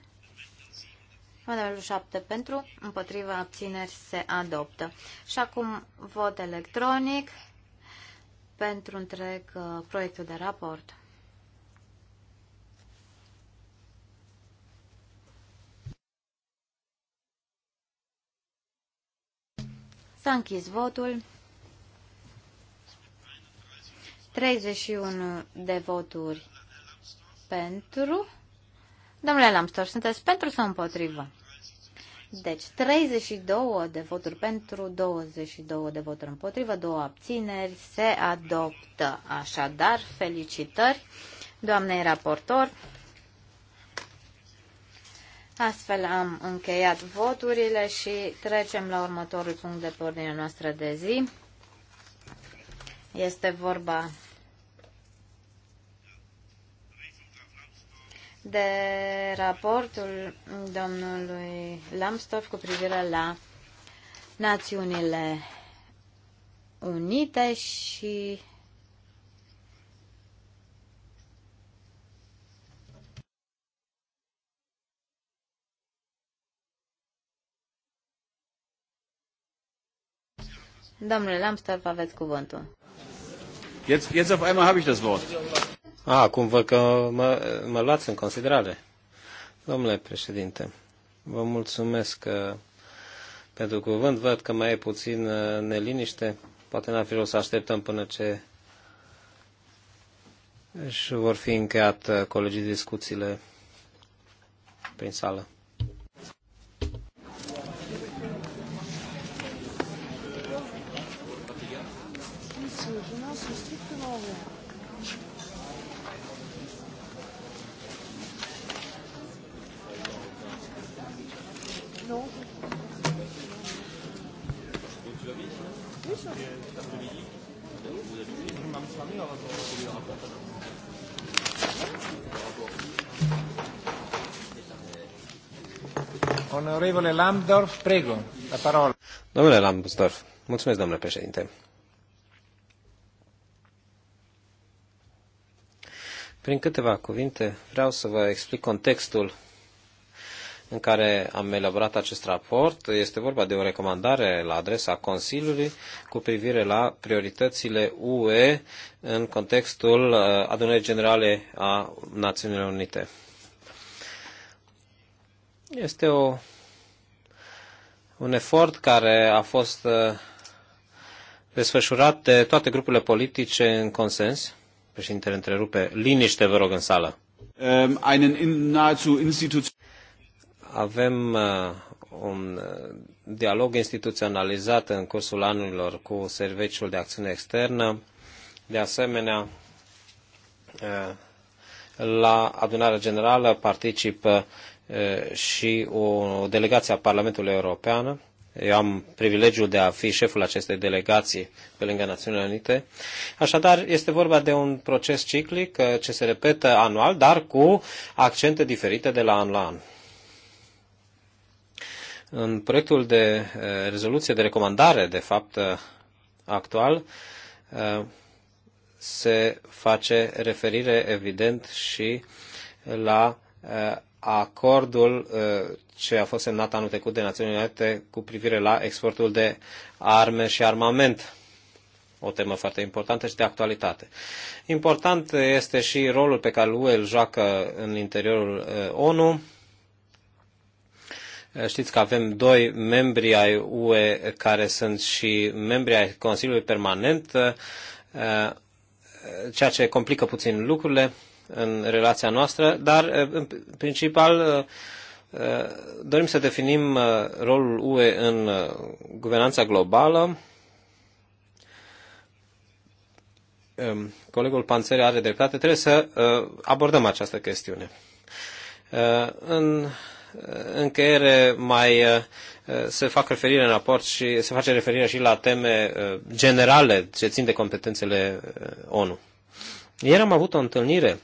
Amendamentul 7 pentru, împotriva abțineri se adoptă. Și acum vot electronic pentru întreg uh, proiectul de raport. S-a închis votul. 31 de voturi pentru. Domnule Lamstor, sunteți pentru sau împotrivă? Deci, 32 de voturi pentru, 22 de voturi împotrivă, două abțineri, se adoptă. Așadar, felicitări doamnei raportor. Astfel am încheiat voturile și trecem la următorul punct de pe ordinea noastră de zi. Este vorba de raportul domnului Lambsdorff cu privire la Națiunile Unite și Domnule Lambsdorff, aveți cuvântul. Jetzt, jetzt auf einmal habe ich das Wort. A, acum văd că mă, mă luați în considerare. Domnule președinte, vă mulțumesc că, uh, pentru cuvânt. Văd că mai e puțin uh, neliniște. Poate n-ar fi rău să așteptăm până ce și vor fi încheiat uh, colegii discuțiile prin sală. Onorevole Lambdorf, prego, la parola. Domnule Lambdorf, mulțumesc, domnule președinte. Prin câteva cuvinte vreau să vă explic contextul în care am elaborat acest raport. Este vorba de o recomandare la adresa Consiliului cu privire la prioritățile UE în contextul uh, adunării generale a Națiunilor Unite. Este o un efort care a fost uh, desfășurat de toate grupurile politice în consens. Președintele întrerupe. Liniște, vă rog, în sală. Um, Avem uh, un uh, dialog instituționalizat în cursul anurilor cu Serviciul de Acțiune Externă. De asemenea, la adunarea generală participă și o delegație a Parlamentului European. Eu am privilegiul de a fi șeful acestei delegații pe lângă Națiunile Unite. Așadar, este vorba de un proces ciclic ce se repetă anual, dar cu accente diferite de la an la an. În proiectul de rezoluție de recomandare, de fapt, actual, se face referire evident și la acordul uh, ce a fost semnat anul trecut de Națiunile Unite cu privire la exportul de arme și armament. O temă foarte importantă și de actualitate. Important este și rolul pe care UE îl joacă în interiorul uh, ONU. Uh, știți că avem doi membri ai UE care sunt și membri ai Consiliului Permanent, ceea ce complică puțin lucrurile în relația noastră, dar eh, în principal eh, eh, dorim să definim rolul UE în guvernanța globală. Colegul Panțeri are dreptate, trebuie să abordăm această chestiune. În încheiere mai se fac referire în raport și se face referire și la teme generale ce țin de competențele ONU. Ieri am avut o întâlnire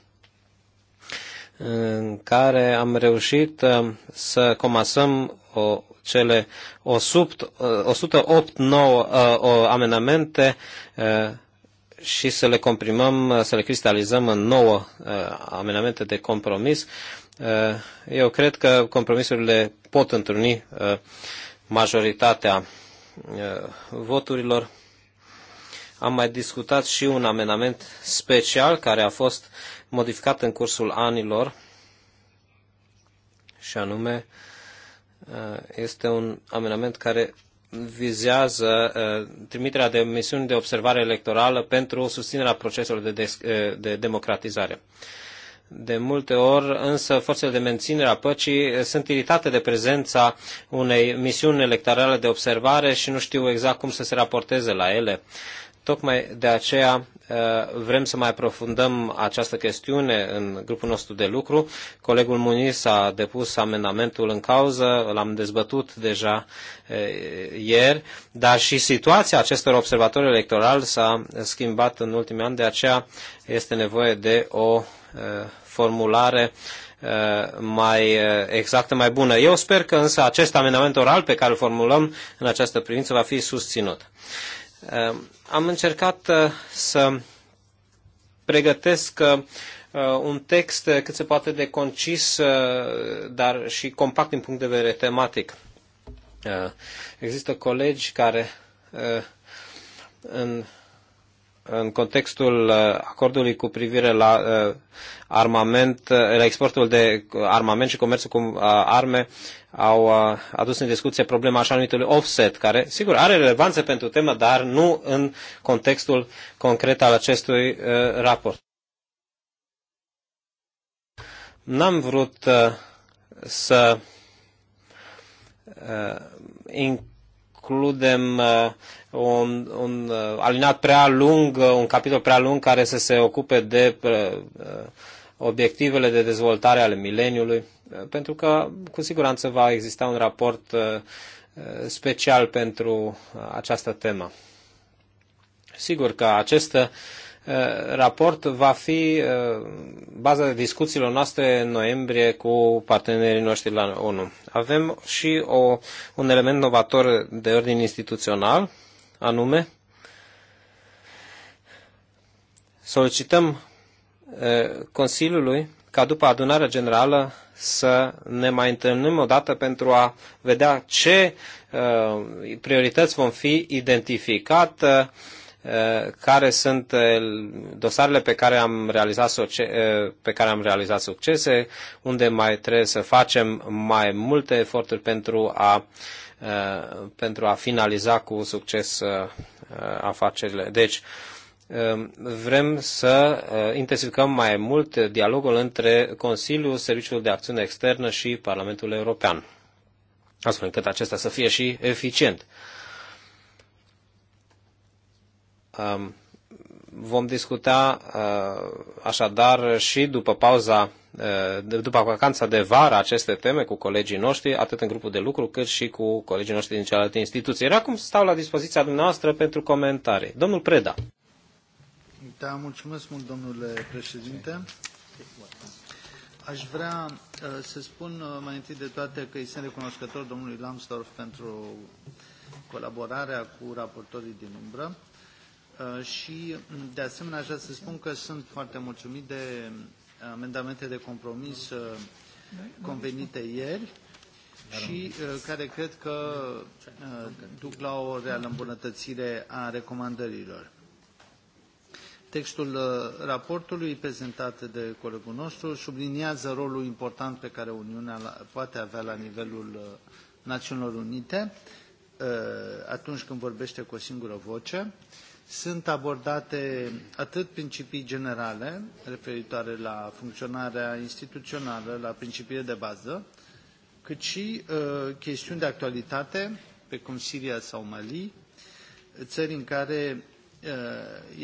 în care am reușit uh, să comasăm o, cele 100, 108 9 amenamente și să le comprimăm, uh, să le cristalizăm în 9 uh, amenamente de compromis. Eu cred că compromisurile pot întâlni majoritatea voturilor. Am mai discutat și un amenament special care a fost uh, modificat în cursul anilor și anume uh, este un amendament care vizează uh, trimiterea de misiuni de observare electorală pentru susținerea proceselor de, des, uh, de democratizare. De multe ori, însă, forțele de menținere a păcii sunt iritate de prezența unei misiuni electorale de observare și nu știu exact cum să se raporteze la ele. Tocmai de aceea uh, vrem să mai aprofundăm această chestiune în grupul nostru de lucru. Colegul Muniz a depus amendamentul în cauză, l-am dezbătut deja uh, ieri, dar și situația acestor observatori electorali s-a schimbat în ultimii ani, de aceea este nevoie de o uh, formulare mai exactă, mai bună. Eu sper că însă acest amendament oral pe care îl formulăm în această privință va fi susținut. Ehm, am încercat eh, să pregătesc eh, un text cât se poate de concis, eh, dar și compact din punct de vedere tematic. Există colegi care în în contextul uh, acordului cu privire la uh, armament, uh, la exportul de armament și comerțul cu arme, au adus în discuție problema așa numitului offset, care, sigur, are relevanță pentru temă, dar nu în contextul concret al acestui raport. N-am vrut să includem uh, un, un uh, alinat prea lung, uh, un capitol prea lung care să se ocupe de obiectivele de dezvoltare ale mileniului, pentru că cu siguranță va exista un raport special pentru această temă. Sigur că acest Uh, raport va fi uh, baza discuțiilor noastre în noiembrie cu partenerii noștri la ONU. Avem și o, un element novator de ordin instituțional, anume solicităm uh, Consiliului ca după adunarea generală să ne mai întâlnim o dată pentru a vedea ce priorități vom fi identificate Eh, care sunt eh, dosarele pe care am realizat, eh, pe care am realizat succese, unde mai trebuie să facem mai multe eforturi pentru a, pentru a finaliza cu succes afacerile. Deci, vrem să intensificăm mai mult dialogul între Consiliul, Serviciul de Acțiune Externă și Parlamentul European, astfel încât acesta să fie și eficient. Um, vom discuta uh, așadar și după pauza, uh, după vacanța de vară aceste teme cu colegii noștri, atât în grupul de lucru cât și cu colegii noștri din celelalte instituții. Era acum stau la dispoziția dumneavoastră pentru comentarii. Domnul Preda. Da, mulțumesc mult, domnule președinte. Aș vrea uh, să spun uh, mai întâi de toate că îi sunt recunoscător domnului Lambsdorff pentru colaborarea cu raportorii din umbră. Uh, și, mm, de asemenea, aș vrea să spun că sunt foarte mulțumit de mm, amendamente de compromis uh, convenite ieri și uh, care cred că duc la o reală îmbunătățire a recomandărilor. Textul raportului prezentat de colegul nostru subliniază rolul important pe care Uniunea poate avea la nivelul Națiunilor Unite atunci când vorbește cu o singură voce sunt abordate atât principii generale referitoare la funcționarea instituțională, la principiile de bază, cât și uh, chestiuni de actualitate, precum Siria sau Mali, țări în care uh,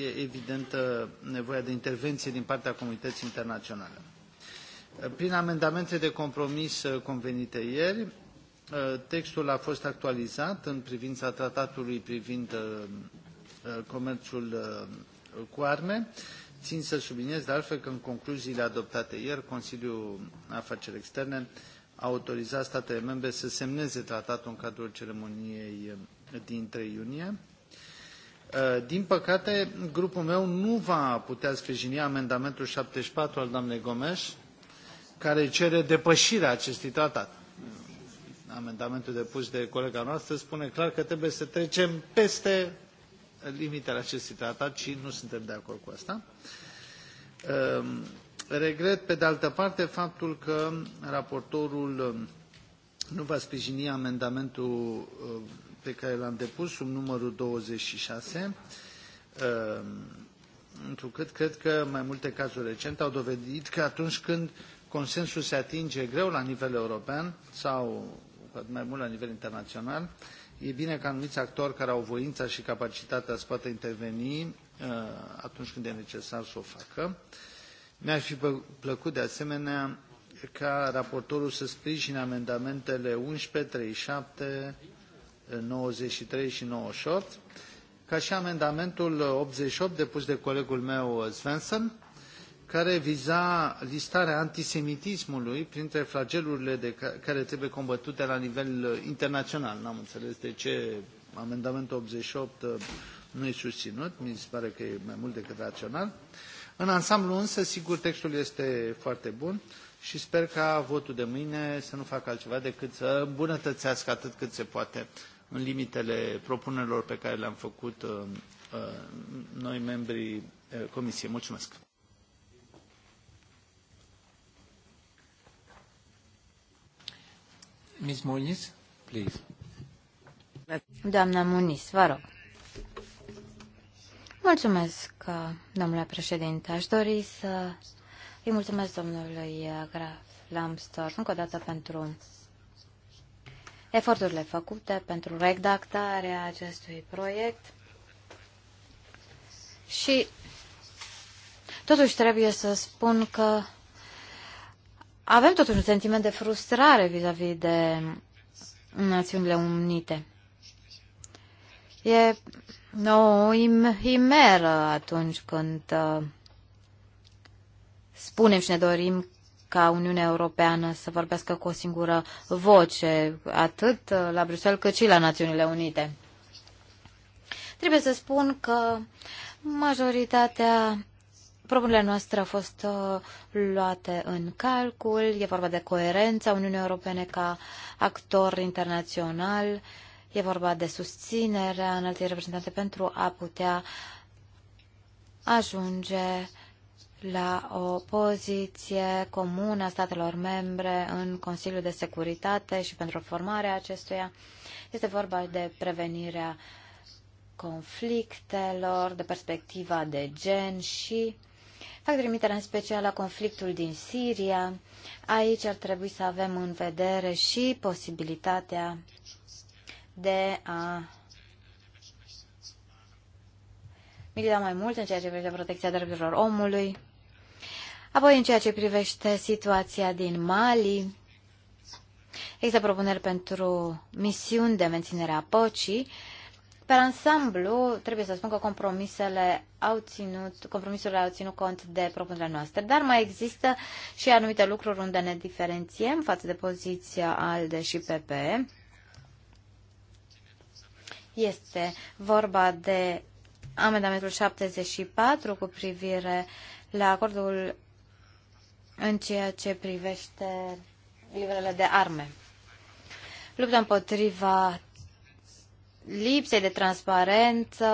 e evidentă nevoia de intervenție din partea comunității internaționale. Prin amendamente de compromis uh, convenite ieri, uh, textul a fost actualizat în privința tratatului privind uh, Uh, comerțul uh, cu arme. Țin să subliniez de altfel că în concluziile adoptate ieri, Consiliul Afaceri Externe a autorizat statele membre să semneze tratatul în cadrul ceremoniei uh, din 3 iunie. Din păcate, grupul meu nu va putea sprijini amendamentul 74 al doamnei Gomes, care cere depășirea acestui tratat. Amendamentul depus de colega noastră spune clar că trebuie să trecem peste limitele acestui tratat și nu suntem de acord cu asta. Ehm, regret, pe de altă parte, faptul că raportorul ehm, nu va sprijini amendamentul ehm, pe care l-am depus sub numărul 26, întrucât cred că mai multe cazuri recente au dovedit că atunci când consensul se atinge greu la nivel european sau mai mult la nivel internațional, E bine că anumiți actori care au voința și capacitatea să poată interveni uh, atunci când e necesar să o facă. Mi-ar fi plăcut de asemenea ca raportorul să sprijine amendamentele 11, 37, 93 și 98, ca și amendamentul 88 depus de colegul meu Svensson, care viza listarea antisemitismului printre flagelurile de care trebuie combătute la nivel uh, internațional. N-am înțeles de ce amendamentul 88 uh, nu e susținut, mi se pare că e mai mult decât rațional. În ansamblu însă, sigur, textul este foarte bun și sper ca votul de mâine să nu facă altceva decât să îmbunătățească atât cât se poate în limitele propunerilor pe care le-am făcut uh, noi membrii Comisiei. Mulțumesc! Ms. Muniz, please. Doamna Muniz, vă rog. Mulțumesc, domnule președinte. Aș dori să îi mulțumesc domnului Graf Lambsdorff încă o dată pentru eforturile făcute, pentru redactarea acestui proiect. Și totuși trebuie să spun că avem totuși un sentiment de frustrare vis-a-vis -vis de Națiunile Unite. E o im atunci când uh, spunem și ne dorim ca Uniunea Europeană să vorbească cu o singură voce, atât uh, la Bruxelles cât și la Națiunile Unite. Trebuie să spun că majoritatea Propunerile noastre au fost uh, luate în calcul, e vorba de coerența Uniunii Europene ca actor internațional, e vorba de susținerea înaltei reprezentante pentru a putea ajunge la o poziție comună a statelor membre în Consiliul de Securitate și pentru formarea acestuia. Este vorba de prevenirea conflictelor, de perspectiva de gen și Fac trimitere în special la conflictul din Siria. Aici ar trebui să avem în vedere și posibilitatea de a milita mai mult în ceea ce privește protecția drepturilor omului. Apoi, în ceea ce privește situația din Mali, există propuneri pentru misiuni de menținere a păcii, pe ansamblu, trebuie să spun că compromisele au ținut, compromisurile au ținut cont de propunerea noastră, dar mai există și anumite lucruri unde ne diferențiem față de poziția ALDE și PP. Este vorba de amendamentul 74 cu privire la acordul în ceea ce privește livrele de arme. Lupta împotriva lipsei de transparență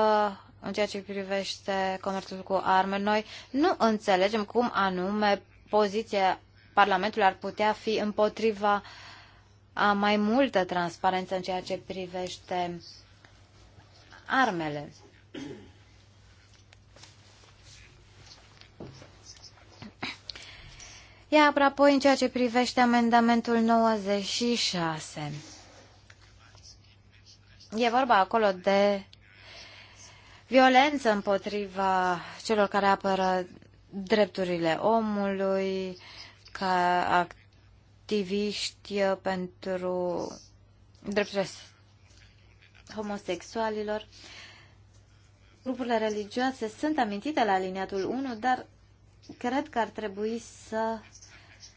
în ceea ce privește comerțul cu arme, noi nu înțelegem cum anume poziția Parlamentului ar putea fi împotriva a mai multă transparență în ceea ce privește armele. Iar apoi în ceea ce privește amendamentul 96. E vorba acolo de violență împotriva celor care apără drepturile omului, ca activiști pentru drepturile homosexualilor. Grupurile religioase sunt amintite la aliniatul 1, dar cred că ar trebui să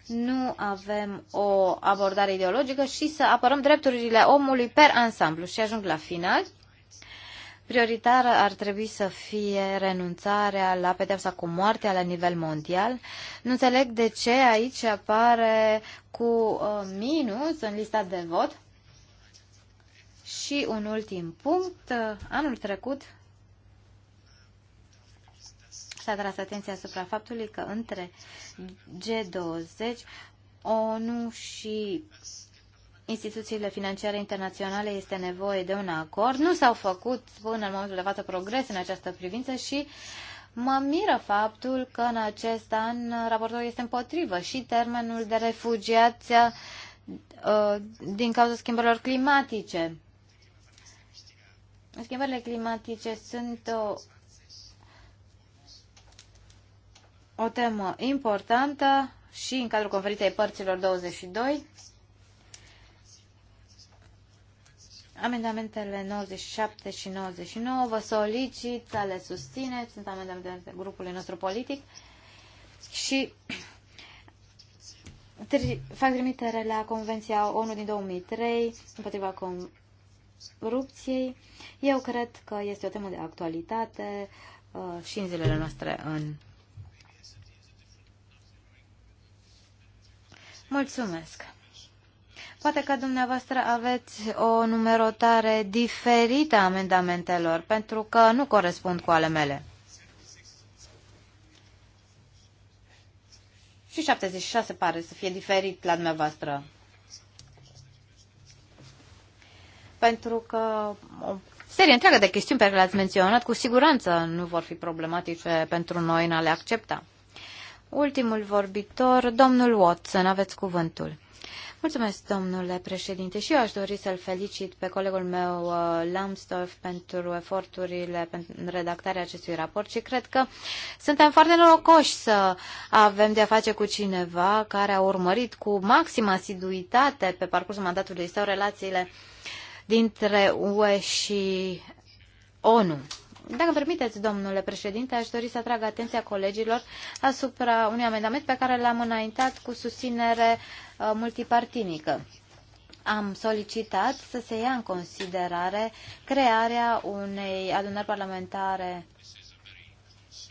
nu avem o abordare ideologică și să apărăm drepturile omului per ansamblu. Și ajung la final. Prioritară ar trebui să fie renunțarea la pedepsa cu moartea la nivel mondial. Nu înțeleg de ce aici apare cu uh, minus în lista de vot. Și un ultim punct. Anul trecut s-a tras atenția asupra faptului că între G20, ONU și instituțiile financiare internaționale este nevoie de un acord. Nu s-au făcut până în momentul de față progrese în această privință și mă miră faptul că în acest an raportorul este împotrivă și termenul de refugiați uh, din cauza schimbărilor climatice. Schimbările climatice sunt o o temă importantă și în cadrul conferinței părților 22. Amendamentele 97 și 99 vă solicit să le susțineți, sunt amendamente grupului nostru politic și tri, fac trimitere la Convenția ONU din 2003 împotriva corupției. Eu cred că este o temă de actualitate uh, și în zilele noastre în Mulțumesc! Poate că dumneavoastră aveți o numerotare diferită a amendamentelor, pentru că nu corespund cu ale mele. Și 76 pare să fie diferit la dumneavoastră. Pentru că o serie întreagă de chestiuni pe care le-ați menționat, cu siguranță nu vor fi problematice pentru noi în a le accepta. Ultimul vorbitor, domnul Watson, aveți cuvântul. Mulțumesc, domnule președinte, și eu aș dori să-l felicit pe colegul meu uh, Lambsdorff pentru eforturile pentru redactarea acestui raport și cred că suntem foarte norocoși să avem de-a face cu cineva care a urmărit cu maximă asiduitate pe parcursul mandatului său relațiile dintre UE și ONU. Dacă îmi permiteți, domnule președinte, aș dori să atrag atenția colegilor asupra unui amendament pe care l-am înaintat cu susținere uh, multipartinică. Am solicitat să se ia în considerare crearea unei adunări parlamentare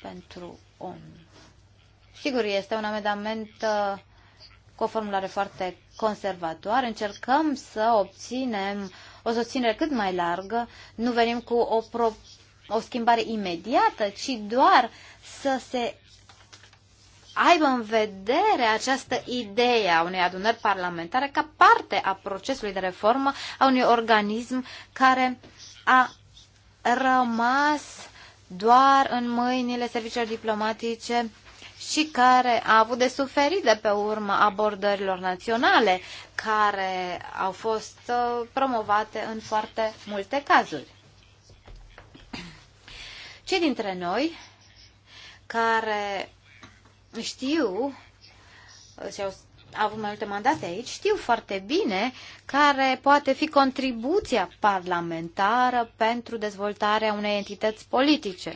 pentru om. Sigur, este un amendament uh, cu o formulare foarte conservatoare. Încercăm să obținem o susținere cât mai largă. Nu venim cu o propunere o schimbare imediată, ci doar să se aibă în vedere această idee a unei adunări parlamentare ca parte a procesului de reformă a unui organism care a rămas doar în mâinile serviciilor diplomatice și care a avut de suferit de pe urma abordărilor naționale care au fost uh, promovate în foarte multe cazuri. Cei dintre noi care știu și au avut mai multe mandate aici, știu foarte bine care poate fi contribuția parlamentară pentru dezvoltarea unei entități politice.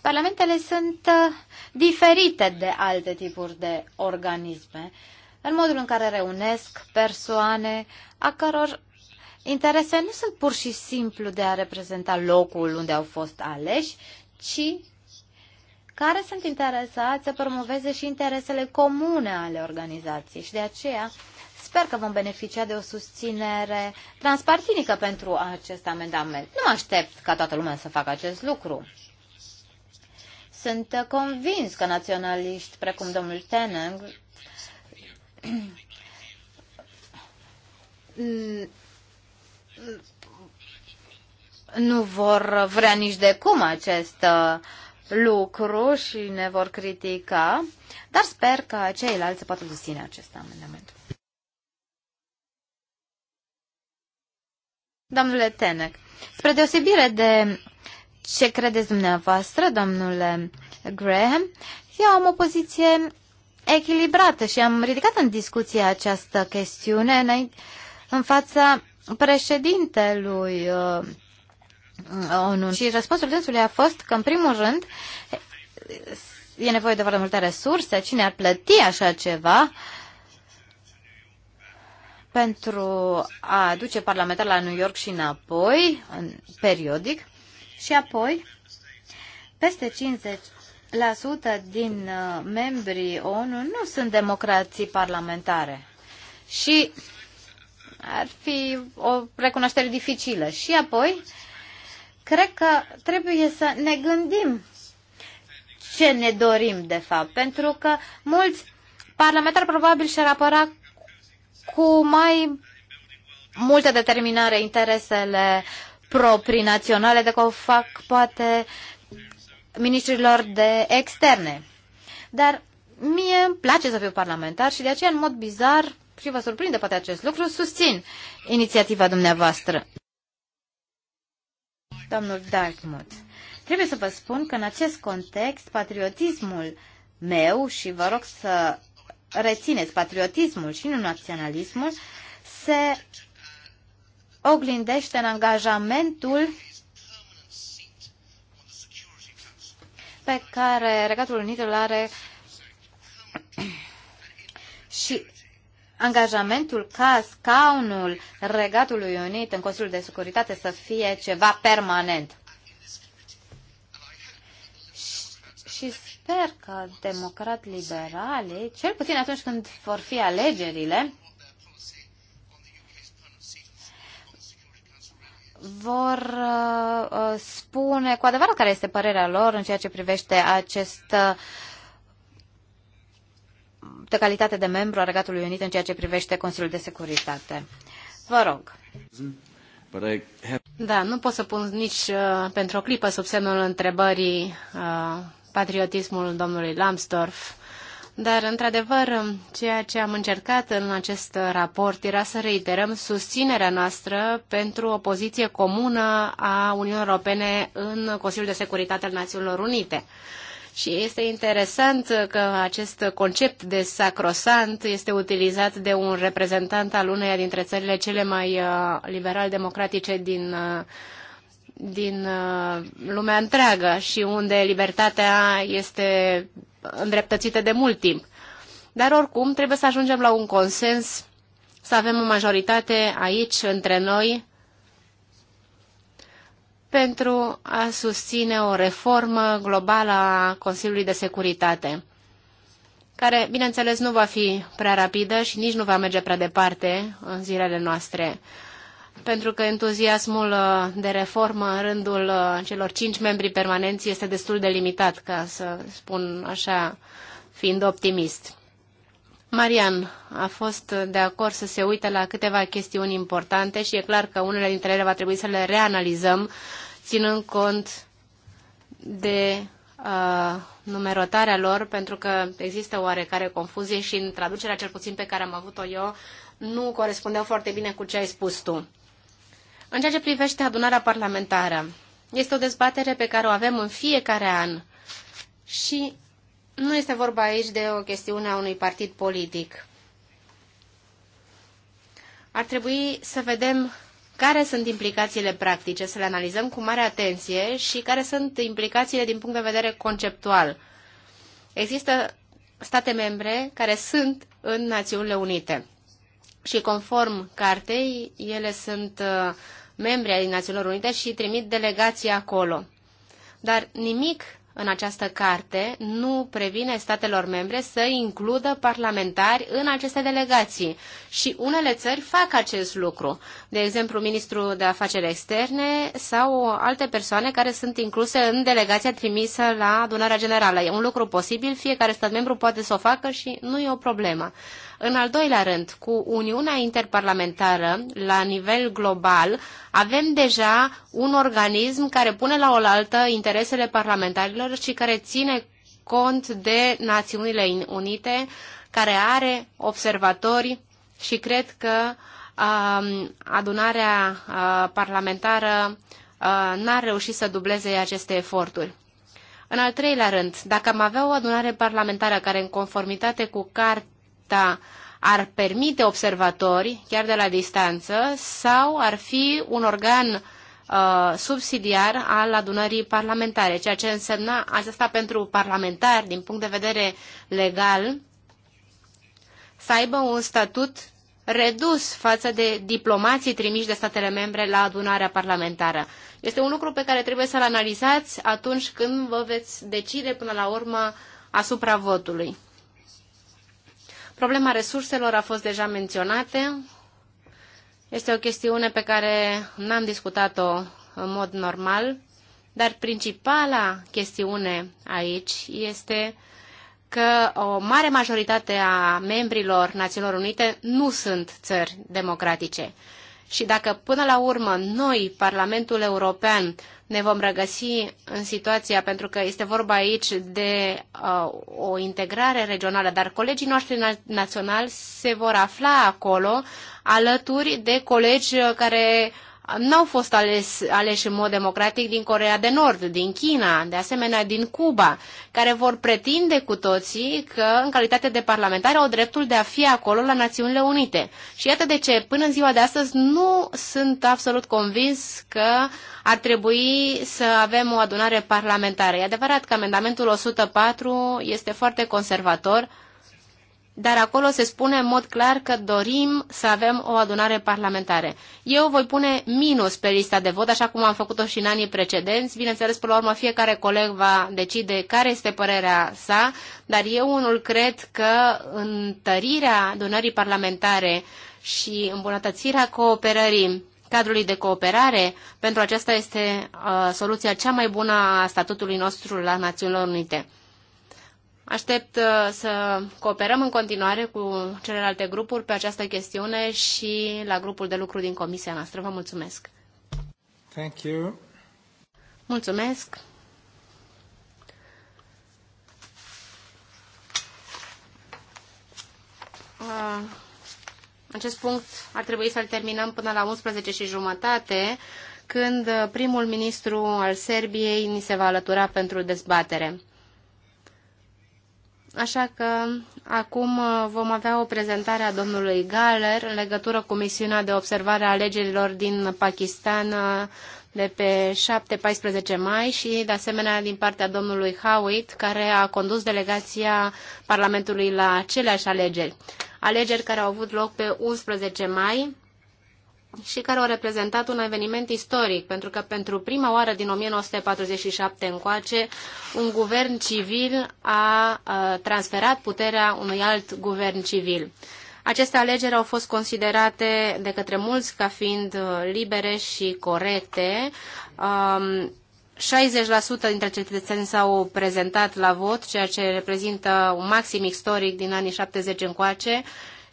Parlamentele sunt uh, diferite de alte tipuri de organisme, în modul în care reunesc persoane a căror interese nu sunt pur și simplu de a reprezenta locul unde au fost aleși, ci care sunt interesați să promoveze și interesele comune ale organizației și de aceea sper că vom beneficia de o susținere transpartinică pentru acest amendament. Nu mă aștept ca toată lumea să facă acest lucru. Sunt convins că naționaliști precum domnul Teneng nu vor vrea nici de cum acest uh, lucru și ne vor critica, dar sper că ceilalți se poată susține acest amendament. Domnule Tenec, spre deosebire de ce credeți dumneavoastră, domnule Graham, eu am o poziție echilibrată și am ridicat în discuție această chestiune în fața președintelui ONU. Uh, și răspunsul dânsului a fost că, în primul rând, e nevoie de foarte multe resurse, cine ar plăti așa ceva pentru a duce parlamentar la New York și înapoi, în periodic, și apoi peste 50 la sută din uh, membrii ONU nu sunt democrații parlamentare. Și ar fi o recunoaștere dificilă. Și apoi, cred că trebuie să ne gândim ce ne dorim, de fapt, pentru că mulți parlamentari probabil și-ar apăra cu mai multă determinare interesele proprii naționale decât o fac poate ministrilor de externe. Dar mie îmi place să fiu parlamentar și de aceea, în mod bizar, și vă surprinde poate acest lucru, susțin inițiativa dumneavoastră. Domnul Dartmouth, trebuie să vă spun că în acest context patriotismul meu și vă rog să rețineți patriotismul și nu naționalismul se oglindește în angajamentul pe care Regatul Unit îl are și angajamentul ca scaunul Regatului Unit în Consiliul de Securitate să fie ceva permanent. Și sper că democrat Liberali, cel puțin atunci când vor fi alegerile, vor uh, spune cu adevărat care este părerea lor în ceea ce privește acest uh, de calitate de membru a Regatului Unit în ceea ce privește Consiliul de Securitate. Vă rog. Da, nu pot să pun nici uh, pentru o clipă sub semnul întrebării uh, patriotismul domnului Lambsdorff, dar, într-adevăr, ceea ce am încercat în acest raport era să reiterăm susținerea noastră pentru o poziție comună a Uniunii Europene în Consiliul de Securitate al Națiunilor Unite. Uh, și este interesant că acest concept de sacrosant este utilizat de un reprezentant al uneia dintre țările cele mai uh, liberal-democratice din uh, din uh, lumea întreagă și unde libertatea este îndreptățită de mult timp. Dar oricum trebuie să ajungem la un consens, să avem o majoritate aici între noi pentru a susține o reformă globală a Consiliului de Securitate, care, bineînțeles, nu va fi prea rapidă și nici nu va merge prea departe în zilele noastre, pentru că entuziasmul uh, de reformă în rândul uh, celor cinci membri permanenți este destul de limitat, ca să spun așa, fiind optimist. Marian a fost de acord să se uite la câteva chestiuni importante și e clar că unele dintre ele va trebui să le reanalizăm, ținând cont de uh, numerotarea lor, pentru că există oarecare confuzie și în traducerea cel puțin pe care am avut-o eu, nu corespundeau foarte bine cu ce ai spus tu. În ceea ce privește adunarea parlamentară, este o dezbatere pe care o avem în fiecare an și nu este vorba aici de o chestiune a unui partid politic. Ar trebui să vedem care sunt implicațiile practice, să le analizăm cu mare atenție și care sunt implicațiile din punct de vedere conceptual. Există state membre care sunt în Națiunile Unite și conform cartei, ele sunt uh, membri ai Națiunilor Unite și trimit delegații acolo. Dar nimic în această carte nu previne statelor membre să includă parlamentari în aceste delegații. Și unele țări fac acest lucru. De exemplu, ministrul de afaceri externe sau alte persoane care sunt incluse în delegația trimisă la adunarea generală. E un lucru posibil, fiecare stat membru poate să o facă și nu e o problemă. În al doilea rând, cu Uniunea Interparlamentară, la nivel global, avem deja un organism care pune la oaltă interesele parlamentarilor și care ține cont de Națiunile Unite, care are observatori și cred că um, adunarea uh, parlamentară uh, n-a reușit să dubleze aceste eforturi. În al treilea rând, dacă am avea o adunare parlamentară care, în conformitate cu cart ta ar permite observatori, chiar de la distanță, sau ar fi un organ uh, subsidiar al adunării parlamentare, ceea ce însemna asta pentru parlamentari, din punct de vedere legal, să aibă un statut redus față de diplomații trimiși de statele membre la adunarea parlamentară. Este un lucru pe care trebuie să-l analizați atunci când vă veți decide până la urmă asupra votului. Problema resurselor a fost deja menționată. Este o chestiune pe care n-am discutat-o în mod normal, dar principala chestiune aici este că o mare majoritate a membrilor Națiunilor Unite nu sunt țări democratice. Și dacă până la urmă noi, Parlamentul European, ne vom regăsi în situația, pentru că este vorba aici de uh, o integrare regională, dar colegii noștri na- naționali se vor afla acolo alături de colegi uh, care uh, n-au fost ales, aleși în mod democratic din Corea de Nord, din China, de asemenea din Cuba, care vor pretinde cu toții că, în calitate de parlamentari, au dreptul de a fi acolo la Națiunile Unite. Și iată de ce, până în ziua de astăzi, nu sunt absolut convins că ar trebui să avem o adunare parlamentară. E adevărat că amendamentul 104 este foarte conservator, dar acolo se spune în mod clar că dorim să avem o adunare parlamentare. Eu voi pune minus pe lista de vot, așa cum am făcut-o și în anii precedenți. Bineînțeles, până la urmă, fiecare coleg va decide care este părerea sa, dar eu unul cred că întărirea adunării parlamentare și îmbunătățirea cooperării cadrului de cooperare, pentru aceasta este uh, soluția cea mai bună a statutului nostru la Națiunilor Unite. Aștept uh, să cooperăm în continuare cu celelalte grupuri pe această chestiune și la grupul de lucru din comisia noastră. Vă mulțumesc! Thank you. Mulțumesc! Uh, acest punct ar trebui să-l terminăm până la 11 și jumătate, când uh, primul ministru al Serbiei ni se va alătura pentru dezbatere. Așa că acum uh, vom avea o prezentare a domnului Galer în legătură cu misiunea de observare a alegerilor din Pakistan uh, de pe 7-14 mai și, de asemenea, din partea domnului Howitt, care a condus delegația Parlamentului la aceleași alegeri. Alegeri care au avut loc pe 11 mai și care au reprezentat un eveniment istoric, pentru că pentru prima oară din 1947 încoace, un guvern civil a transferat puterea unui alt guvern civil. Aceste alegeri au fost considerate de către mulți ca fiind uh, libere și corecte. 60% um, dintre cetățeni s-au prezentat la vot, ceea ce reprezintă un maxim istoric din anii 70 încoace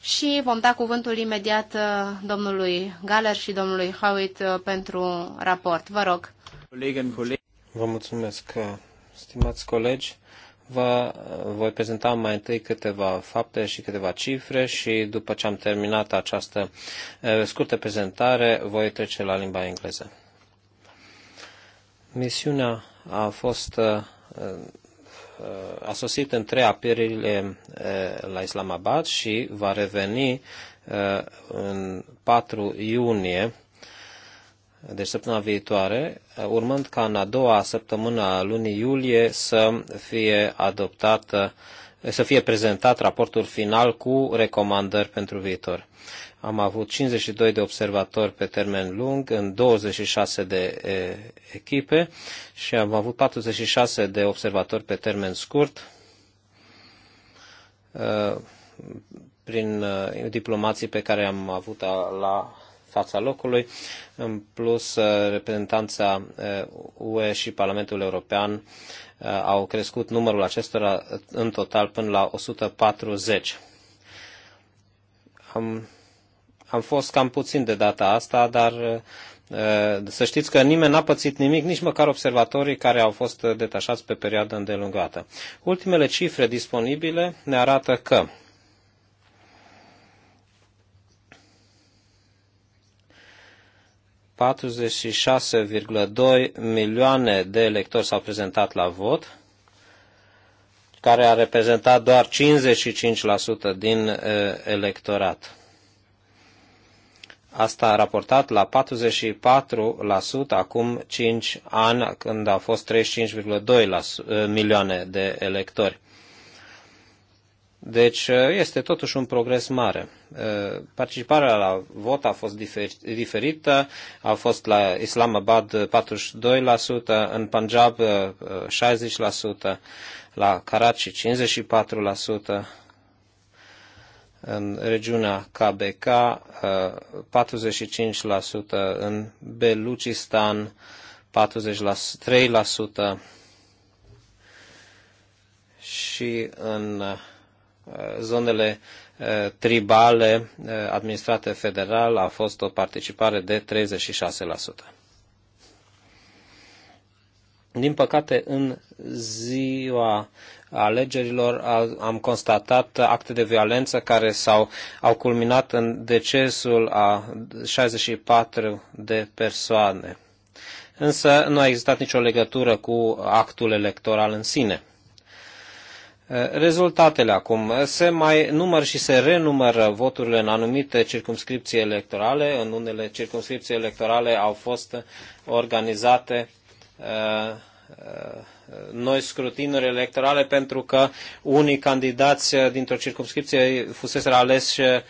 și vom da cuvântul imediat uh, domnului Galer și domnului Howitt uh, pentru raport. Vă rog. Vă mulțumesc, uh, stimați colegi. Vă voi prezenta mai întâi câteva fapte și câteva cifre și după ce am terminat această scurtă prezentare, voi trece la limba engleză. Misiunea a fost Uh, a sosit în trei apirile uh, la Islamabad și va reveni uh, în 4 iunie, deci săptămâna viitoare, urmând ca în a doua săptămână a lunii iulie să fie adoptată să fie prezentat raportul final cu recomandări pentru viitor. Am avut 52 de observatori pe termen lung în 26 de echipe și am avut 46 de observatori pe termen scurt prin diplomații pe care am avut la fața locului, în plus reprezentanța UE și Parlamentul European au crescut numărul acestora în total până la 140. Am am fost cam puțin de data asta, dar eh, să știți că nimeni n-a pățit nimic, nici măcar observatorii care au fost detașați pe perioadă îndelungată. Ultimele cifre disponibile ne arată că ...46,2 milioane de electori s-au prezentat la vot, care a reprezentat doar 55% din eh, electorat Asta a raportat la 44% acum 5 ani, când au fost 35,2 milioane de electori. Deci uh, este totuși un progres mare. Uh, participarea la vot a fost diferită, a fost la Islamabad 42%, în Punjab 60%, uh, la Karachi 54%, în regiunea KBK, 45% în Belucistan, 43% și în uh, zonele uh, tribale uh, administrate federal a fost o participare de 36%. Din păcate, în ziua alegerilor am constatat acte de violență care s-au au culminat în decesul a 64 de persoane. Însă nu a existat nicio legătură cu actul electoral în sine. Rezultatele acum. Se mai număr și se renumără voturile în anumite circumscripții electorale. În unele circumscripții electorale au fost organizate uh, uh, noi scrutinuri electorale pentru că unii candidați dintr-o circumscripție fusese ales eh,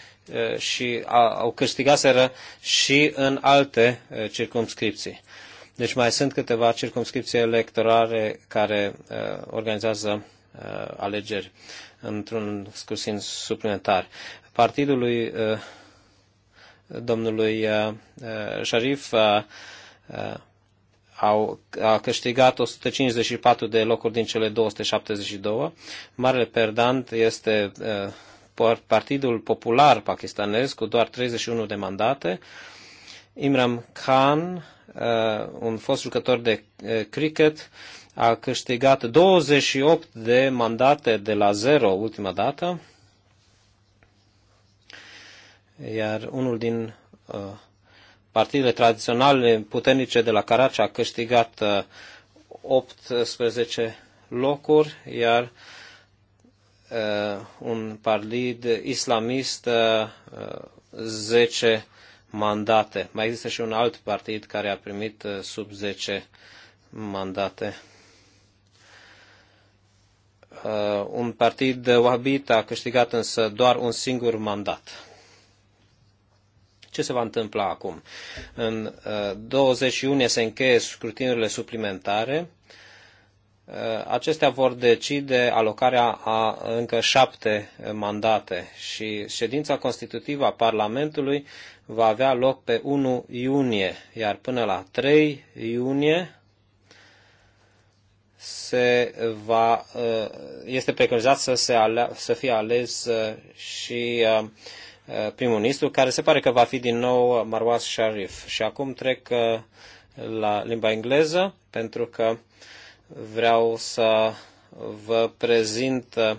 și au câștigaseră și în alte eh, circumscripții. Deci mai sunt câteva circumscripții electorale care eh, organizează alegeri într-un scursin suplimentar. Partidul lui domnului Sharif au, a câștigat 154 de locuri din cele 272. Marele perdant este Partidul Popular Pakistanez cu doar 31 de mandate. Imran Khan, un fost jucător de cricket, a câștigat 28 de mandate de la zero ultima dată, iar unul din partidele tradiționale puternice de la Caracea a câștigat 18 uh, locuri, iar uh, un partid islamist 10 uh, mandate. Mai există și un alt partid care a primit sub 10 mandate. Un partid wahabit a câștigat însă doar un singur mandat. Ce se va întâmpla acum? În 20 uh, iunie se încheie scrutinurile suplimentare. Uh, acestea vor decide alocarea a încă șapte mandate și ședința constitutivă a Parlamentului va avea loc pe 1 iunie, iar până la 3 iunie se va, uh, este preconizat să, se alea, să fie ales și Uh, prim-ministru, care se pare că va fi din nou Marwaz Sharif. Și acum trec uh, la limba engleză, pentru că vreau să vă prezint uh,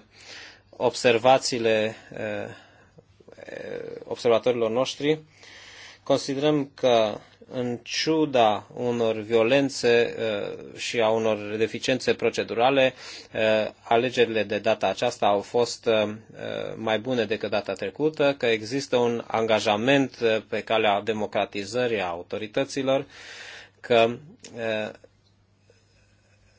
observațiile observatorilor noștri Considerăm că în ciuda unor violențe uh, și a unor deficiențe procedurale, uh, alegerile de data aceasta au fost uh, mai bune decât data trecută, că există un angajament pe calea democratizării a autorităților, că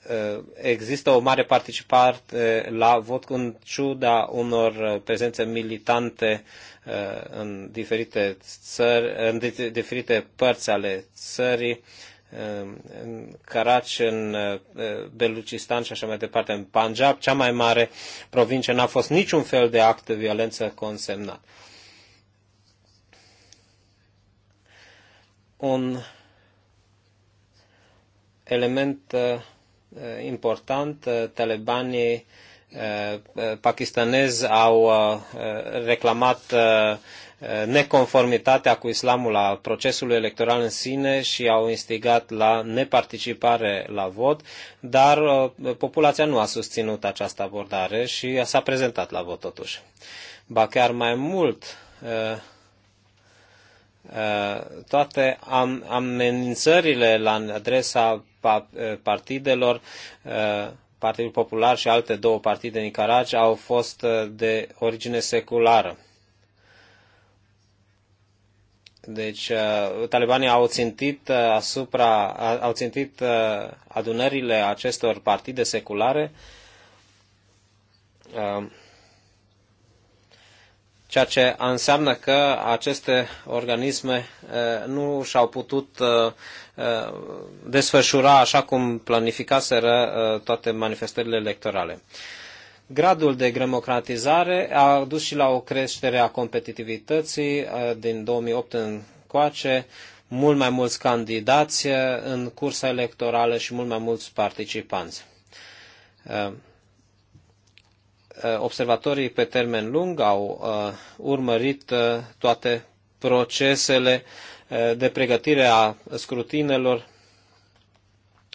Uh, există o mare participare la vot în ciuda unor uh, prezențe militante uh, în diferite țări, în diferite părți ale țării, în Karachi, în Belucistan și așa mai departe, în Punjab, cea mai mare provincie, n-a fost niciun fel de act de violență consemnat. Un element uh, Uh, important. Uh, Talebanii uh, pakistanezi au reclamat neconformitatea cu islamul a procesului electoral în sine și au instigat la neparticipare la vot, dar populația nu a susținut această abordare și s-a prezentat la vot totuși. Ba chiar mai mult, Uh, toate amenințările la adresa uh, partidelor, uh, Partidul Popular și alte două partide din Caraj au fost de origine seculară. Deci, talibanii au țintit asupra, au țintit adunările acestor partide seculare ceea ce înseamnă că aceste organisme nu și-au putut desfășura așa cum planificaseră toate manifestările electorale. Gradul de democratizare a dus și la o creștere a competitivității din 2008 coace, mult mai mulți candidați în cursa electorală și mult mai mulți participanți. Uh, observatorii pe termen lung au uh, urmărit uh, toate procesele de pregătire a scrutinelor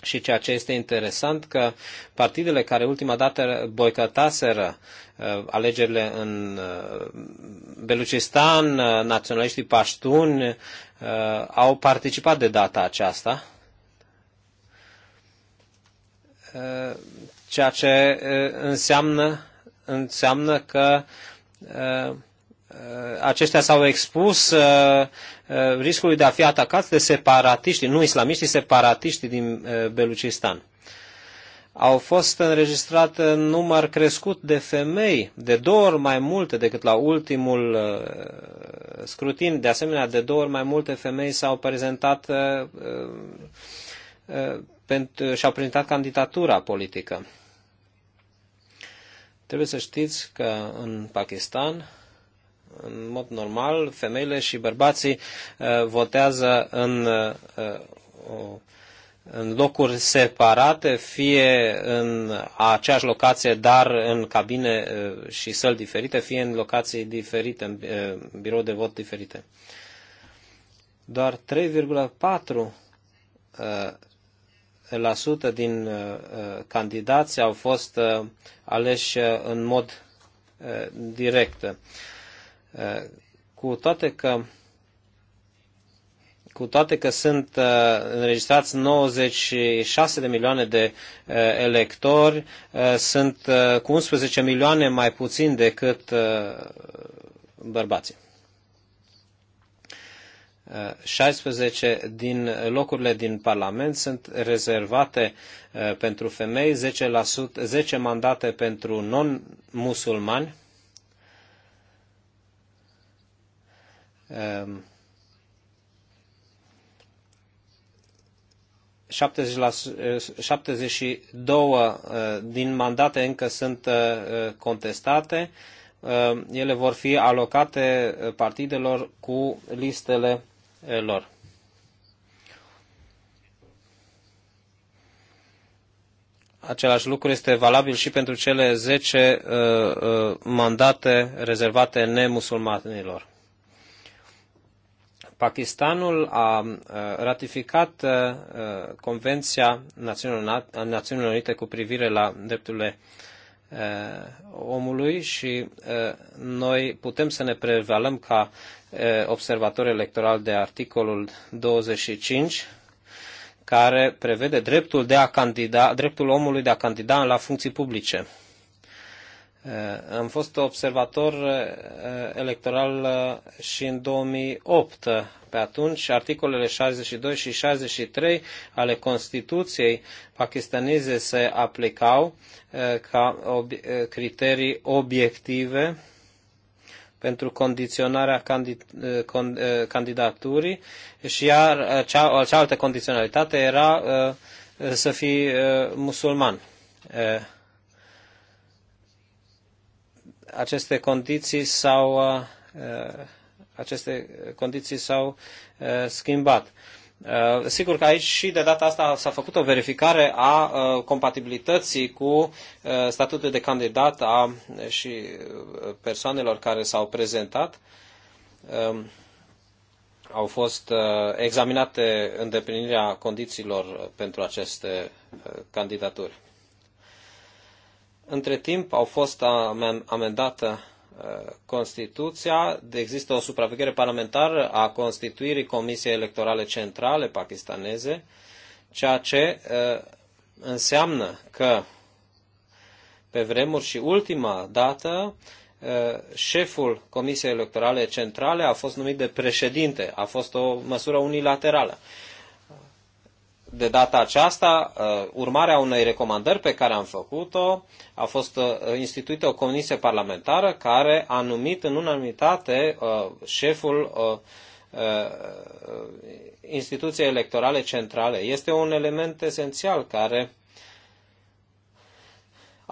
și ceea ce este interesant că partidele care ultima dată boicătaseră alegerile în Belucistan, naționaliștii paștuni, au participat de data aceasta. Ceea ce înseamnă înseamnă că uh, uh, aceștia s-au expus uh, riscului de a fi atacați de separatiști, nu islamiștii, separatiștii din Belucistan. Au fost înregistrat număr crescut de femei, de două ori mai multe decât la ultimul scrutin. De asemenea, de două ori mai multe femei s-au prezentat și-au prezentat candidatura politică. Trebuie să știți că în Pakistan, în mod normal, femeile și bărbații uh, votează în, uh, în locuri separate, fie în aceeași locație, dar în cabine uh, și săli diferite, fie în locații diferite, în birou de vot diferite. Doar 3,4 din uh, uh, candidați au fost uh, aleși în mod direct. Cu toate că cu toate că sunt uh, înregistrați 96 de milioane de uh, electori, uh, sunt uh, cu 11 milioane mai puțin decât uh, bărbații. 16 din locurile din Parlament sunt rezervate uh, pentru femei, 10%, 10 mandate pentru non-musulmani. Um, 72 uh, uh, din mandate încă sunt contestate. Ele vor fi alocate partidelor cu listele Eh, lor. Același lucru este valabil și pentru cele 10 uh, uh, mandate rezervate nemusulmanilor. Pakistanul a eh, ratificat eh, Convenția Națiunilor Unite cu privire la drepturile Uh, omului și uh, noi putem să ne prevalăm ca uh, observator electoral de articolul 25 care prevede dreptul, de a candida, dreptul omului de a candida la funcții publice. Eh, am fost observator eh, electoral eh, și în 2008. Pe atunci, articolele 62 și 63 ale Constituției pakistaneze se aplicau ca criterii obiective pentru condiționarea candidaturii și iar cea, cealaltă condiționalitate era să fii musulman aceste condiții s-au uh, uh, aceste condiții s-au uh, schimbat. Sigur că aici și de data asta s-a făcut o verificare a compatibilității cu statutul de candidat a și persoanelor care s-au prezentat. Um, au fost examinate îndeplinirea condițiilor pentru aceste candidaturi. Între timp au fost amendată uh, Constituția, există o supraveghere parlamentară a constituirii Comisiei Electorale Centrale pakistaneze, ceea ce uh, înseamnă că pe vremuri și ultima dată uh, șeful Comisiei Electorale Centrale a fost numit de președinte. A fost o măsură unilaterală de data aceasta, uh, urmarea unei recomandări pe care am făcut-o, a fost uh, instituită o comisie parlamentară care a numit în unanimitate uh, șeful instituției electorale centrale. Este un element esențial care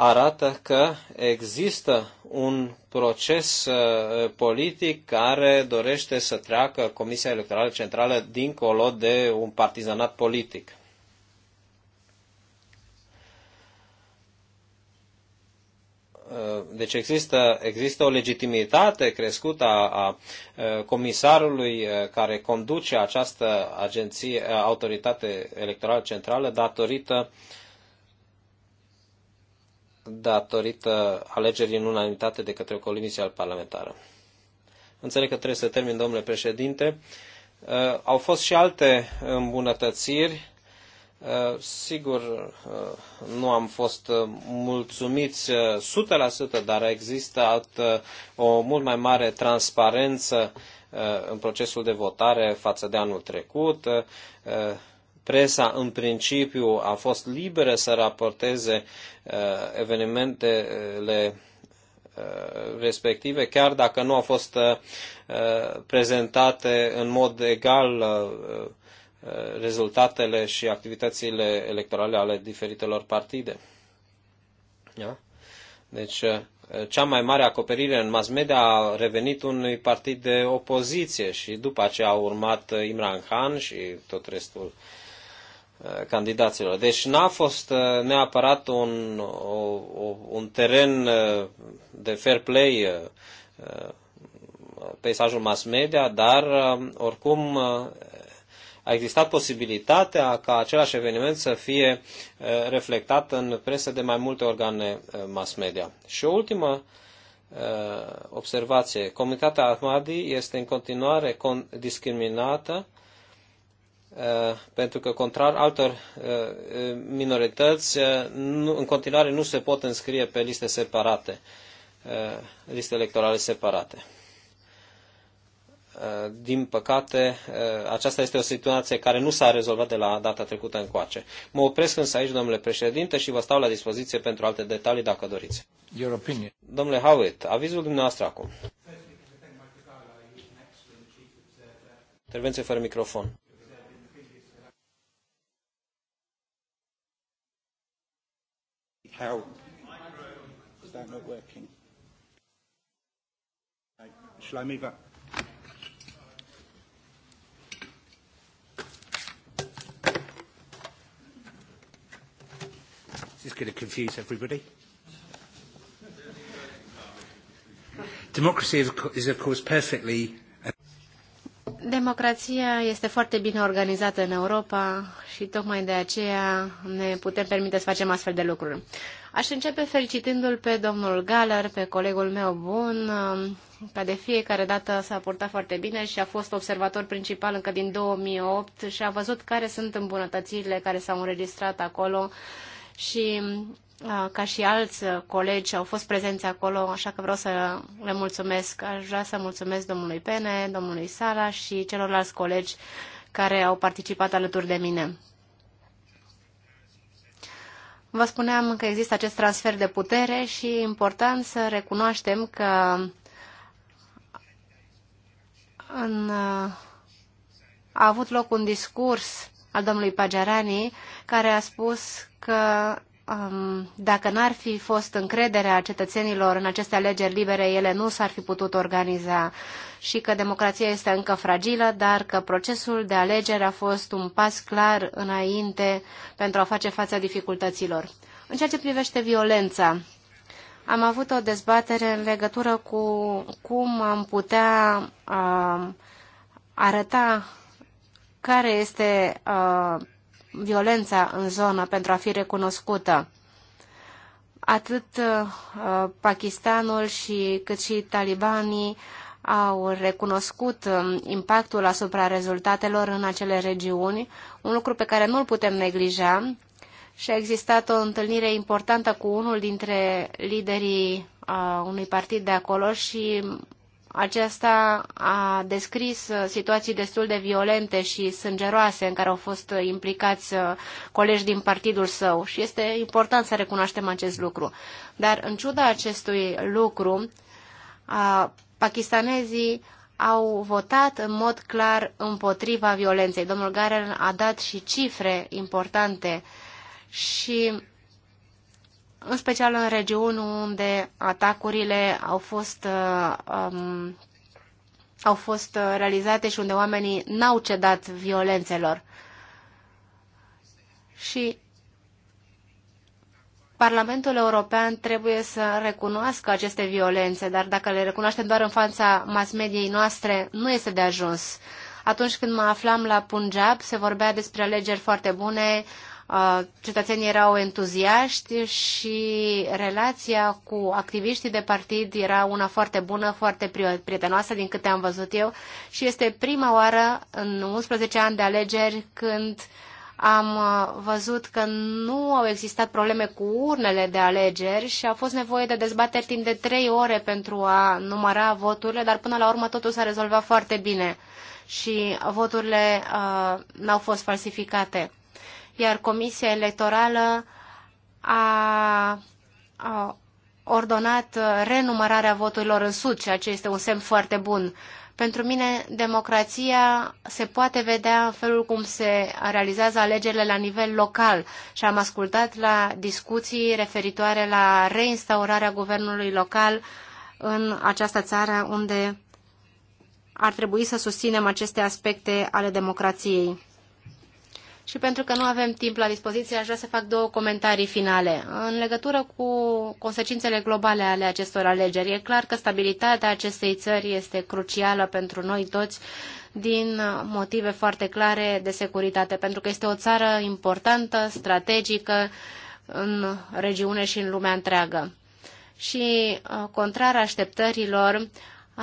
arată că există un proces uh, politic care dorește să treacă Comisia Electorală Centrală dincolo de un partizanat politic. Uh, deci există, există o legitimitate crescută a, a uh, comisarului care conduce această agenție, autoritate electorală centrală datorită uh, datorită alegerii în unanimitate de către o al parlamentară. Înțeleg că trebuie să termin, domnule președinte. Uh, au fost și alte îmbunătățiri. Uh, sigur, uh, nu am fost mulțumiți 100%, dar există o mult mai mare transparență în procesul de votare față de anul trecut. Presa, în principiu, a fost liberă să raporteze uh, evenimentele uh, respective, chiar dacă nu au fost uh, prezentate în mod egal uh, rezultatele și activitățile electorale ale diferitelor partide. Da? Deci, cea mai mare acoperire în mass media a revenit unui partid de opoziție și după aceea au urmat Imran Khan și tot restul uh, Uh, candidaților. Deci n-a fost uh, neapărat un, o, un teren uh, de fair play peisajul mass media, dar oricum a existat posibilitatea ca același eveniment să fie reflectat în presă de mai multe organe mass media. Și o ultimă observație. Comunitatea Ahmadi este în continuare discriminată Uh, pentru că, contrar altor uh, minorități, uh, nu, în continuare nu se pot înscrie pe liste separate, liste electorale separate. Din păcate, aceasta este o situație care nu s-a rezolvat de la data trecută încoace. Mă opresc însă aici, domnule președinte, și vă stau la dispoziție pentru alte detalii dacă doriți. Your opinion. Domnule Howitt, avizul dumneavoastră acum. Intervenție fără microfon. How? Is that not working? Shall I move up? This is going to confuse everybody. Democracy is, of course, perfectly Democrația este foarte bine organizată în Europa și tocmai de aceea ne putem permite să facem astfel de lucruri. Aș începe felicitându-l pe domnul Galler, pe colegul meu bun, ca de fiecare dată s-a purtat foarte bine și a fost observator principal încă din 2008 și a văzut care sunt îmbunătățirile care s-au înregistrat acolo și Uh, ca și alți uh, colegi au fost prezenți acolo, așa că vreau să le mulțumesc. Aș vrea să mulțumesc domnului Pene, domnului Sala și celorlalți colegi care au participat alături de mine. Vă spuneam că există acest transfer de putere și e important să recunoaștem că în, uh, a avut loc un discurs al domnului Pagiarani care a spus că Um, dacă n-ar fi fost încrederea cetățenilor în aceste alegeri libere, ele nu s-ar fi putut organiza și că democrația este încă fragilă, dar că procesul de alegeri a fost un pas clar înainte pentru a face fața dificultăților. În ceea ce privește violența, am avut o dezbatere în legătură cu cum am putea uh, arăta care este uh, violența în zonă pentru a fi recunoscută. Atât uh, Pakistanul și cât și talibanii au recunoscut um, impactul asupra rezultatelor în acele regiuni, un lucru pe care nu-l putem neglija și a existat o întâlnire importantă cu unul dintre liderii uh, unui partid de acolo și aceasta a descris uh, situații destul de violente și sângeroase în care au fost uh, implicați uh, colegi din partidul său și este important să recunoaștem acest lucru. Dar în ciuda acestui lucru, pakistanezii au votat în mod clar împotriva violenței. Domnul Garen a dat și cifre importante și în special în regiuni unde atacurile au fost, uh, um, au fost uh, realizate și unde oamenii n-au cedat violențelor. Și Parlamentul European trebuie să recunoască aceste violențe, dar dacă le recunoaștem doar în fața mass-mediei noastre, nu este de ajuns. Atunci când mă aflam la Punjab, se vorbea despre alegeri foarte bune, cetățenii erau entuziaști și relația cu activiștii de partid era una foarte bună, foarte prietenoasă din câte am văzut eu și este prima oară în 11 ani de alegeri când am văzut că nu au existat probleme cu urnele de alegeri și a fost nevoie de dezbateri timp de trei ore pentru a număra voturile, dar până la urmă totul s-a rezolvat foarte bine și voturile uh, n-au fost falsificate iar Comisia Electorală a, a ordonat uh, renumărarea voturilor în Sud, ceea ce este un semn foarte bun. Pentru mine, democrația se poate vedea în felul cum se realizează alegerile la nivel local și am ascultat la discuții referitoare la reinstaurarea guvernului local în această țară unde ar trebui să susținem aceste aspecte ale democrației. Și pentru că nu avem timp la dispoziție, aș vrea să fac două comentarii finale. În legătură cu consecințele globale ale acestor alegeri, e clar că stabilitatea acestei țări este crucială pentru noi toți din motive foarte clare de securitate, pentru că este o țară importantă, strategică în regiune și în lumea întreagă. Și, uh, contrar așteptărilor,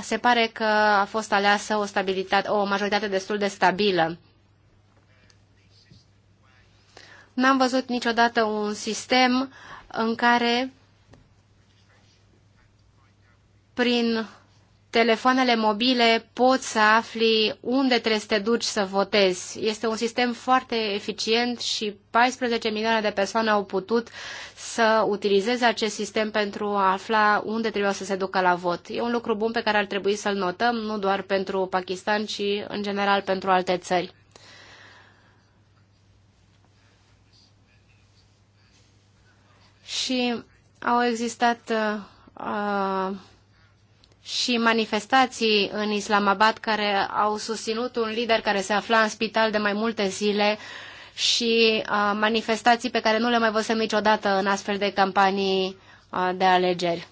se pare că a fost aleasă o, stabilitate, o majoritate destul de stabilă N-am văzut niciodată un sistem în care prin telefoanele mobile poți să afli unde trebuie să te duci să votezi. Este un sistem foarte eficient și 14 milioane de persoane au putut să utilizeze acest sistem pentru a afla unde trebuie să se ducă la vot. E un lucru bun pe care ar trebui să-l notăm, nu doar pentru Pakistan, ci în general pentru alte țări. și au existat uh, uh, și manifestații în Islamabad care au susținut un lider care se afla în spital de mai multe zile și uh, manifestații pe care nu le mai văzut niciodată în astfel de campanii uh, de alegeri.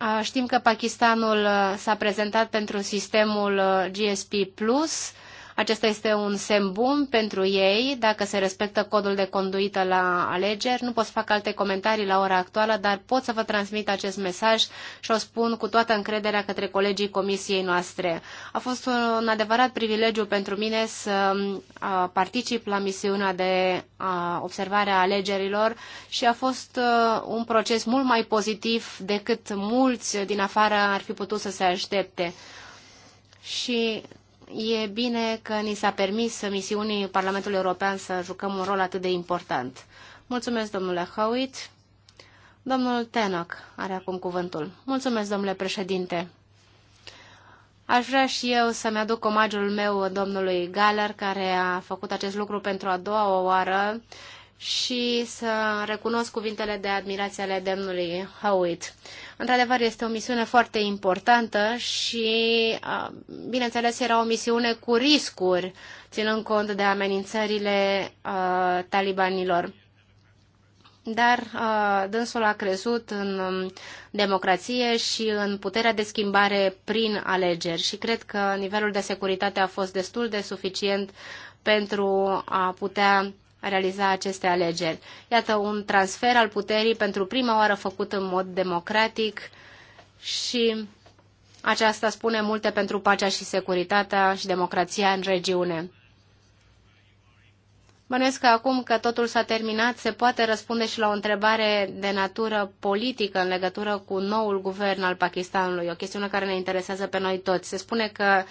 Uh, știm că Pakistanul uh, s-a prezentat pentru sistemul GSP Plus acesta este un semn bun pentru ei dacă se respectă codul de conduită la alegeri. Nu pot să fac alte comentarii la ora actuală, dar pot să vă transmit acest mesaj și o spun cu toată încrederea către colegii comisiei noastre. A fost un adevărat privilegiu pentru mine să um, particip la misiunea de observare a alegerilor și a fost uh, un proces mult mai pozitiv decât mulți din afară ar fi putut să se aștepte. Și e bine că ni s-a permis misiunii Parlamentului European să jucăm un rol atât de important. Mulțumesc, domnule Howitt. Domnul Tenoc are acum cuvântul. Mulțumesc, domnule președinte. Aș vrea și eu să-mi aduc omagiul meu domnului Galler, care a făcut acest lucru pentru a doua oară și să recunosc cuvintele de admirație ale demnului Howitt. Într-adevăr, este o misiune foarte importantă și, bineînțeles, era o misiune cu riscuri, ținând cont de amenințările uh, talibanilor. Dar uh, dânsul a crezut în um, democrație și în puterea de schimbare prin alegeri și cred că nivelul de securitate a fost destul de suficient pentru a putea a realiza aceste alegeri. Iată un transfer al puterii pentru prima oară făcut în mod democratic și aceasta spune multe pentru pacea și securitatea și democrația în regiune. Bănuiesc că acum că totul s-a terminat, se poate răspunde și la o întrebare de natură politică în legătură cu noul guvern al Pakistanului, o chestiune care ne interesează pe noi toți. Se spune că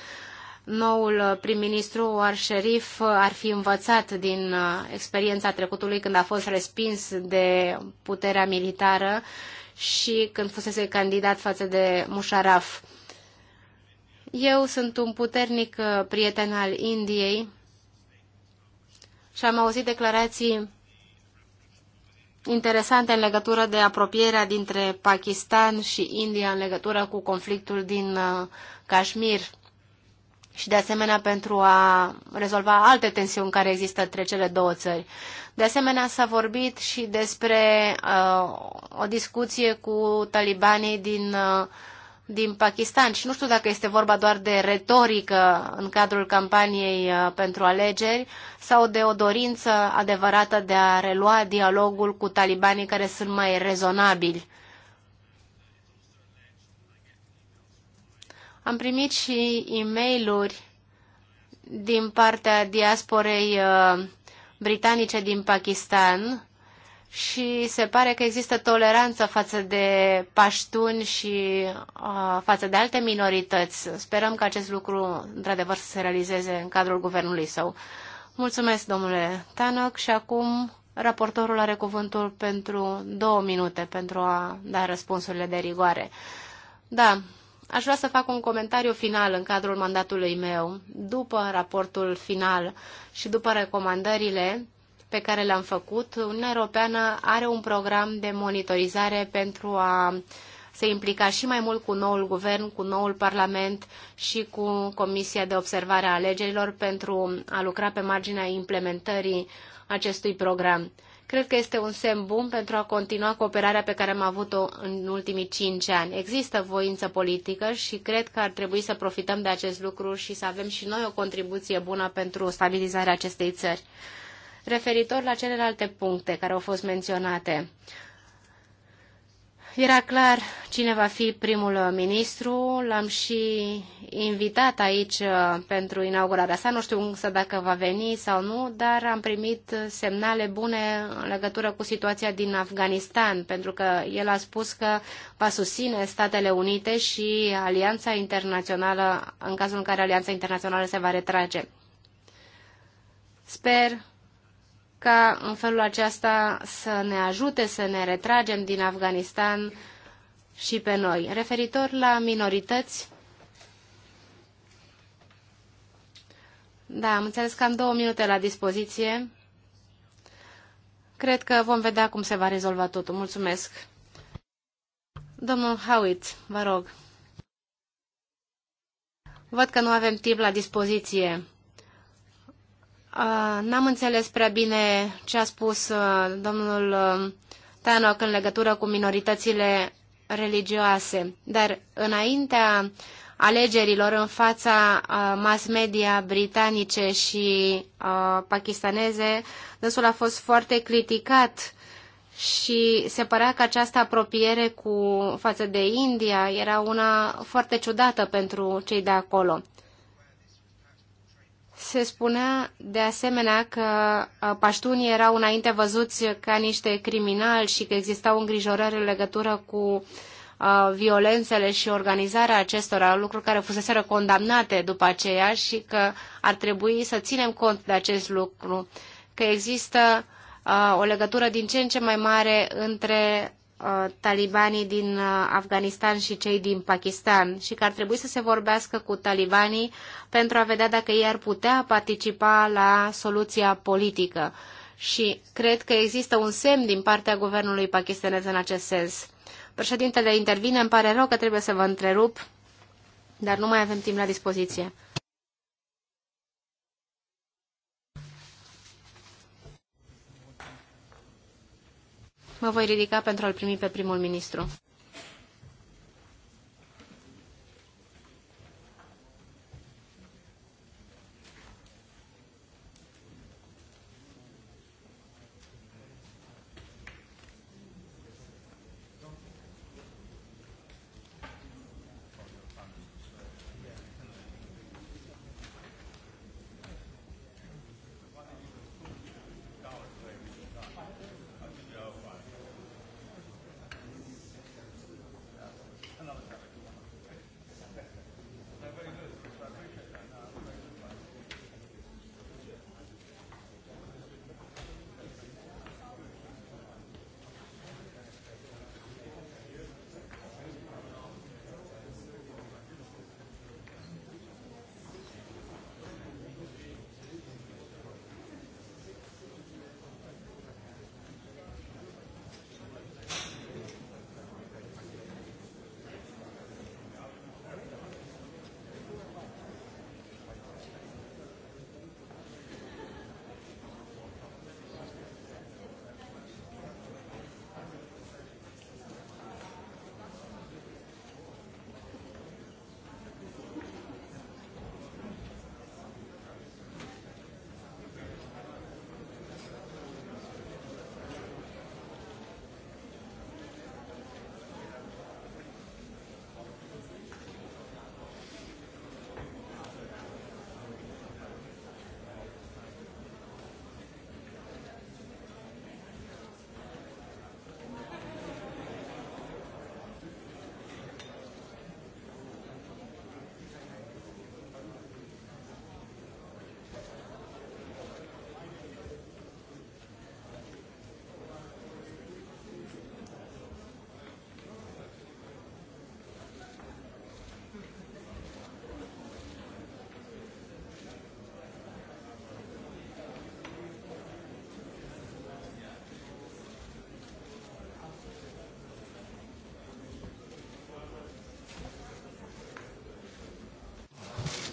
noul uh, prim-ministru Oar Sherif uh, ar fi învățat din uh, experiența trecutului când a fost respins de puterea militară și când fusese candidat față de Musharraf. Eu sunt un puternic prieten al Indiei și am auzit declarații interesante în legătură de apropierea dintre Pakistan și India în legătură cu conflictul din Kashmir și de asemenea pentru a rezolva alte tensiuni care există între cele două țări. De asemenea, s-a vorbit și despre uh, o discuție cu talibanii din, uh, din Pakistan și nu știu dacă este vorba doar de retorică în cadrul campaniei uh, pentru alegeri sau de o dorință adevărată de a relua dialogul cu talibanii care sunt mai rezonabili Am primit și e mail din partea diasporei uh, britanice din Pakistan și se pare că există toleranță față de paștuni și uh, față de alte minorități. Sperăm că acest lucru, într-adevăr, să se realizeze în cadrul guvernului său. Mulțumesc, domnule Tanăc, și acum raportorul are cuvântul pentru două minute pentru a da răspunsurile de rigoare. Da, Aș vrea să fac un comentariu final în cadrul mandatului meu, după raportul final și după recomandările pe care le-am făcut. Uniunea Europeană are un program de monitorizare pentru a se implica și mai mult cu noul guvern, cu noul parlament și cu Comisia de Observare a Alegerilor pentru a lucra pe marginea implementării acestui program. Cred că este un semn bun pentru a continua cooperarea pe care am avut-o în ultimii cinci ani. Există voință politică și cred că ar trebui să profităm de acest lucru și să avem și noi o contribuție bună pentru stabilizarea acestei țări. Referitor la celelalte puncte care au fost menționate, era clar cine va fi primul uh, ministru, l-am și invitat aici uh, pentru inaugurarea sa, nu știu însă dacă va veni sau nu, dar am primit uh, semnale bune în legătură cu situația din Afganistan, pentru că el a spus că va susține Statele Unite și Alianța Internațională, în cazul în care Alianța Internațională se va retrage. Sper ca în felul acesta să ne ajute să ne retragem din Afganistan și pe noi. Referitor la minorități, da, am înțeles că am două minute la dispoziție. Cred că vom vedea cum se va rezolva totul. Mulțumesc. Domnul Howitt, vă rog. Văd că nu avem timp la dispoziție. N-am înțeles prea bine ce a spus domnul Tanoc în legătură cu minoritățile religioase, dar înaintea alegerilor în fața mass media britanice și pakistaneze, dânsul a fost foarte criticat și se părea că această apropiere cu față de India era una foarte ciudată pentru cei de acolo. Se spunea de asemenea că uh, paștunii erau înainte văzuți ca niște criminali și că existau îngrijorări în legătură cu uh, violențele și organizarea acestora, lucruri care fuseseră condamnate după aceea și că ar trebui să ținem cont de acest lucru, că există uh, o legătură din ce în ce mai mare între Uh, talibanii din uh, Afganistan și cei din Pakistan și că ar trebui să se vorbească cu talibanii pentru a vedea dacă ei ar putea participa la soluția politică. Și cred că există un semn din partea guvernului pakistanez în acest sens. Președintele intervine, îmi pare rău că trebuie să vă întrerup, dar nu mai avem timp la dispoziție. mă voi ridica pentru a-l primi pe primul ministru.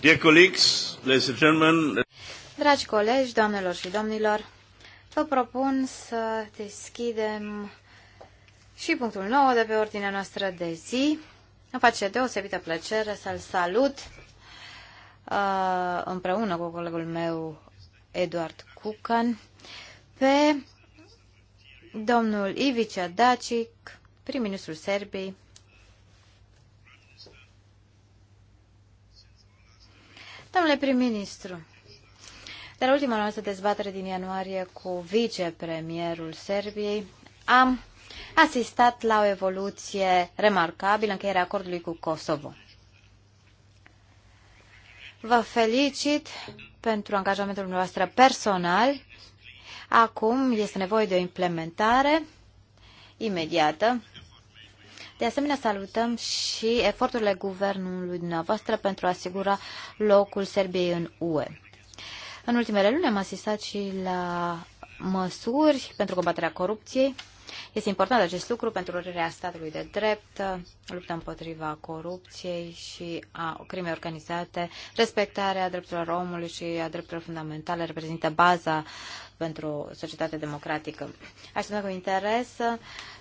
Dear colleagues, ladies and gentlemen, Dragi colegi, doamnelor și domnilor, vă propun să deschidem și punctul 9 de pe ordinea noastră de zi. Îmi face deosebită plăcere să-l salut uh, împreună cu colegul meu Eduard Cucan pe domnul Ivica Dacic, prim-ministrul Serbiei, Domnule prim-ministru, de la ultima noastră dezbatere din ianuarie cu vicepremierul Serbiei, am asistat la o evoluție remarcabilă în încheierea acordului cu Kosovo. Vă felicit pentru angajamentul noastră personal. Acum este nevoie de o implementare imediată de asemenea, salutăm și eforturile guvernului dumneavoastră pentru a asigura locul Serbiei în UE. În ultimele luni am asistat și la măsuri pentru combaterea corupției, este important acest lucru pentru urmărirea statului de drept, lupta împotriva corupției și a crimei organizate, respectarea drepturilor omului și a drepturilor fundamentale reprezintă baza pentru societatea societate democratică. Așteptăm cu interes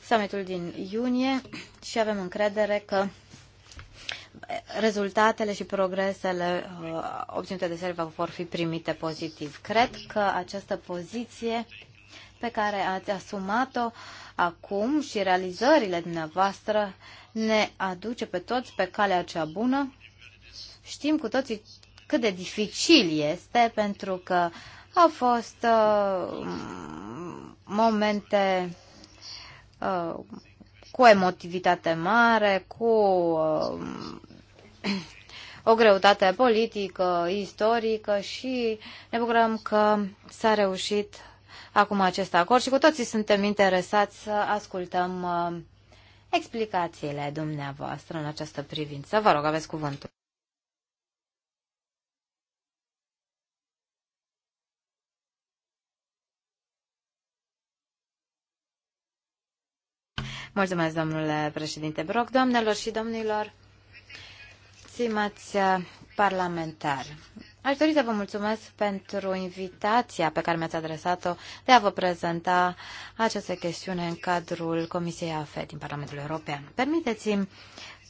summitul din iunie și avem încredere că rezultatele și progresele uh, obținute de Serbia vor fi primite pozitiv. Cred că această poziție pe care ați asumat-o acum și realizările dumneavoastră ne aduce pe toți pe calea cea bună. Știm cu toții cât de dificil este pentru că au fost uh, momente uh, cu emotivitate mare, cu uh, o greutate politică, istorică și ne bucurăm că s-a reușit acum acest acord și cu toții suntem interesați să ascultăm uh, explicațiile dumneavoastră în această privință. Vă rog, aveți cuvântul. Mulțumesc, domnule președinte Broc, doamnelor și domnilor, stimați uh, parlamentari. Aș dori să vă mulțumesc pentru invitația pe care mi-ați adresat-o de a vă prezenta această chestiune în cadrul Comisiei AFE din Parlamentul European. Permiteți-mi,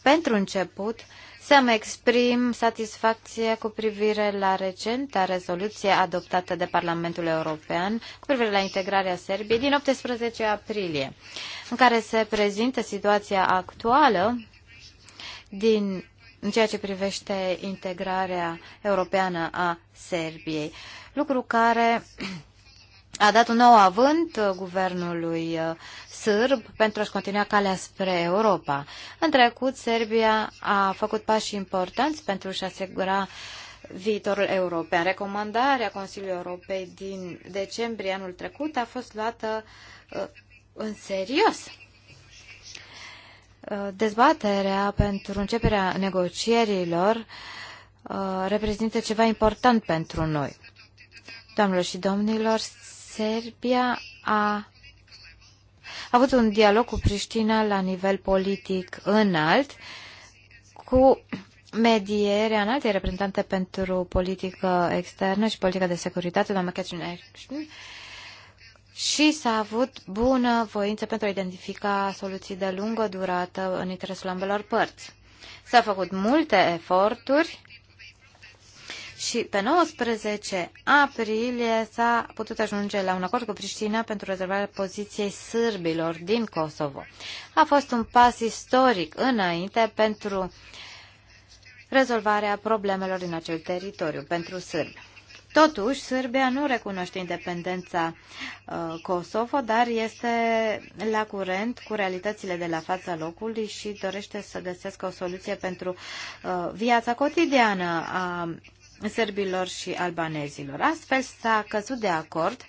pentru început, să-mi exprim satisfacție cu privire la recenta rezoluție adoptată de Parlamentul European cu privire la integrarea Serbiei din 18 aprilie, în care se prezintă situația actuală din în ceea ce privește integrarea europeană a Serbiei, lucru care a dat un nou avânt guvernului uh, sârb pentru a-și continua calea spre Europa. În trecut, Serbia a făcut pași importanți pentru a-și asigura viitorul european. Recomandarea Consiliului Europei din decembrie anul trecut a fost luată uh, în serios dezbaterea pentru începerea negocierilor uh, reprezintă ceva important pentru noi. Doamnelor și domnilor, Serbia a avut un dialog cu Priștina la nivel politic înalt, cu medierea înaltei reprezentante pentru politică externă și politică de securitate, doamna Catherine Ashton, și s-a avut bună voință pentru a identifica soluții de lungă durată în interesul ambelor părți. S-au făcut multe eforturi și pe 19 aprilie s-a putut ajunge la un acord cu Priștina pentru rezervarea poziției sârbilor din Kosovo. A fost un pas istoric înainte pentru rezolvarea problemelor din acel teritoriu, pentru sârbi. Totuși, Sârbia nu recunoaște independența uh, Kosovo, dar este la curent cu realitățile de la fața locului și dorește să găsească o soluție pentru uh, viața cotidiană a sârbilor și albanezilor. Astfel s-a căzut de acord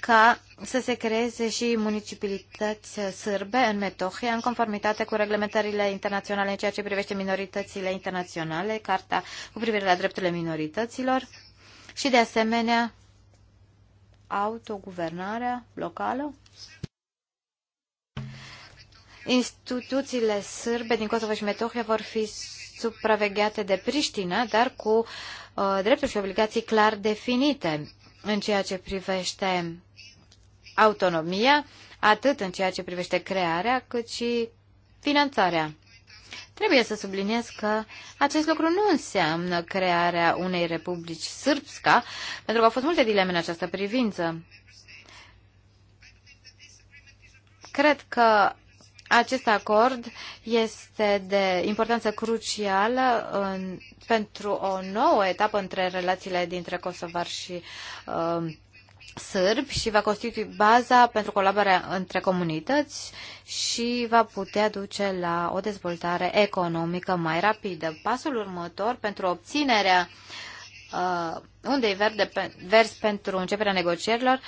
ca să se creeze și municipalități sârbe în Metohia, în conformitate cu reglementările internaționale în ceea ce privește minoritățile internaționale, Carta cu privire la drepturile minorităților, și de asemenea autoguvernarea locală. Instituțiile sârbe din Kosovo și Metohia vor fi supravegheate de Priștina, dar cu uh, drepturi și obligații clar definite în ceea ce privește autonomia, atât în ceea ce privește crearea, cât și finanțarea Trebuie să subliniez că acest lucru nu înseamnă crearea unei republici sârbsca, pentru că au fost multe dileme în această privință. Cred că acest acord este de importanță crucială în, pentru o nouă etapă între relațiile dintre Kosovar și uh, sârbi și va constitui baza pentru colaborarea între comunități și va putea duce la o dezvoltare economică mai rapidă. Pasul următor pentru obținerea uh, undei verde pe, vers pentru începerea negocierilor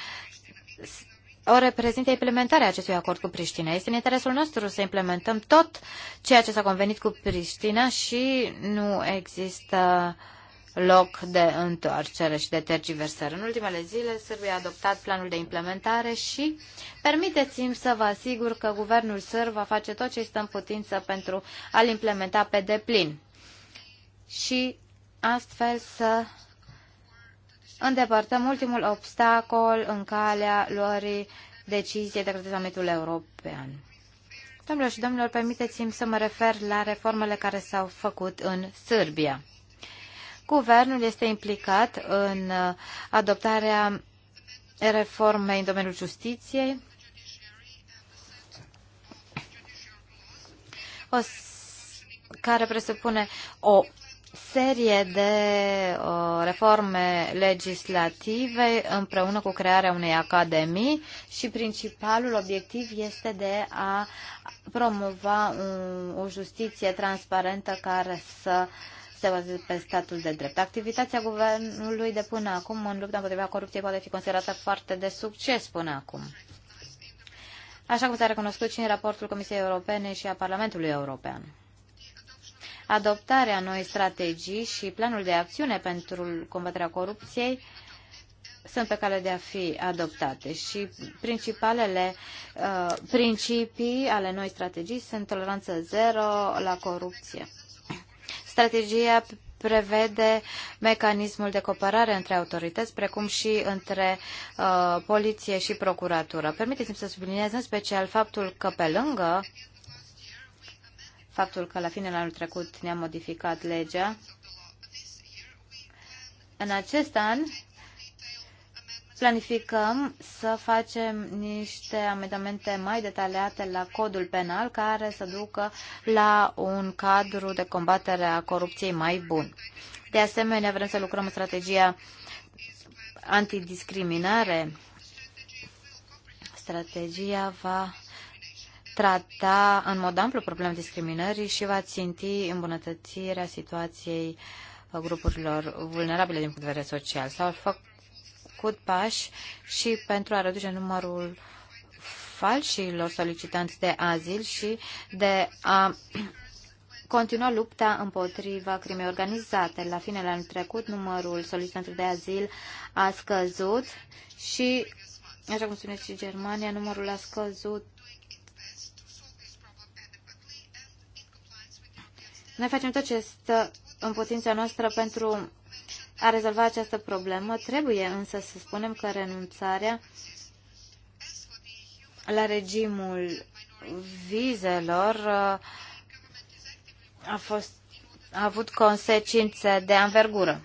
o reprezintă implementarea acestui acord cu Priștina. Este în interesul nostru să implementăm tot ceea ce s-a convenit cu Priștina și nu există uh, loc de întoarcere și de tergiversare. În ultimele zile, Sârbia a adoptat planul de implementare și permiteți-mi să vă asigur că guvernul sârb va face tot ce stă în putință pentru a-l implementa pe deplin și astfel să îndepărtăm ultimul obstacol în calea luării deciziei de către summitul european. Domnilor și domnilor, permiteți-mi să mă refer la reformele care s-au făcut în Sârbia. Guvernul este implicat în adoptarea reformei în domeniul justiției, o, care presupune o serie de reforme legislative împreună cu crearea unei academii și principalul obiectiv este de a promova un, o justiție transparentă care să uh, se bazează pe statul de drept. Activitatea guvernului de până acum în lupta împotriva corupției poate fi considerată foarte de succes până acum. Așa cum s-a recunoscut și în raportul Comisiei Europene și a Parlamentului European. Adoptarea noi strategii și planul de acțiune pentru combaterea corupției sunt pe cale de a fi adoptate și principalele uh, principii ale noi strategii sunt toleranță zero la corupție. Strategia prevede mecanismul de cooperare între autorități, precum și între uh, poliție și procuratură. Permiteți-mi să subliniez în special faptul că pe lângă faptul că la finele anului trecut ne-a modificat legea, în acest an planificăm să facem niște amendamente mai detaliate la codul penal care să ducă la un cadru de combatere a corupției mai bun. De asemenea, vrem să lucrăm în strategia antidiscriminare. Strategia va trata în mod amplu problema discriminării și va ținti îmbunătățirea situației grupurilor vulnerabile din punct de vedere social. S-au făcut făcut pași și pentru a reduce numărul falșilor solicitanți de azil și de a continua lupta împotriva crimei organizate. La finele anului trecut, numărul solicitanților de azil a scăzut și, așa cum spuneți și Germania, numărul a scăzut Noi facem tot ce stă în putința noastră pentru a rezolva această problemă, trebuie însă să spunem că renunțarea la regimul vizelor uh, a, fost, a avut consecințe de anvergură.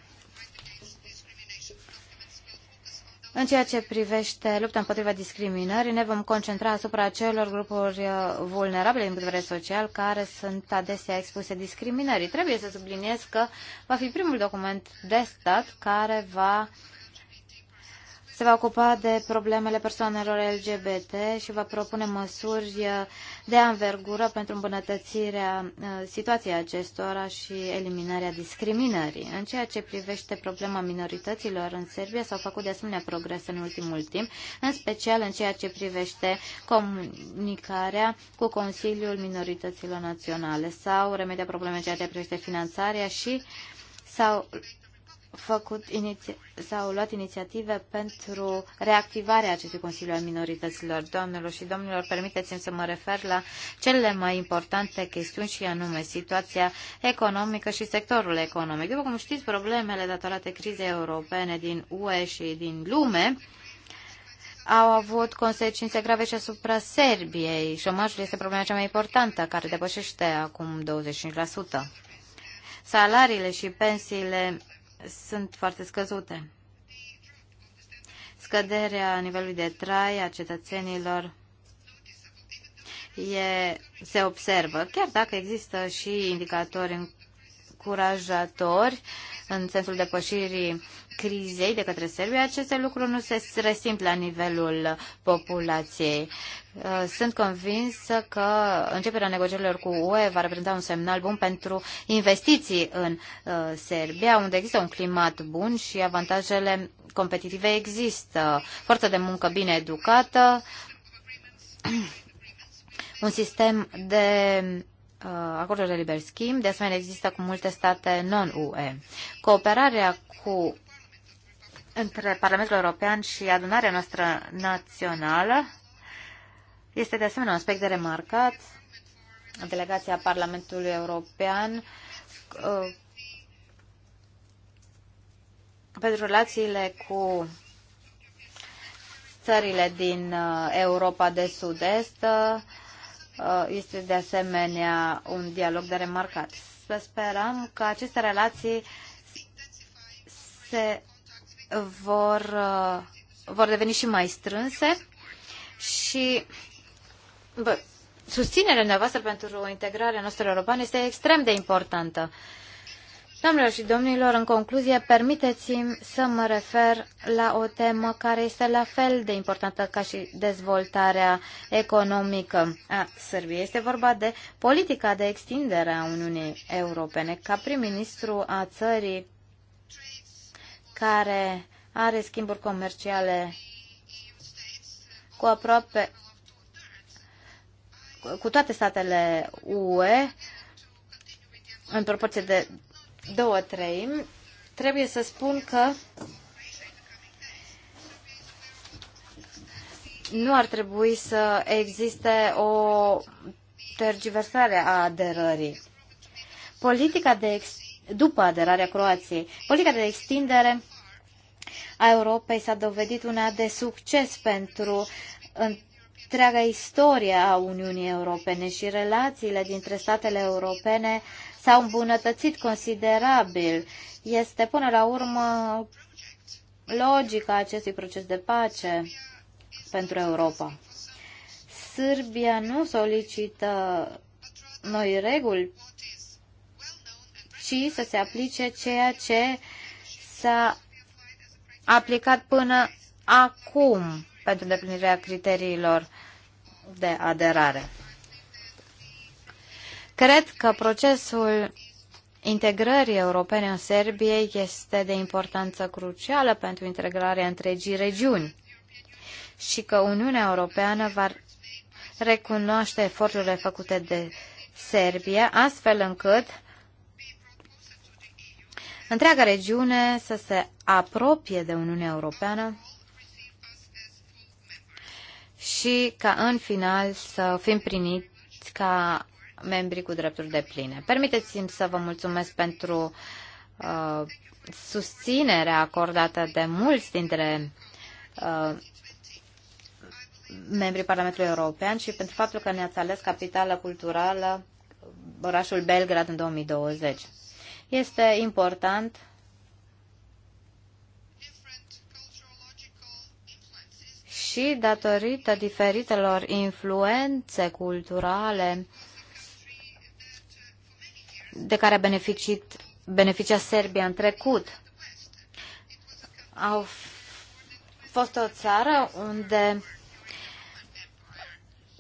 În ceea ce privește lupta împotriva discriminării, ne vom concentra asupra acelor grupuri uh, vulnerabile din punct de vedere social care sunt adesea expuse discriminării. Trebuie să subliniez că va fi primul document de stat care va uh, se va ocupa de problemele persoanelor LGBT și va propune măsuri uh, de anvergură pentru îmbunătățirea uh, situației acestora și eliminarea discriminării. În ceea ce privește problema minorităților în Serbia, s-au făcut de asemenea progrese în ultimul timp, în special în ceea ce privește comunicarea cu Consiliul Minorităților Naționale. sau remedia problemei în ceea ce privește finanțarea și sau făcut s-au luat inițiative pentru reactivarea acestui Consiliu al Minorităților. Doamnelor și domnilor, permiteți-mi să mă refer la cele mai importante chestiuni și anume situația economică și sectorul economic. După cum știți, problemele datorate crizei europene din UE și din lume au avut consecințe grave și asupra Serbiei. Șomajul este problema cea mai importantă, care depășește acum 25%. Salariile și pensiile sunt foarte scăzute. Scăderea nivelului de trai a cetățenilor e, se observă, chiar dacă există și indicatori încurajatori în sensul depășirii crizei de către Serbia, aceste lucruri nu se resimt la nivelul populației. Uh, sunt convinsă că începerea negocierilor cu UE va reprezenta un semnal bun pentru investiții în uh, Serbia, unde există un climat bun și avantajele competitive există. Forță de muncă bine educată, un sistem de uh, acorduri de liber schimb, de asemenea există cu multe state non-UE. Cooperarea cu între Parlamentul European și adunarea noastră națională este de asemenea un aspect de remarcat. Delegația Parlamentului European uh, pentru relațiile cu țările din uh, Europa de Sud-Est uh, este de asemenea un dialog de remarcat. Să sperăm că aceste relații se vor, uh, vor deveni și mai strânse și bă, susținerea dumneavoastră pentru integrarea noastră europeană este extrem de importantă. Doamnelor și domnilor, în concluzie, permiteți-mi să mă refer la o temă care este la fel de importantă ca și dezvoltarea economică a Sârbiei. Este vorba de politica de extindere a Uniunii Europene. Ca prim-ministru a țării care are schimburi comerciale cu aproape cu toate statele UE în proporție de două treimi, trebuie să spun că nu ar trebui să existe o tergiversare a aderării. Politica de ex după aderarea Croației. Politica de extindere a Europei s-a dovedit una de succes pentru întreaga istorie a Uniunii Europene și relațiile dintre statele europene s-au îmbunătățit considerabil. Este până la urmă logica acestui proces de pace pentru Europa. Sârbia nu solicită noi reguli și să se aplice ceea ce s-a aplicat până acum pentru îndeplinirea criteriilor de aderare. Cred că procesul integrării europene în Serbiei este de importanță crucială pentru integrarea întregii regiuni și că Uniunea Europeană va recunoaște eforturile făcute de Serbia, astfel încât întreaga regiune să se apropie de Uniunea Europeană și ca în final să fim primiți ca membri cu drepturi de pline. Permiteți-mi să vă mulțumesc pentru uh, susținerea acordată de mulți dintre uh, membrii Parlamentului European și pentru faptul că ne-ați ales capitală culturală orașul Belgrad în 2020. Este important și datorită diferitelor influențe culturale de care a beneficit, beneficia Serbia în trecut. Au fost o țară unde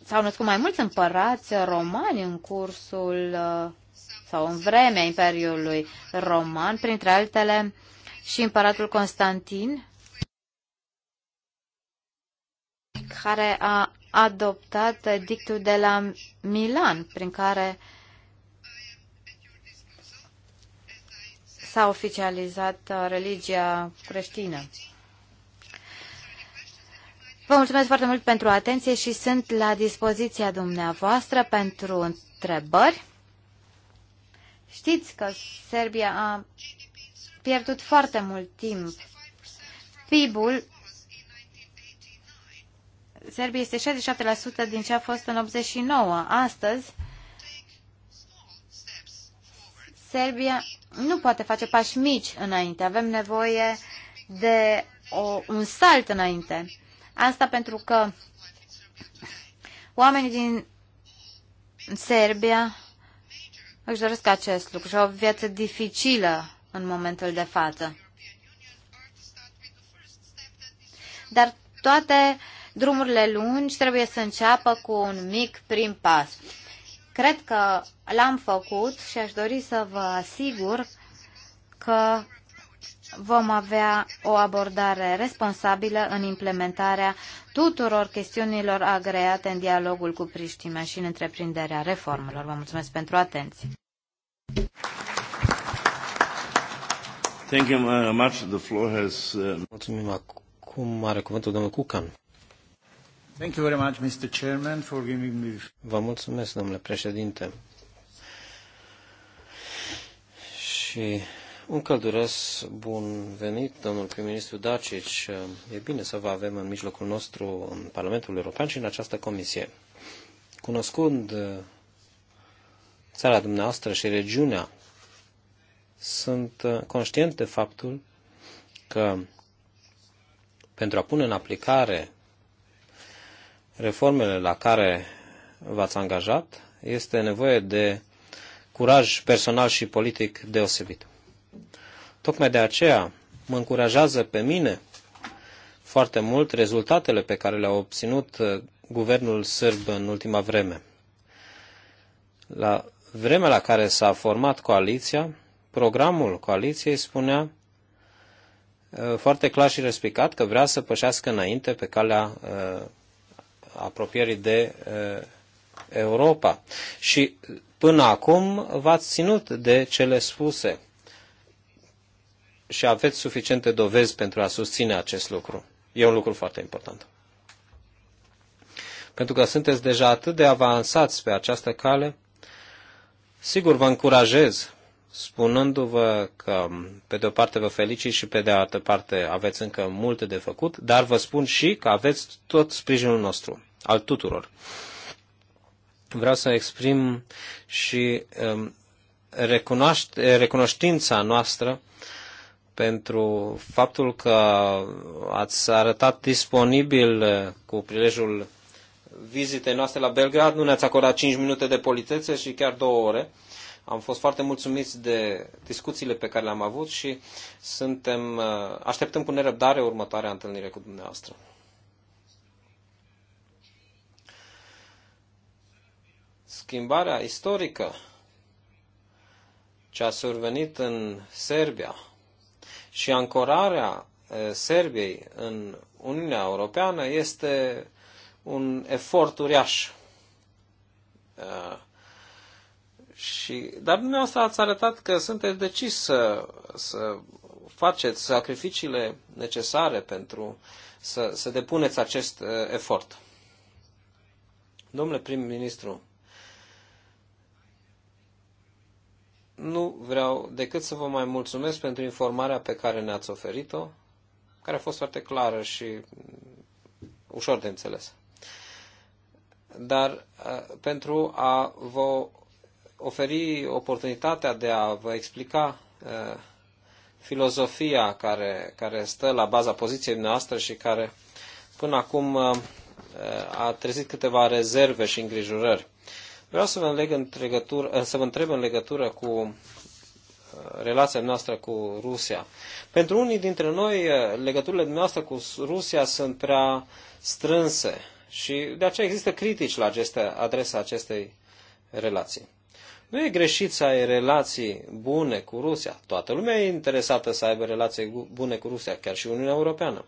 s-au născut mai mulți împărați romani în cursul uh, sau în vremea Imperiului Roman, printre altele și împăratul Constantin, care a adoptat dictul de la Milan, prin care s-a oficializat uh, religia creștină. Vă mulțumesc foarte mult pentru atenție și sunt la dispoziția dumneavoastră pentru întrebări. Știți că Serbia a pierdut foarte mult timp. PIB-ul Serbia este 67% din ce a fost în 89. Astăzi, Serbia nu poate face pași mici înainte. Avem nevoie de o, un salt înainte. Asta pentru că oamenii din Serbia își doresc acest lucru și o viață dificilă în momentul de față. Dar toate drumurile lungi trebuie să înceapă cu un mic prim pas. Cred că l-am făcut și aș dori să vă asigur că vom avea o abordare responsabilă în implementarea tuturor chestiunilor agreate în dialogul cu Priștina și în întreprinderea reformelor. Vă mulțumesc pentru atenție. Thank you very uh, much. The floor has, uh... Mulțumim acum are cuvântul domnul Cucan. Thank you very much, Mr. Chairman, for giving me... Vă mulțumesc, domnule președinte. Și un călduros bun venit, domnul prim-ministru Dacic. E bine să vă avem în mijlocul nostru în Parlamentul European și în această comisie. Cunoscând uh, țara dumneavoastră și regiunea, sunt uh, conștient de faptul că pentru a pune în aplicare reformele la care v-ați angajat, este nevoie de curaj personal și politic deosebit. Tocmai de aceea mă încurajează pe mine foarte mult rezultatele pe care le-a obținut uh, guvernul sârb în ultima vreme. La vremea la care s-a format coaliția, programul coaliției spunea uh, foarte clar și respicat că vrea să pășească înainte pe calea uh, apropierii de Europa. Și până acum v-ați ținut de cele spuse și aveți suficiente dovezi pentru a susține acest lucru. E un lucru foarte important. Pentru că sunteți deja atât de avansați pe această cale, sigur vă încurajez spunându-vă că pe de o parte vă felicit și pe de altă parte aveți încă multe de făcut, dar vă spun și că aveți tot sprijinul nostru, al tuturor. Vreau să exprim și um, recunoaște, recunoștința noastră pentru faptul că ați arătat disponibil uh, cu prilejul vizitei noastre la Belgrad. Nu ne-ați acordat 5 minute de politețe și chiar 2 ore. Am fost foarte mulțumiți de discuțiile pe care le-am avut și suntem, uh, așteptăm cu nerăbdare următoarea întâlnire cu dumneavoastră. Schimbarea istorică ce a survenit în Serbia și ancorarea Serbiei în Uniunea Europeană este un efort uriaș. Și, dar dumneavoastră ați arătat că sunteți decis să, să faceți sacrificiile necesare pentru să, să depuneți acest efort. Domnule prim-ministru, nu vreau decât să vă mai mulțumesc pentru informarea pe care ne-ați oferit-o, care a fost foarte clară și mm, ușor de înțeles. Dar uh, pentru a vă oferi oportunitatea de a vă explica uh, filozofia care, care stă la baza poziției noastre și care până acum uh, a trezit câteva rezerve și îngrijorări. Vreau să vă, în eh, să vă întreb în legătură cu eh, relația noastră cu Rusia. Pentru unii dintre noi, eh, legăturile noastre cu Rusia sunt prea strânse și de aceea există critici la aceste, adresa acestei relații. Nu e greșit să ai relații bune cu Rusia. Toată lumea e interesată să aibă relații bune cu Rusia, chiar și Uniunea Europeană.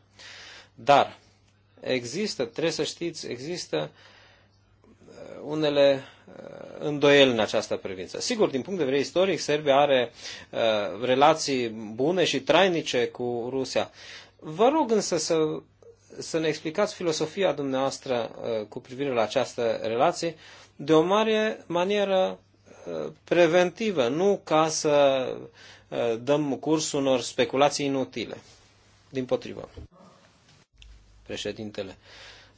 Dar există, trebuie să știți, există uh, unele uh, îndoieli în această privință. Sigur, din punct de vedere istoric, Serbia are uh, relații bune și trainice cu Rusia. Vă rog însă să, să ne explicați filosofia dumneavoastră uh, cu privire la această relație de o mare manieră preventivă, nu ca să dăm curs unor speculații inutile. Din potrivă. Președintele.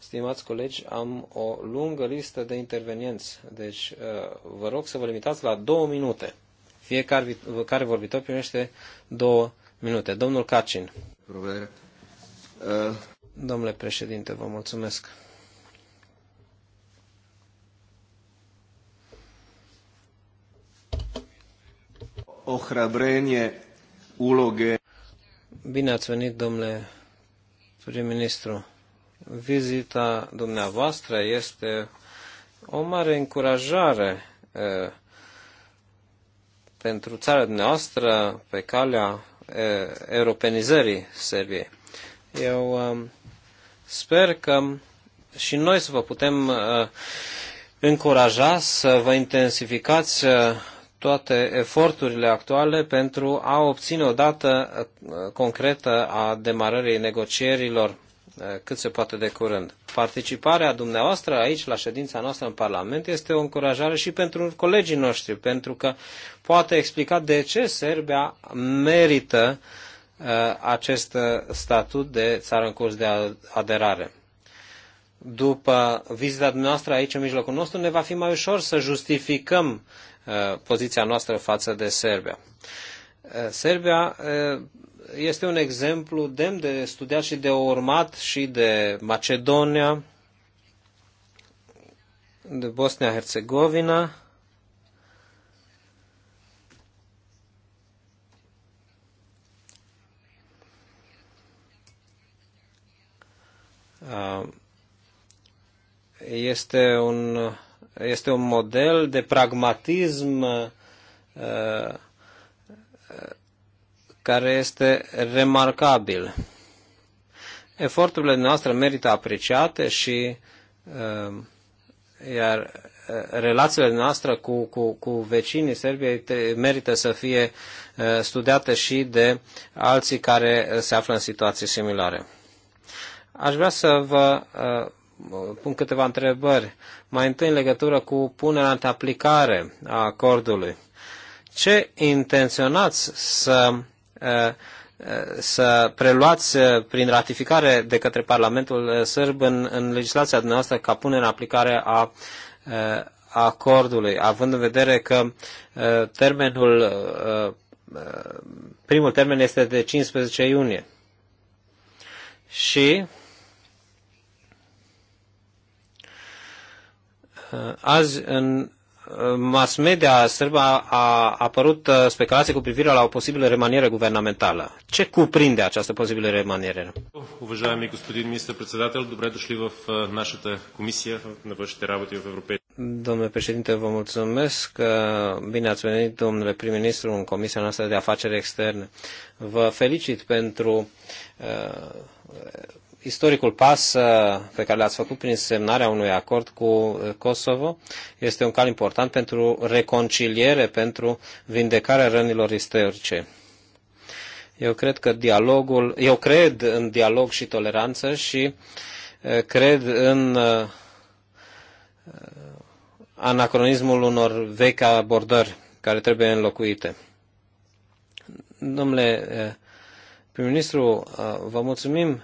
Stimați colegi, am o lungă listă de intervenienți, deci uh, vă rog să vă limitați la două minute. Fiecare care vorbitor primește două minute. Domnul Cacin. Provedere. Uh. Domnule președinte, vă mulțumesc. O hrabrenie, uloge. Bine ați venit, domnule prim-ministru vizita dumneavoastră este o mare încurajare pentru țara dumneavoastră pe calea europenizării Serbiei. Eu sper că și noi să vă putem încuraja să vă intensificați toate eforturile actuale pentru a obține o dată concretă a demarării negocierilor Eh, cât se poate de curând. Participarea dumneavoastră aici la ședința noastră în Parlament este o încurajare și pentru colegii noștri, pentru că poate explica de ce Serbia merită eh, acest statut de țară în curs de aderare. După vizita dumneavoastră aici în mijlocul nostru, ne va fi mai ușor să justificăm eh, poziția noastră față de Serbia. Serbia este un exemplu demn de studiat și de urmat și de Macedonia, de Bosnia-Herzegovina. Uh, este un, este un model de pragmatism uh, care este remarcabil. Eforturile noastre merită apreciate și uh, iar uh, relațiile noastre cu, cu, cu vecinii Serbiei merită să fie uh, studiate și de alții care se află în situații similare. Aș vrea să vă uh, pun câteva întrebări. Mai întâi în legătură cu punerea în aplicare a acordului. Ce intenționați să Uh, să preluați uh, prin ratificare de către Parlamentul uh, Sârb în, în legislația dumneavoastră ca pune în aplicare a, acordului, având în vedere că termenul, primul termen este de 15 iunie. Și azi în mass media sârbă a apărut uh, speculații cu privire la o posibilă remanieră guvernamentală. Ce cuprinde această posibilă remanieră? Уважаеми господин министр-председател, добре дошли в uh, нашата комисия на външните работи в Европейския Domnule președinte, vă mulțumesc. Uh, bine ați venit, domnule prim-ministru, în Comisia noastră de Afaceri Externe. Vă felicit pentru istoricul pas uh, pe care l-ați făcut prin semnarea unui acord cu uh, Kosovo este un cal important pentru reconciliere, pentru vindecarea rănilor istorice. Eu cred că dialogul, eu cred în dialog și toleranță și uh, cred în anacronismul unor vechi abordări care trebuie înlocuite. Domnule prim-ministru, vă mulțumim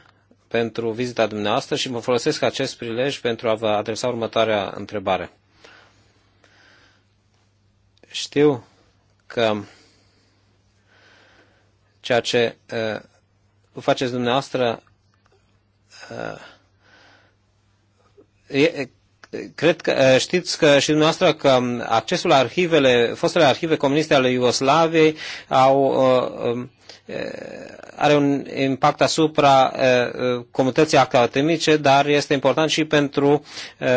pentru vizita dumneavoastră și mă folosesc acest prilej pentru a vă adresa următoarea întrebare. Știu că ceea ce uh, faceți dumneavoastră uh, e, cred că uh, știți că și dumneavoastră că um, accesul la arhivele, fostele arhive comuniste ale Iugoslaviei au uh, um, Eh, are un impact asupra eh, eh, comunității academice, dar este important și pentru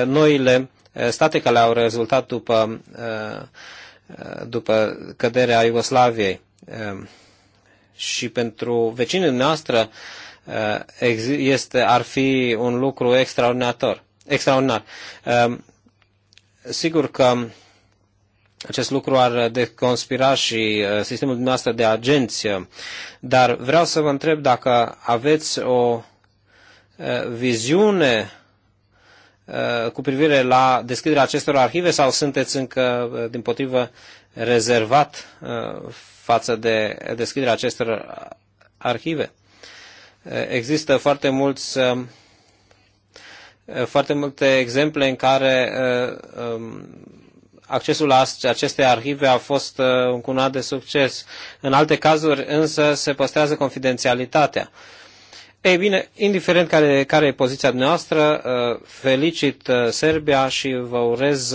noile state care au rezultat după, după căderea Iugoslaviei. Și pentru vecinii noastră este, ar fi un lucru extraordinar. extraordinar. Sigur că acest lucru ar deconspira și uh, sistemul dumneavoastră de agenți, dar vreau să vă întreb dacă aveți o uh, viziune uh, cu privire la deschiderea acestor arhive sau sunteți încă, din potrivă, rezervat față de deschiderea acestor arhive? Există foarte mulți foarte multe exemple în care um, accesul la aceste arhive a fost uh, încununat de succes. În alte cazuri însă se păstrează confidențialitatea. Ei bine, indiferent care, care e poziția noastră, uh, felicit uh, Serbia și vă urez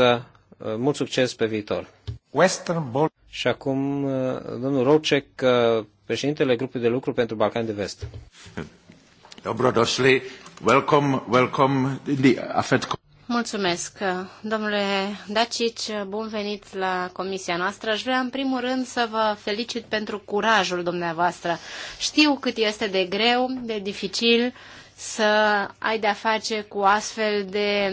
mult succes pe viitor. Western Bol- și acum, domnul Rocek, președintele grupului de lucru pentru Balcani de Vest. Dobrodosli, welcome, welcome in the Mulțumesc. Domnule Dacici, bun venit la comisia noastră. Aș vrea în primul rând să vă felicit pentru curajul dumneavoastră. Știu cât este de greu, de dificil să ai de-a face cu astfel de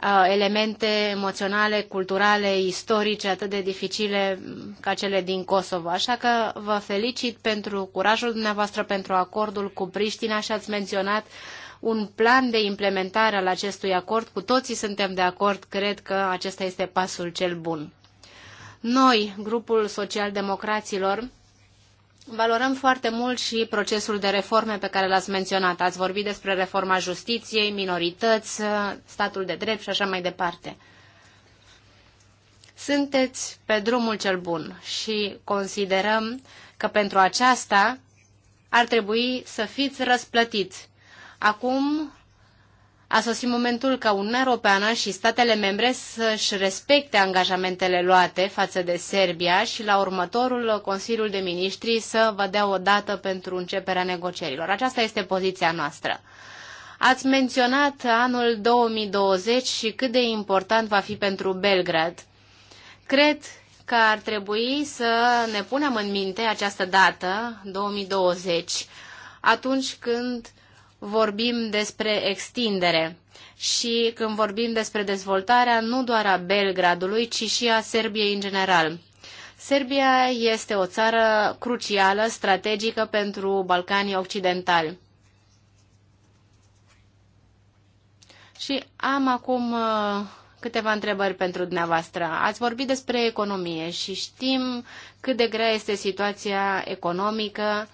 uh, elemente emoționale, culturale, istorice atât de dificile ca cele din Kosovo. Așa că vă felicit pentru curajul dumneavoastră, pentru acordul cu Priștina și ați menționat uh, un plan de implementare al acestui acord. Cu toții suntem de acord, cred că acesta este pasul cel bun. Noi, grupul social-democraților, Valorăm foarte mult și procesul de reforme pe care l-ați menționat. Ați vorbit despre reforma justiției, minorități, statul de drept și așa mai departe. Sunteți pe drumul cel bun și considerăm că pentru aceasta ar trebui să fiți răsplătiți. Acum a sosit momentul ca Uniunea Europeană și statele membre să-și respecte angajamentele luate față de Serbia și la următorul Consiliul de Ministri să vă dea o dată pentru începerea negocierilor. Aceasta este poziția noastră. Ați menționat anul 2020 și cât de important va fi pentru Belgrad. Cred că ar trebui să ne punem în minte această dată, 2020, atunci când vorbim despre extindere și când vorbim despre dezvoltarea nu doar a Belgradului, ci și a Serbiei în general. Serbia este o țară crucială, strategică pentru Balcanii Occidentali. Și am acum uh, câteva întrebări pentru dumneavoastră. Ați vorbit despre economie și știm cât de grea este situația economică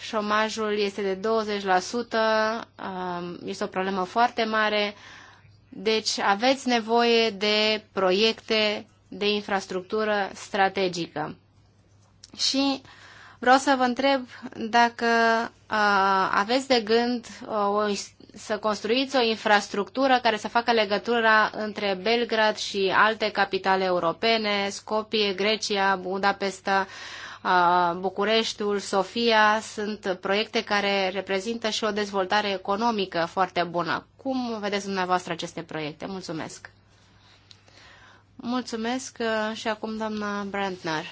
șomajul este de 20%, este o problemă foarte mare, deci aveți nevoie de proiecte de infrastructură strategică. Și vreau să vă întreb dacă aveți de gând să construiți o infrastructură care să facă legătura între Belgrad și alte capitale europene, Skopje, Grecia, Budapesta, Bucureștiul, Sofia, sunt proiecte care reprezintă și o dezvoltare economică foarte bună. Cum vedeți dumneavoastră aceste proiecte? Mulțumesc! Mulțumesc uh, și acum doamna Brandner.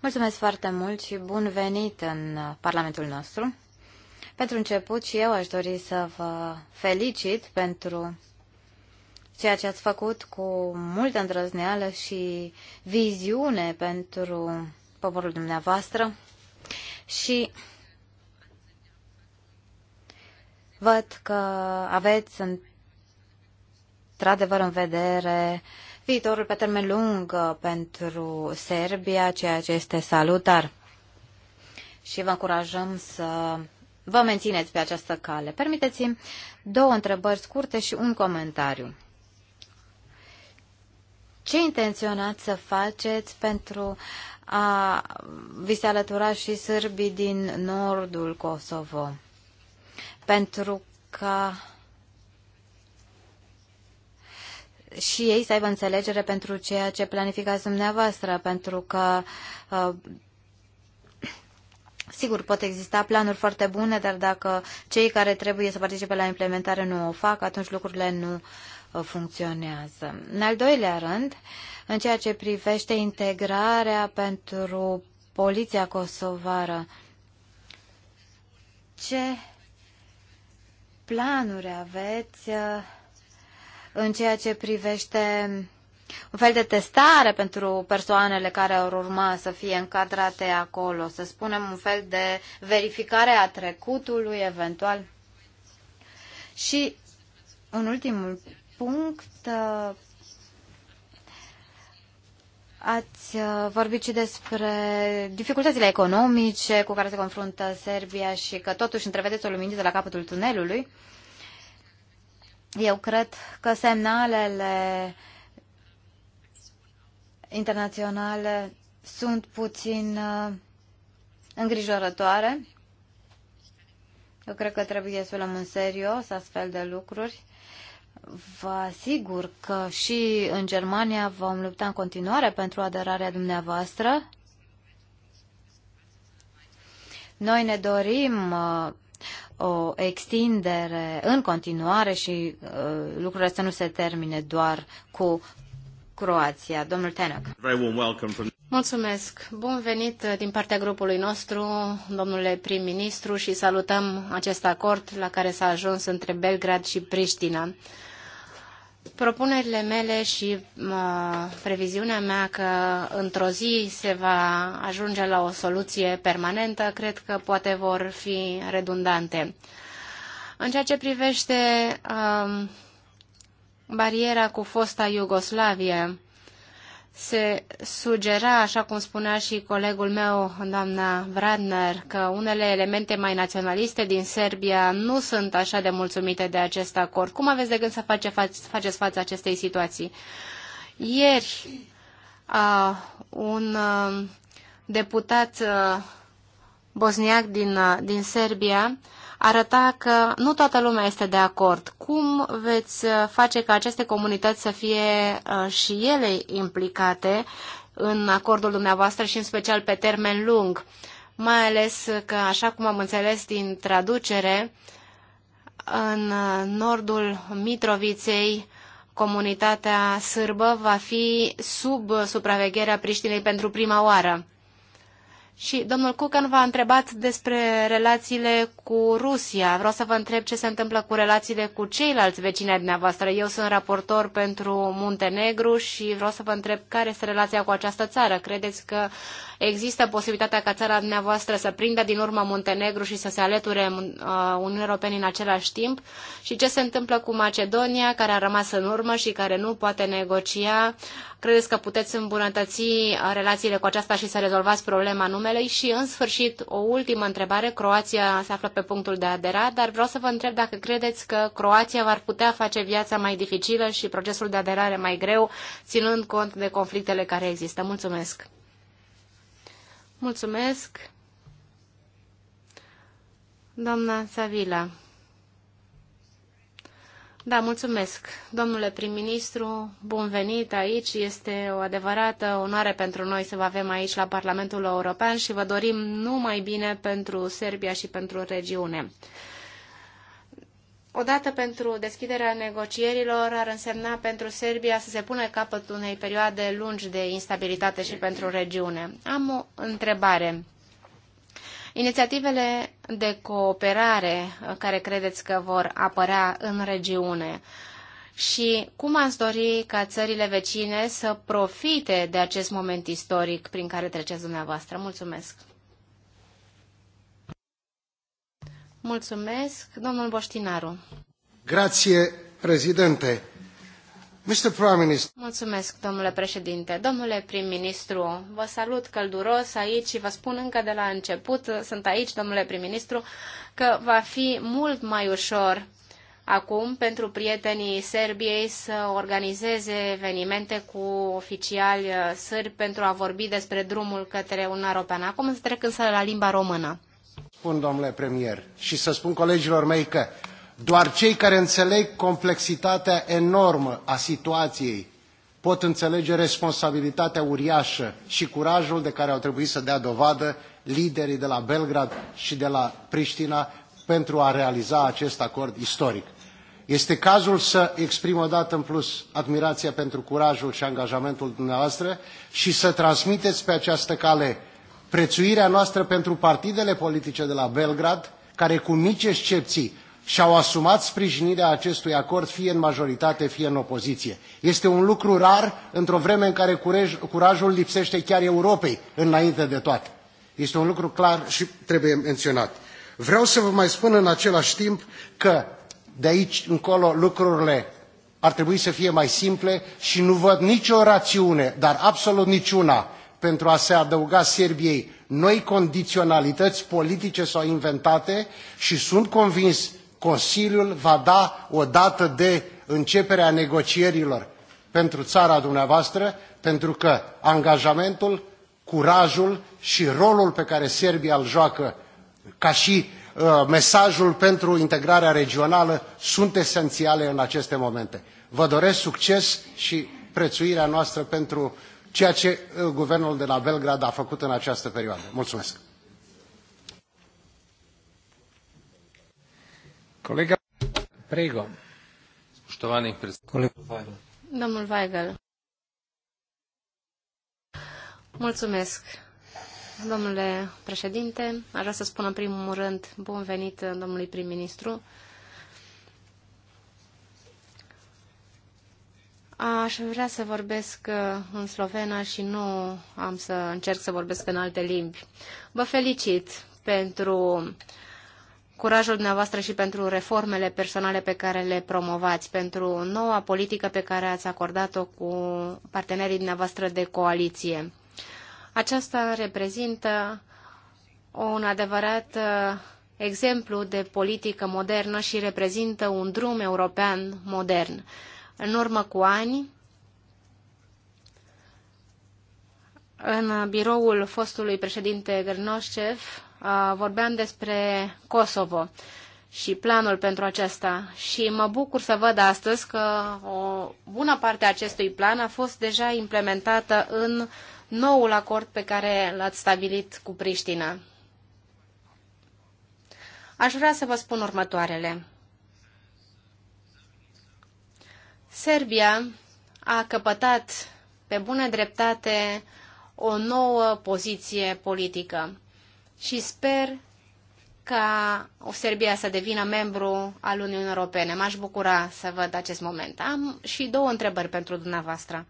Mulțumesc foarte mult și bun venit în Parlamentul nostru. Pentru început și eu aș dori să vă felicit pentru ceea ce ați făcut cu multă îndrăzneală și viziune pentru poporul dumneavoastră și văd că aveți într-adevăr în vedere viitorul pe termen lung pentru Serbia, ceea ce este salutar. Și vă încurajăm să vă mențineți pe această cale. Permiteți-mi două întrebări scurte și un comentariu ce intenționați să faceți pentru a vi se alătura și sârbii din nordul Kosovo? Pentru ca și ei să aibă înțelegere pentru ceea ce planificați dumneavoastră, pentru că uh, Sigur, pot exista planuri foarte bune, dar dacă cei care trebuie să participe la implementare nu o fac, atunci lucrurile nu funcționează. În al doilea rând, în ceea ce privește integrarea pentru poliția kosovară, ce planuri aveți uh, în ceea ce privește un fel de testare pentru persoanele care au urma să fie încadrate acolo, să spunem un fel de verificare a trecutului eventual. Și un ultimul punct, uh, ați uh, vorbit și despre dificultățile economice cu care se confruntă Serbia și că totuși întrevedeți o luminiță la capătul tunelului. Eu cred că semnalele internaționale sunt puțin uh, îngrijorătoare. Eu cred că trebuie să luăm în serios astfel de lucruri vă asigur că și în Germania vom lupta în continuare pentru aderarea dumneavoastră. Noi ne dorim uh, o extindere în continuare și uh, lucrurile să nu se termine doar cu Croația. Domnul Tenac. Mulțumesc. Bun venit din partea grupului nostru, domnule prim-ministru, și salutăm acest acord la care s-a ajuns între Belgrad și Priștina. Propunerile mele și mă, previziunea mea că într-o zi se va ajunge la o soluție permanentă, cred că poate vor fi redundante. În ceea ce privește um, bariera cu fosta Iugoslavie, se sugera, așa cum spunea și colegul meu, doamna Vradner, că unele elemente mai naționaliste din Serbia nu sunt așa de mulțumite de acest acord. Cum aveți de gând să face fa- faceți față acestei situații? Ieri, uh, un uh, deputat uh, bosniac din, uh, din Serbia uh, arăta că nu toată lumea este de acord. Cum veți uh, face ca aceste comunități să fie uh, și ele implicate în acordul dumneavoastră și în special pe termen lung? Mai ales că, așa cum am înțeles din traducere, în uh, nordul Mitroviței, comunitatea sârbă va fi sub supravegherea Priștinei pentru prima oară. Și domnul Cucan v-a întrebat despre relațiile cu Rusia. Vreau să vă întreb ce se întâmplă cu relațiile cu ceilalți vecini ai dumneavoastră. Eu sunt raportor pentru Muntenegru și vreau să vă întreb care este relația cu această țară. Credeți că există posibilitatea ca țara dumneavoastră să prindă din urmă Muntenegru și să se alăture uh, Uniunii Europene în același timp și ce se întâmplă cu Macedonia, care a rămas în urmă și care nu poate negocia. Credeți că puteți îmbunătăți uh, relațiile cu aceasta și să rezolvați problema numelei? Și, în sfârșit, o ultimă întrebare. Croația se află pe punctul de adera, dar vreau să vă întreb dacă credeți că Croația va putea face viața mai dificilă și procesul de aderare mai greu, ținând cont de conflictele care există. Mulțumesc! Mulțumesc, doamna Savila. Da, mulțumesc. Domnule prim-ministru, bun venit aici. Este o adevărată onoare pentru noi să vă avem aici la Parlamentul European și vă dorim numai bine pentru Serbia și pentru regiune. O dată pentru deschiderea negocierilor ar însemna pentru Serbia să se pună capăt unei perioade lungi de instabilitate și pentru regiune. Am o întrebare. Inițiativele de cooperare care credeți că vor apărea în regiune și cum ați dori ca țările vecine să profite de acest moment istoric prin care treceți dumneavoastră? Mulțumesc! Mulțumesc, domnul Boștinaru. Grație, prezidente. Mr. Prime Minister. Mulțumesc, domnule președinte. Domnule prim-ministru, vă salut călduros aici și vă spun încă de la început, sunt aici, domnule prim-ministru, că va fi mult mai ușor acum pentru prietenii Serbiei să organizeze evenimente cu oficiali uh, sârbi pentru a vorbi despre drumul către Uniunea Europeană. Acum să trec însă la limba română spun, domnule premier, și să spun colegilor mei că doar cei care înțeleg complexitatea enormă a situației pot înțelege responsabilitatea uriașă și curajul de care au trebuit să dea dovadă liderii de la Belgrad și de la Priștina pentru a realiza acest acord istoric. Este cazul să exprim o dată în plus admirația pentru curajul și angajamentul dumneavoastră și să transmiteți pe această cale prețuirea noastră pentru partidele politice de la Belgrad, care cu mici excepții și-au asumat sprijinirea acestui acord, fie în majoritate, fie în opoziție. Este un lucru rar într-o vreme în care curajul lipsește chiar Europei, înainte de toate. Este un lucru clar și trebuie menționat. Vreau să vă mai spun în același timp că de aici încolo lucrurile ar trebui să fie mai simple și nu văd nicio rațiune, dar absolut niciuna, pentru a se adăuga Serbiei noi condiționalități politice sau inventate și sunt convins Consiliul va da o dată de începerea negocierilor pentru țara dumneavoastră, pentru că angajamentul, curajul și rolul pe care Serbia îl joacă ca și uh, mesajul pentru integrarea regională sunt esențiale în aceste momente. Vă doresc succes și prețuirea noastră pentru ceea ce uh, guvernul de la Belgrad a făcut în această perioadă. Mulțumesc! Colega Prego. Domnul Weigel. Mulțumesc. Domnule președinte, aș vrea să spun în primul rând bun venit domnului prim-ministru. Aș vrea să vorbesc uh, în slovena și nu am să încerc să vorbesc în alte limbi. Vă felicit pentru curajul dumneavoastră și pentru reformele personale pe care le promovați, pentru noua politică pe care ați acordat-o cu partenerii dumneavoastră de coaliție. Aceasta reprezintă un adevărat uh, exemplu de politică modernă și reprezintă un drum european modern. În urmă cu ani, în biroul fostului președinte Grnoșcev, vorbeam despre Kosovo și planul pentru aceasta. Și mă bucur să văd astăzi că o bună parte a acestui plan a fost deja implementată în noul acord pe care l-ați stabilit cu Priștina. Aș vrea să vă spun următoarele. Serbia a căpătat pe bună dreptate o nouă poziție politică și sper ca o Serbia să devină membru al Uniunii Europene. M-aș bucura să văd acest moment. Am și două întrebări pentru dumneavoastră.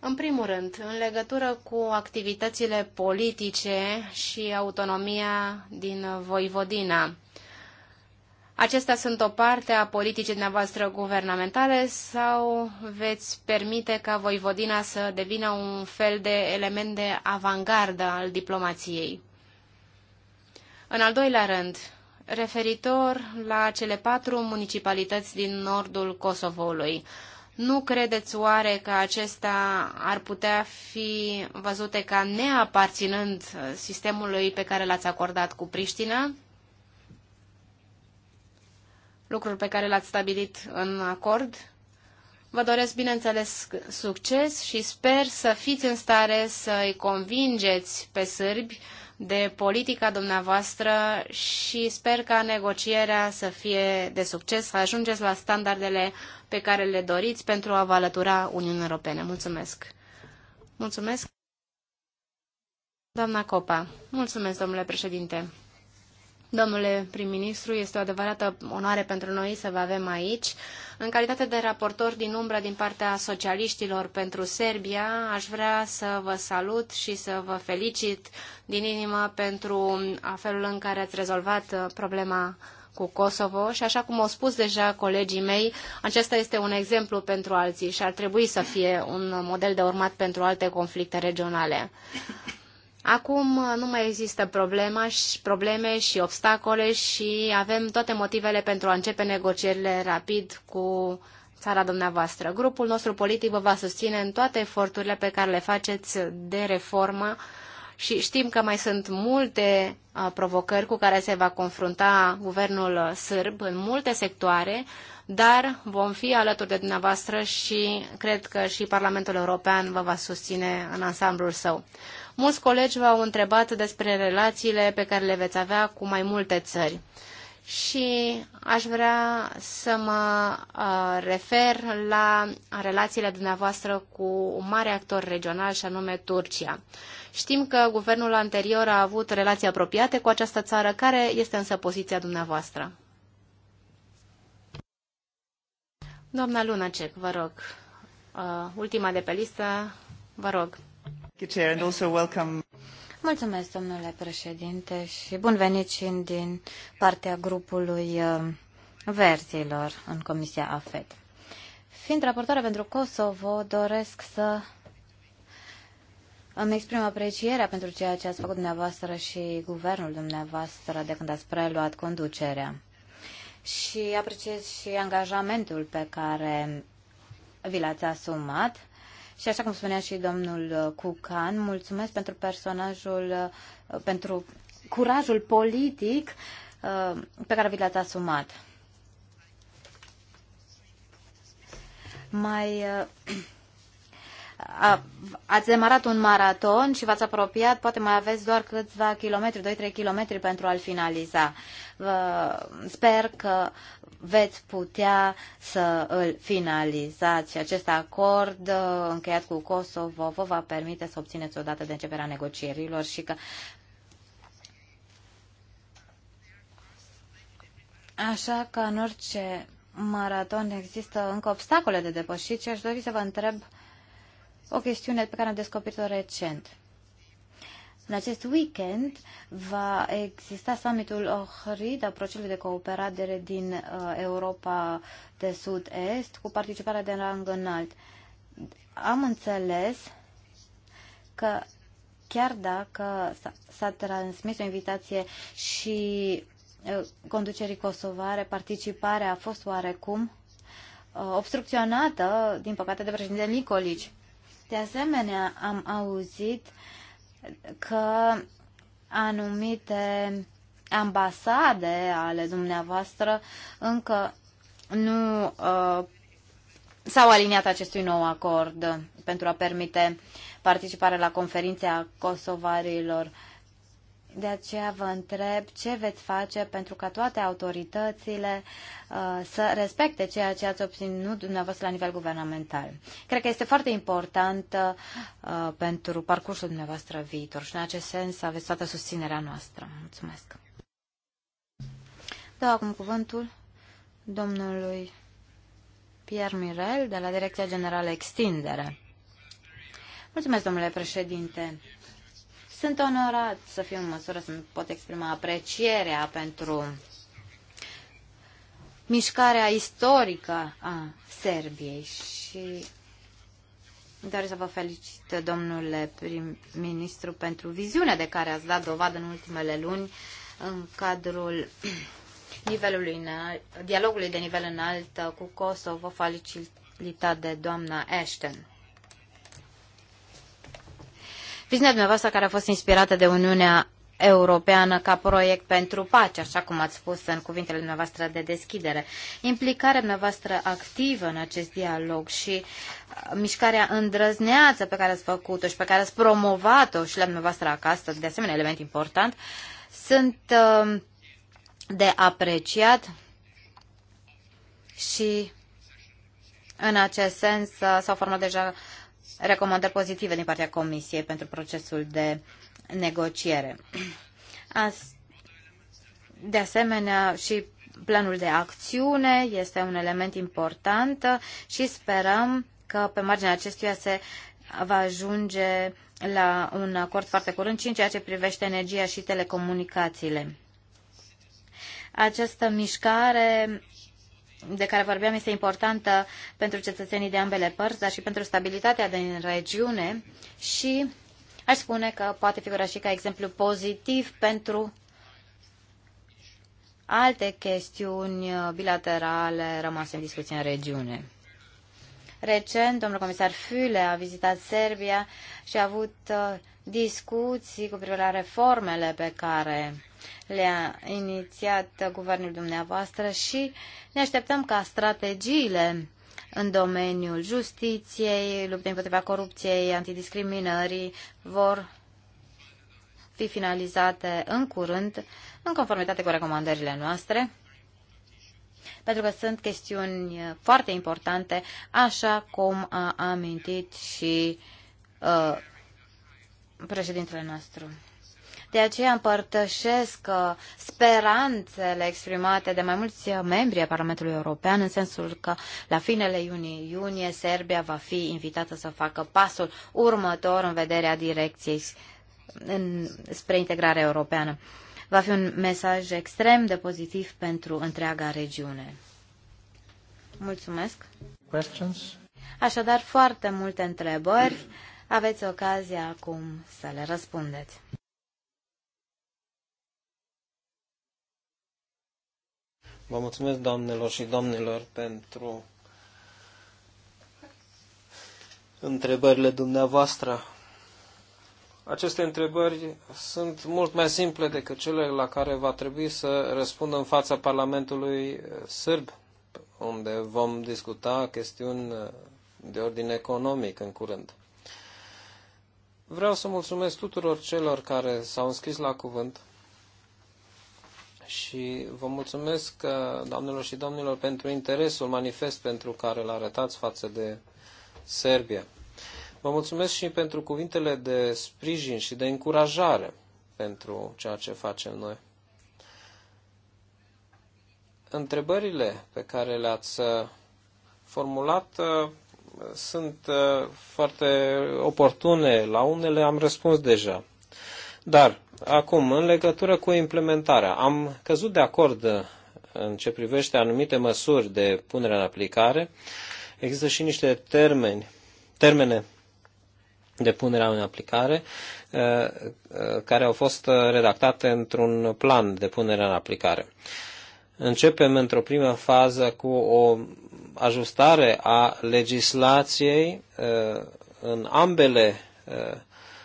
În primul rând, în legătură cu activitățile politice și autonomia din Voivodina, Acestea sunt o parte a politicii dumneavoastră guvernamentale sau veți permite ca Voivodina să devină un fel de element de avangardă al diplomației? În al doilea rând, referitor la cele patru municipalități din nordul Kosovoului, nu credeți oare că acesta ar putea fi văzute ca neaparținând sistemului pe care l-ați acordat cu Priștina? lucruri pe care le ați stabilit în acord. Vă doresc, bineînțeles, succes și sper să fiți în stare să-i convingeți pe sârbi de politica dumneavoastră și sper ca negocierea să fie de succes, să ajungeți la standardele pe care le doriți pentru a vă alătura Uniunii Europene. Mulțumesc! Mulțumesc! Doamna Copa, mulțumesc, domnule președinte! Domnule prim-ministru, este o adevărată onoare pentru noi să vă avem aici. În calitate de raportor din umbra din partea socialiștilor pentru Serbia, aș vrea să vă salut și să vă felicit din inimă pentru felul în care ați rezolvat problema cu Kosovo și așa cum au spus deja colegii mei, acesta este un exemplu pentru alții și ar trebui să fie un model de urmat pentru alte conflicte regionale. Acum uh, nu mai există problema și, probleme și obstacole și avem toate motivele pentru a începe negocierile rapid cu țara dumneavoastră. Grupul nostru politic vă va susține în toate eforturile pe care le faceți de reformă și știm că mai sunt multe uh, provocări cu care se va confrunta guvernul sârb în multe sectoare, dar vom fi alături de dumneavoastră și cred că și Parlamentul European vă va susține în ansamblul său. Mulți colegi v-au întrebat despre relațiile pe care le veți avea cu mai multe țări și aș vrea să mă uh, refer la relațiile dumneavoastră cu un mare actor regional și anume Turcia. Știm că guvernul anterior a avut relații apropiate cu această țară. Care este însă poziția dumneavoastră? Doamna Lunacek, vă rog. Uh, ultima de pe listă, vă rog. Mulțumesc, domnule președinte, și bun venit și din partea grupului uh, verzilor în Comisia AFET. Fiind raportoare pentru Kosovo, doresc să îmi exprim aprecierea pentru ceea ce ați făcut dumneavoastră și guvernul dumneavoastră de când ați preluat conducerea. Și apreciez și angajamentul pe care vi l-ați asumat și așa cum spunea și domnul uh, Cucan, mulțumesc pentru personajul, uh, pentru curajul politic uh, pe care vi l-ați asumat. Mai a, ați demarat un maraton și v-ați apropiat, poate mai aveți doar câțiva kilometri, 2-3 kilometri pentru a-l finaliza. sper că veți putea să îl finalizați și acest acord uh, încheiat cu Kosovo vă va permite să obțineți o dată de începerea negocierilor și că Așa că în orice maraton există încă obstacole de depășit și aș dori să vă întreb uh, o chestiune pe care am descoperit-o recent. În acest weekend va exista summitul Ohrid a procesului de cooperare din uh, Europa de Sud-Est cu participarea de rang înalt. Am înțeles că chiar dacă s-a transmis o invitație și uh, conducerii kosovare, participarea a fost oarecum uh, obstrucționată, din păcate, de președintele Nicolici. De asemenea, am auzit că anumite ambasade ale dumneavoastră încă nu uh, s-au aliniat acestui nou acord pentru a permite participarea la conferința kosovarilor de aceea vă întreb ce veți face pentru ca toate autoritățile uh, să respecte ceea ce ați obținut dumneavoastră la nivel guvernamental. Cred că este foarte important uh, pentru parcursul dumneavoastră viitor și în acest sens aveți toată susținerea noastră. Mulțumesc. Dau acum cuvântul domnului Pierre Mirel de la Direcția Generală Extindere. Mulțumesc, domnule președinte. Sunt onorat să fiu în măsură să-mi pot exprima aprecierea pentru mișcarea istorică a Serbiei și doresc să vă felicit, domnule prim-ministru, pentru viziunea de care ați dat dovadă în ultimele luni în cadrul nivelului înalt, dialogului de nivel înalt cu Kosovo, felicitat de doamna Ashton. Viziunea dumneavoastră care a fost inspirată de Uniunea europeană ca proiect pentru pace, așa cum ați spus în cuvintele dumneavoastră de deschidere. Implicarea dumneavoastră activă în acest dialog și uh, mișcarea îndrăzneață pe care ați făcut-o și pe care ați promovat-o și la dumneavoastră acasă, de asemenea element important, sunt uh, de apreciat și în acest sens uh, s-au format deja recomandări pozitive din partea Comisiei pentru procesul de negociere. De asemenea, și planul de acțiune este un element important și sperăm că pe marginea acestuia se va ajunge la un acord foarte curând și în ceea ce privește energia și telecomunicațiile. Această mișcare de care vorbeam este importantă pentru cetățenii de ambele părți, dar și pentru stabilitatea din regiune și aș spune că poate figura și ca exemplu pozitiv pentru alte chestiuni bilaterale rămase în discuție în regiune. Recent, domnul comisar Füle a vizitat Serbia și a avut uh, discuții cu privire la reformele pe care le-a inițiat guvernul dumneavoastră și ne așteptăm ca strategiile în domeniul justiției, luptei împotriva corupției, antidiscriminării vor fi finalizate în curând, în conformitate cu recomandările noastre, pentru că sunt chestiuni foarte importante, așa cum a amintit și uh, președintele nostru. De aceea împărtășesc uh, speranțele exprimate de mai mulți membri ai Parlamentului European în sensul că la finele iunie, iunie Serbia va fi invitată să facă pasul următor în vederea direcției în, spre integrarea europeană. Va fi un mesaj extrem de pozitiv pentru întreaga regiune. Mulțumesc. Questions? Așadar, foarte multe întrebări. Aveți ocazia acum să le răspundeți. Vă mulțumesc, doamnelor și domnilor, pentru întrebările dumneavoastră. Aceste întrebări sunt mult mai simple decât cele la care va trebui să răspund în fața Parlamentului Sârb, unde vom discuta chestiuni de ordin economic în curând. Vreau să mulțumesc tuturor celor care s-au înscris la cuvânt și vă mulțumesc, uh, doamnelor și domnilor, pentru interesul manifest pentru care l arătați față de Serbia. Vă mulțumesc și pentru cuvintele de sprijin și de încurajare pentru ceea ce facem noi. Întrebările pe care le-ați uh, formulat uh, sunt foarte oportune. La unele am răspuns deja. Dar Acum, în legătură cu implementarea, am căzut de acord uh, în ce privește anumite măsuri de punere în aplicare. Există și niște termeni, termene de punere în aplicare uh, uh, care au fost redactate într-un plan de punere în aplicare. Începem într-o primă fază cu o ajustare a legislației în ambele,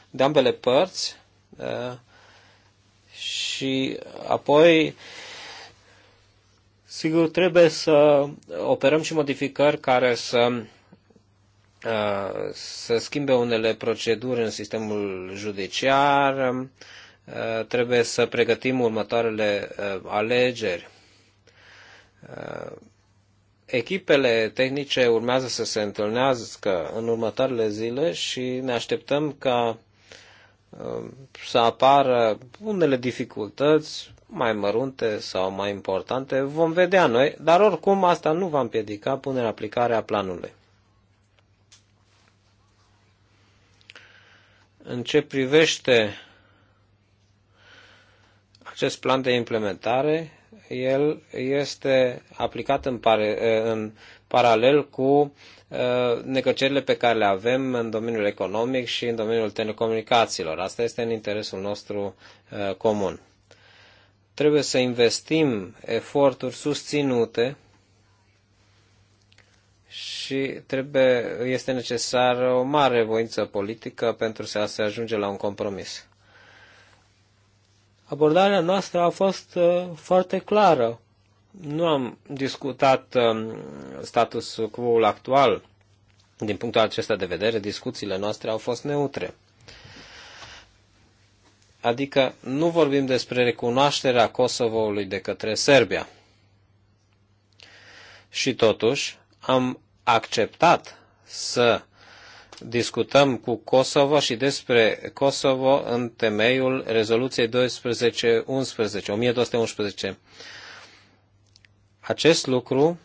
de ambele părți și apoi Sigur, trebuie să operăm și modificări care să, uh, să schimbe unele proceduri în sistemul judiciar, uh, trebuie să pregătim următoarele uh, alegeri. Echipele tehnice urmează să se întâlnească în următoarele zile și ne așteptăm ca Um, să apară unele dificultăți mai mărunte sau mai importante, vom vedea noi, dar oricum asta nu va împiedica punerea aplicarea planului. În ce privește acest plan de implementare, el este aplicat în, pare, în paralel cu uh, negocierile pe care le avem în domeniul economic și în domeniul telecomunicațiilor. Asta este în interesul nostru uh, comun. Trebuie să investim eforturi susținute și trebuie, este necesar o mare voință politică pentru să se ajunge la un compromis. Abordarea noastră a fost uh, foarte clară nu am discutat um, status quo-ul actual. Din punctul acesta de vedere, discuțiile noastre au fost neutre. Adică nu vorbim despre recunoașterea Kosovoului de către Serbia. Și totuși am acceptat să discutăm cu Kosovo și despre Kosovo în temeiul rezoluției 1211, 1211 acest lucru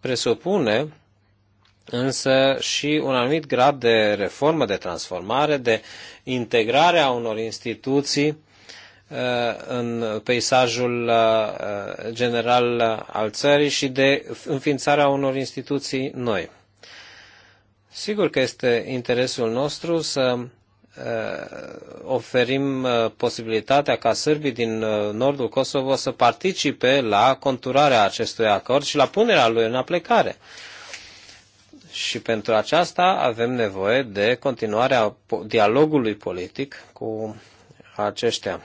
presupune însă și un anumit grad de reformă, de transformare, de integrare a unor instituții uh, în peisajul uh, general al țării și de înființarea unor instituții noi. Sigur că este interesul nostru să Uh, oferim uh, posibilitatea ca sârbii din uh, nordul Kosovo să participe la conturarea acestui acord și la punerea lui în aplicare. Și pentru aceasta avem nevoie de continuarea dialogului politic cu aceștia.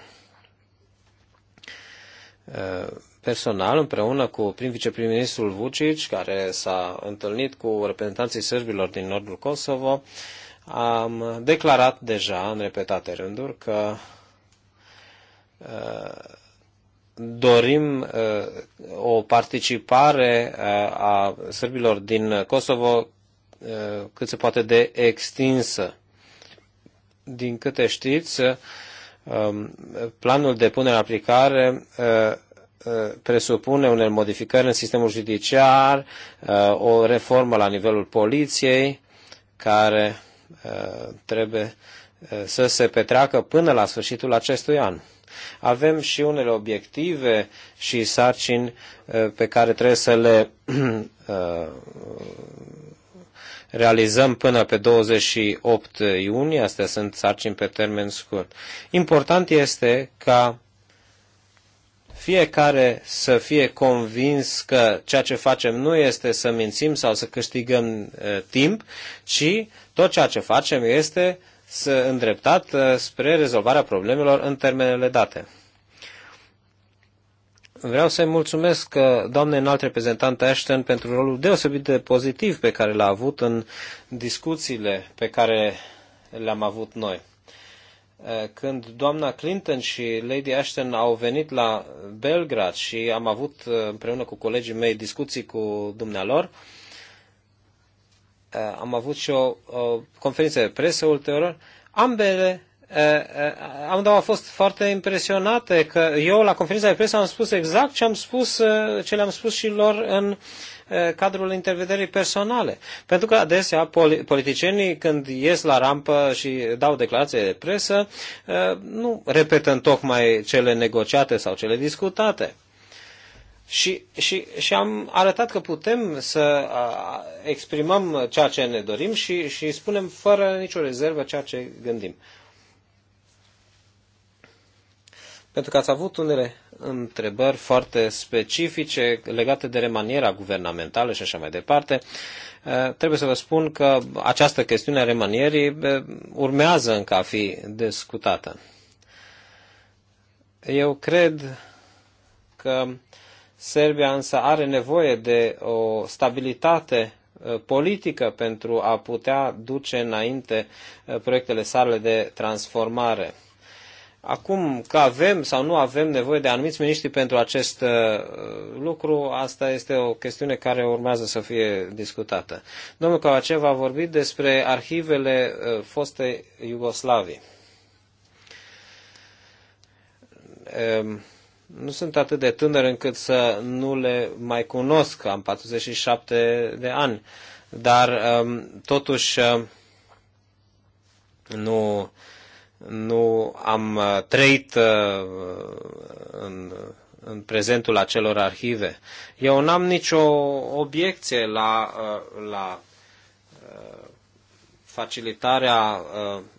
Personal, împreună cu prim viceprim-ministrul Vucic, care s-a întâlnit cu reprezentanții sârbilor din nordul Kosovo, am declarat deja în repetate rânduri că uh, dorim uh, o participare uh, a sârbilor din Kosovo cât se poate de extinsă. Din câte știți, um, planul de punere în aplicare presupune unele modificări în sistemul judiciar, o reformă la nivelul poliției, care Eh, trebuie eh, să se petreacă până la sfârșitul acestui an. Avem și unele obiective și sarcini eh, pe care trebuie să le realizăm până pe 28 iunie, astea sunt sarcini pe termen scurt. Important este ca fiecare să fie convins că ceea ce facem nu este să mințim sau să câștigăm timp, ci tot ceea ce facem este să îndreptat spre rezolvarea problemelor în termenele date. Vreau să-i mulțumesc doamnei înalt reprezentant Ashton pentru rolul deosebit de pozitiv pe care l-a avut în discuțiile pe care le-am avut noi. Eh, când doamna Clinton și Lady Ashton au venit la Belgrad și am avut eh, împreună cu colegii mei discuții cu dumnealor, eh, am avut și o, o conferință de presă ulterior, ambele amândouă au fost foarte impresionate că eu la conferința de presă am spus exact ce am spus, ce le-am spus și lor în Eh, cadrul intervederii personale. Pentru că adesea politicienii când ies la rampă și dau declarații de presă, eh, nu repetă în tocmai cele negociate sau cele discutate. Și, și, și am arătat că putem să exprimăm ceea ce ne dorim și, și spunem fără nicio rezervă ceea ce gândim. Pentru că ați avut unele întrebări foarte specifice legate de remaniera guvernamentală și așa mai departe. Uh, trebuie să vă spun că această chestiune a remanierii uh, urmează încă a fi discutată. Eu cred că Serbia însă are nevoie de o stabilitate uh, politică pentru a putea duce înainte proiectele sale de transformare. Acum că avem sau nu avem nevoie de anumiți miniștri pentru acest uh, lucru, asta este o chestiune care urmează să fie discutată. Domnul Cavacev a vorbit despre arhivele uh, foste Iugoslavii. Um, nu sunt atât de tânăr încât să nu le mai cunosc, am 47 de ani, dar um, totuși uh, nu nu am uh, trăit uh, în, în prezentul acelor arhive. Eu n-am nicio obiecție la, uh, la facilitarea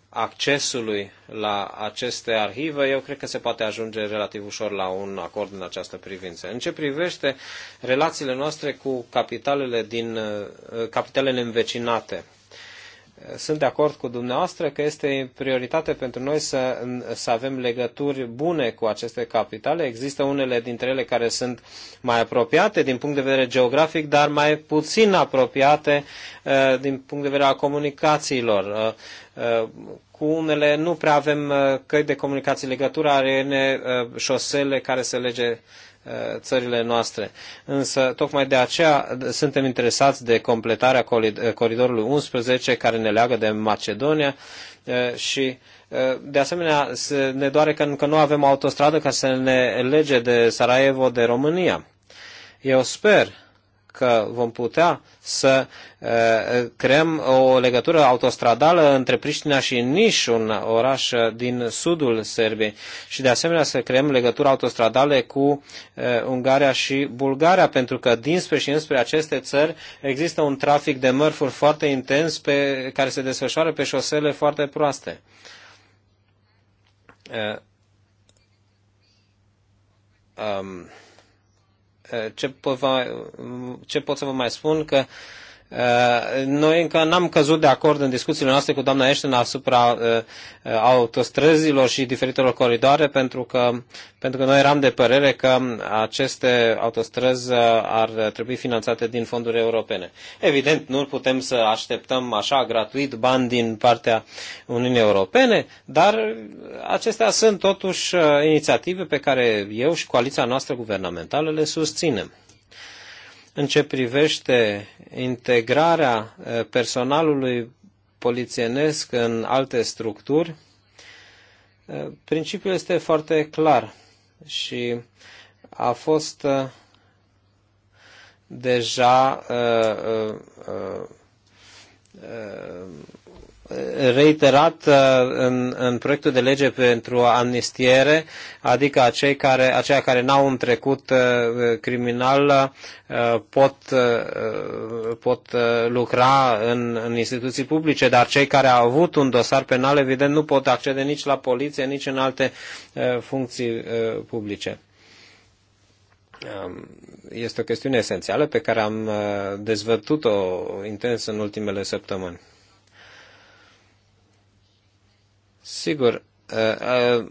accesului la aceste arhive, eu cred că se poate ajunge relativ ușor la un acord în această privință. În ce privește relațiile noastre cu capitalele, din, capitalele învecinate, sunt de acord cu dumneavoastră că este prioritate pentru noi să, să avem legături bune cu aceste capitale. Există unele dintre ele care sunt mai apropiate din punct de vedere geografic, dar mai puțin apropiate uh, din punct de vedere a comunicațiilor. Uh, uh, cu unele nu prea avem uh, căi de comunicații legătura are uh, șosele care se lege Uh, țările noastre. Însă, tocmai de aceea suntem interesați de completarea uh, coridorului 11 care ne leagă de Macedonia uh, și de asemenea ne doare că încă nu avem autostradă ca să ne lege de Sarajevo de România. Eu sper dacă vom putea să creăm o legătură autostradală între Priștina și Niș, un oraș din sudul Serbiei, și de asemenea să creăm legături autostradale cu Ungaria și Bulgaria, pentru că dinspre și înspre aceste țări există un trafic de mărfuri foarte intens pe, care se desfășoară pe șosele foarte proaste um, ce pot, ce pot să vă mai spun că Uh, noi încă n-am căzut de acord în discuțiile noastre cu doamna Ashton asupra uh, uh, autostrăzilor și diferitelor coridoare, pentru că, pentru că noi eram de părere că aceste autostrăzi ar trebui finanțate din fonduri europene. Evident, nu putem să așteptăm așa gratuit bani din partea Uniunii Europene, dar acestea sunt totuși inițiative pe care eu și coaliția noastră guvernamentală le susținem. În ce privește integrarea eh, personalului polițienesc în alte structuri, eh, principiul este foarte clar și a fost eh, deja reiterat uh, în, în proiectul de lege pentru amnistiere, adică acei care, aceia care n-au un trecut uh, criminal uh, pot, pot lucra în, în instituții publice, dar cei care au avut un dosar penal, evident, nu pot accede nici la poliție, nici în alte funcții publice. Um, este o chestiune esențială pe care am dezvătut-o intens în ultimele săptămâni. Sigur, ă, ă,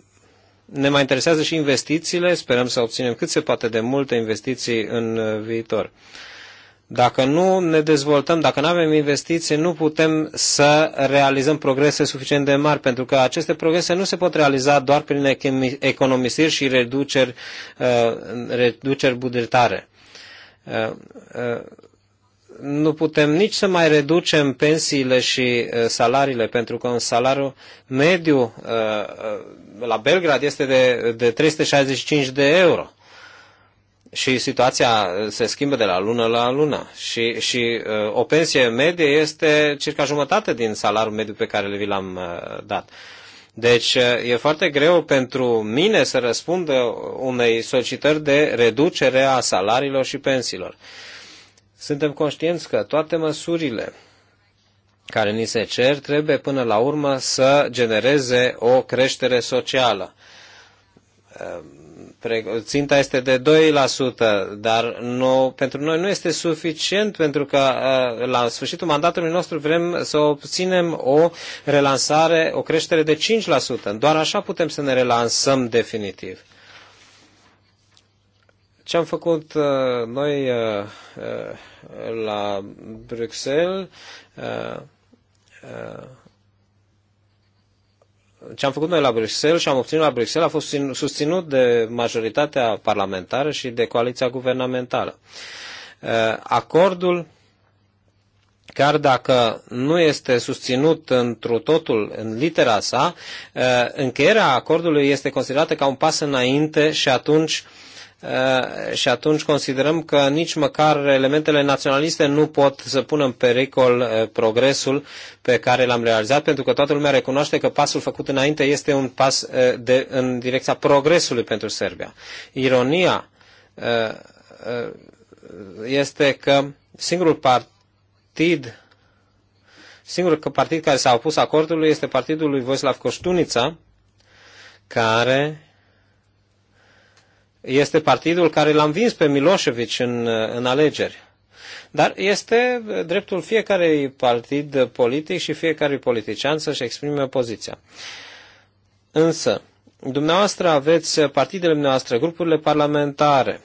ne mai interesează și investițiile, sperăm să obținem cât se poate de multe investiții în ă, viitor. Dacă nu ne dezvoltăm, dacă nu avem investiții, nu putem să realizăm progrese suficient de mari, pentru că aceste progrese nu se pot realiza doar prin economisiri și reduceri, reduceri bugetare nu putem nici să mai reducem pensiile și uh, salariile, pentru că un salariu mediu uh, uh, la Belgrad este de, de 365 de euro. Și situația se schimbă de la lună la lună. Și, și o pensie medie este circa jumătate din salariul mediu pe care vi l-am dat. Deci e foarte greu pentru mine să răspund unei solicitări de reducere a salariilor și pensiilor. Uh, suntem conștienți că toate măsurile care ni se cer trebuie până la urmă să genereze o creștere socială. Ehm, ținta este de 2%, dar nu, pentru noi nu este suficient pentru că eh, la sfârșitul mandatului nostru vrem să obținem o relansare, o creștere de 5%. Doar așa putem să ne relansăm definitiv. Ce am făcut uh, noi uh, uh, la Bruxelles, ce am făcut noi la Bruxelles și am obținut la Bruxelles a fost susținut de majoritatea parlamentară și de coaliția guvernamentală. Acordul, chiar dacă nu este susținut întru totul în litera sa, încheierea acordului este considerată ca un pas înainte și atunci uh, Eh, și atunci considerăm că nici măcar elementele naționaliste nu pot să pună în pericol eh, progresul pe care l-am realizat, pentru că toată lumea recunoaște că pasul făcut înainte este un pas eh, de, în direcția progresului pentru Serbia. Ironia este că singurul partid singurul partid care s-a opus acordului este partidul lui Voislav Coștunița, care este partidul care l-a învins pe Milosevic în, în alegeri. Dar este dreptul fiecărui partid politic și fiecărui politician să-și exprime poziția. Însă, dumneavoastră aveți partidele dumneavoastră, grupurile parlamentare.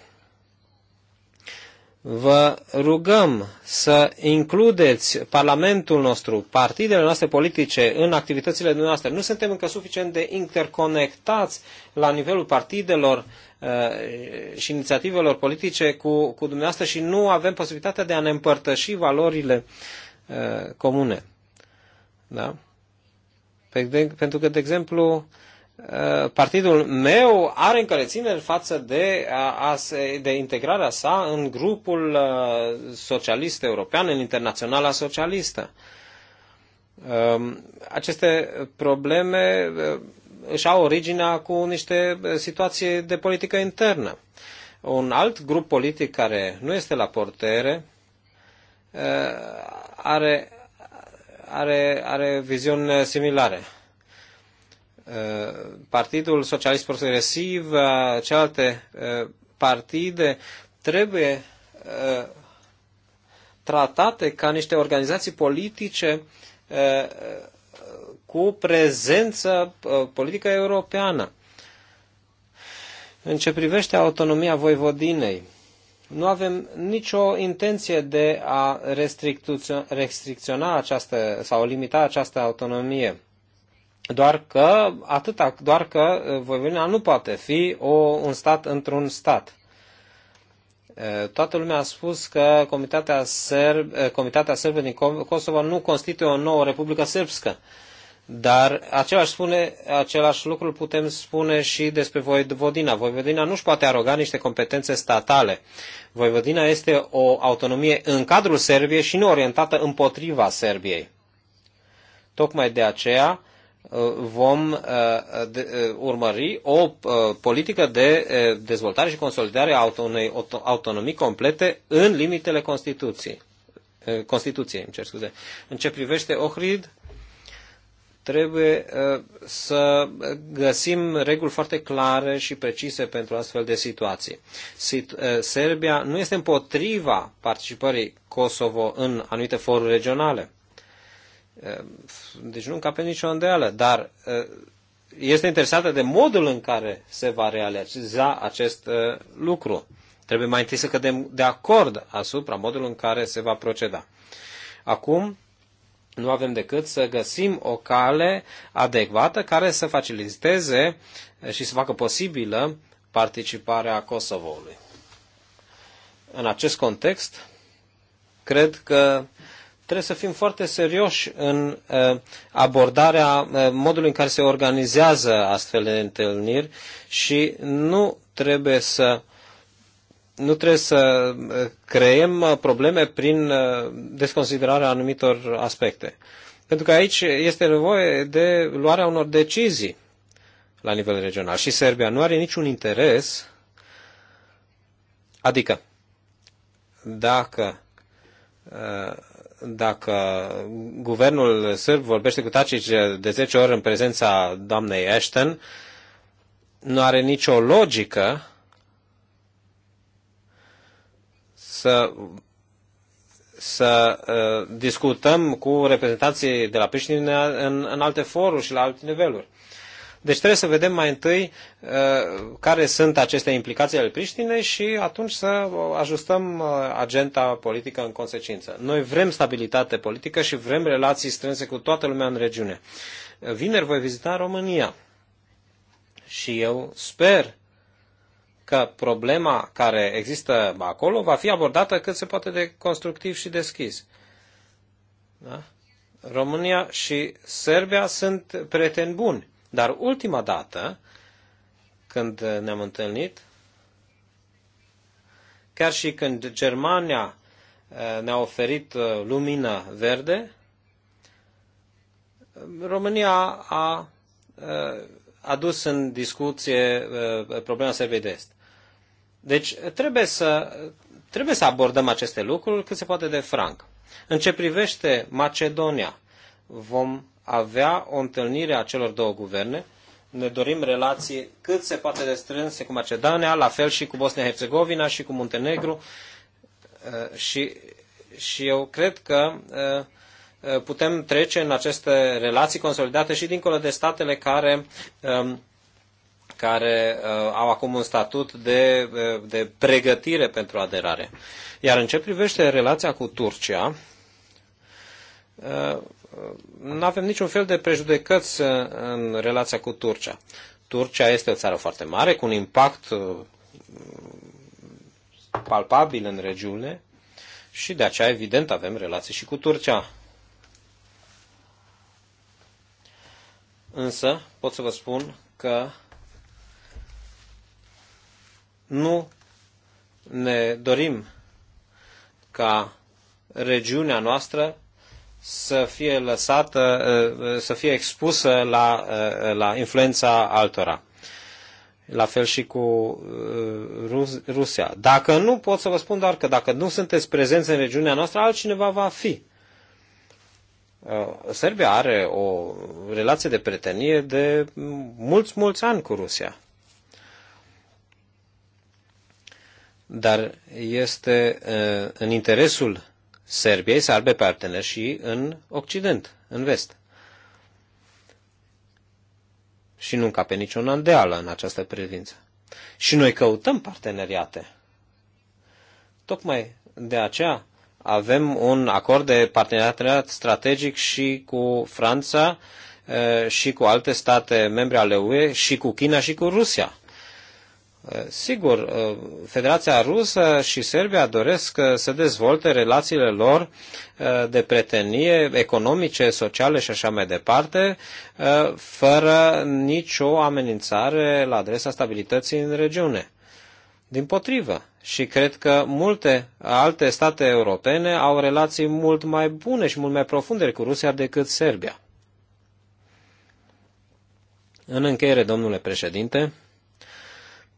Vă rugăm să includeți Parlamentul nostru, partidele noastre politice în activitățile noastre. Nu suntem încă suficient de interconectați la nivelul partidelor Uh, și inițiativelor politice cu, cu dumneavoastră și nu avem posibilitatea de a ne împărtăși valorile uh, comune. Da? Pentru că, de exemplu, uh, partidul meu are încărețineri față de, a, de integrarea sa în grupul socialist european, în internaționala socialistă. Um, aceste probleme își au originea cu niște situații de politică internă. Un alt grup politic care nu este la portere uh, are, are, are viziuni similare. Uh, Partidul Socialist Progresiv, uh, celelalte partide trebuie tratate ca niște organizații politice cu prezență uh, politică europeană. În ce privește autonomia voivodinei, nu avem nicio intenție de a restricționa această sau limita această autonomie. Doar că, atâta, doar că uh, Voivodina nu poate fi o, un stat într-un stat. Uh, toată lumea a spus că Comitatea, Serb, Comitatea Serbă din Kosovo nu constituie o nouă republică serbscă. Uh, dar același, spune, același lucru putem spune și despre Voivodina. Voivodina nu-și poate aroga niște competențe statale. Voivodina este o autonomie în cadrul Serbiei și nu orientată împotriva Serbiei. Tocmai de aceea uh, vom uh, uh, urmări o politică de dezvoltare și consolidare a unei autonomii complete în limitele Constituției. Constituției, îmi cer scuze. În ce privește Ohrid, Trebuie uh, să găsim reguli foarte clare și precise pentru astfel de situații. Uh, Serbia nu este împotriva participării Kosovo în anumite foruri regionale. Uh, deci nu încape nicio îndeală, dar este interesată de modul în care se va realiza acest lucru. Trebuie mai întâi să cădem de acord asupra modului în care se va proceda. Acum, nu avem decât să găsim o cale adecvată care să faciliteze și să facă posibilă participarea Kosovoului. În acest context, cred că trebuie să fim foarte serioși în uh, abordarea uh, modului în care se organizează astfel de întâlniri și nu trebuie să nu trebuie să uh, creem uh, probleme prin uh, desconsiderarea anumitor aspecte. Pentru că aici este nevoie de luarea unor decizii la nivel regional. Și Serbia nu are niciun interes. Adică, dacă, dacă guvernul sârb vorbește cu Tacic de 10 ori în prezența doamnei Ashton, nu are nicio logică să să uh, discutăm cu reprezentanții de la Priștina în, în alte foruri și la alte niveluri. Deci trebuie să vedem mai întâi uh, care sunt aceste implicații ale Priștinei și atunci să ajustăm uh, agenda politică în consecință. Noi vrem stabilitate politică și vrem relații strânse cu toată lumea în regiune. Vineri voi vizita România și eu sper că problema care există acolo va fi abordată cât se poate de constructiv și deschis. Da? România și Serbia sunt prieteni buni, dar ultima dată când ne-am întâlnit, chiar și când Germania eh, ne-a oferit eh, lumină verde, România a eh, adus în discuție problema Serbiei de Est. Deci trebuie să, trebuie să abordăm aceste lucruri cât se poate de franc. În ce privește Macedonia, vom avea o întâlnire a celor două guverne. Ne dorim relații cât se poate de strânse cu Macedonia, la fel și cu Bosnia-Herzegovina și cu Muntenegru. Uh, și, și eu cred că uh, uh, putem trece în aceste relații consolidate și dincolo de statele care um, care uh, au acum un statut de, uh, de pregătire pentru aderare. Iar în ce privește relația cu Turcia, uh, uh nu avem niciun fel de prejudecăți uh, în relația cu Turcia. Turcia este o țară foarte mare, cu un impact palpabil în regiune și de aceea, evident, avem relații și cu Turcia. Însă, pot să vă spun că nu ne dorim ca regiunea noastră să fie lăsată, să fie expusă la, la influența altora. La fel și cu uh, Rusia. Dacă nu, pot să vă spun doar că dacă nu sunteți prezenți în regiunea noastră, altcineva va fi. Uh, Serbia are o relație de prietenie de mulți, mulți ani cu Rusia. dar este în interesul Serbiei să aibă parteneri și în Occident, în vest. Și nu ca pe niciun îndeală în această privință. Și noi căutăm parteneriate. Tocmai de aceea avem un acord de parteneriat strategic și cu Franța și cu alte state membre ale UE și cu China și cu Rusia. Eh, sigur, eh, Federația Rusă și Serbia doresc eh, să dezvolte relațiile lor de pretenie economice, sociale și așa mai departe, fără nicio amenințare la adresa stabilității în regiune. Din potrivă, și cred că multe alte state europene au relații mult mai bune și mult mai profunde cu Rusia decât Serbia. În încheiere, domnule președinte,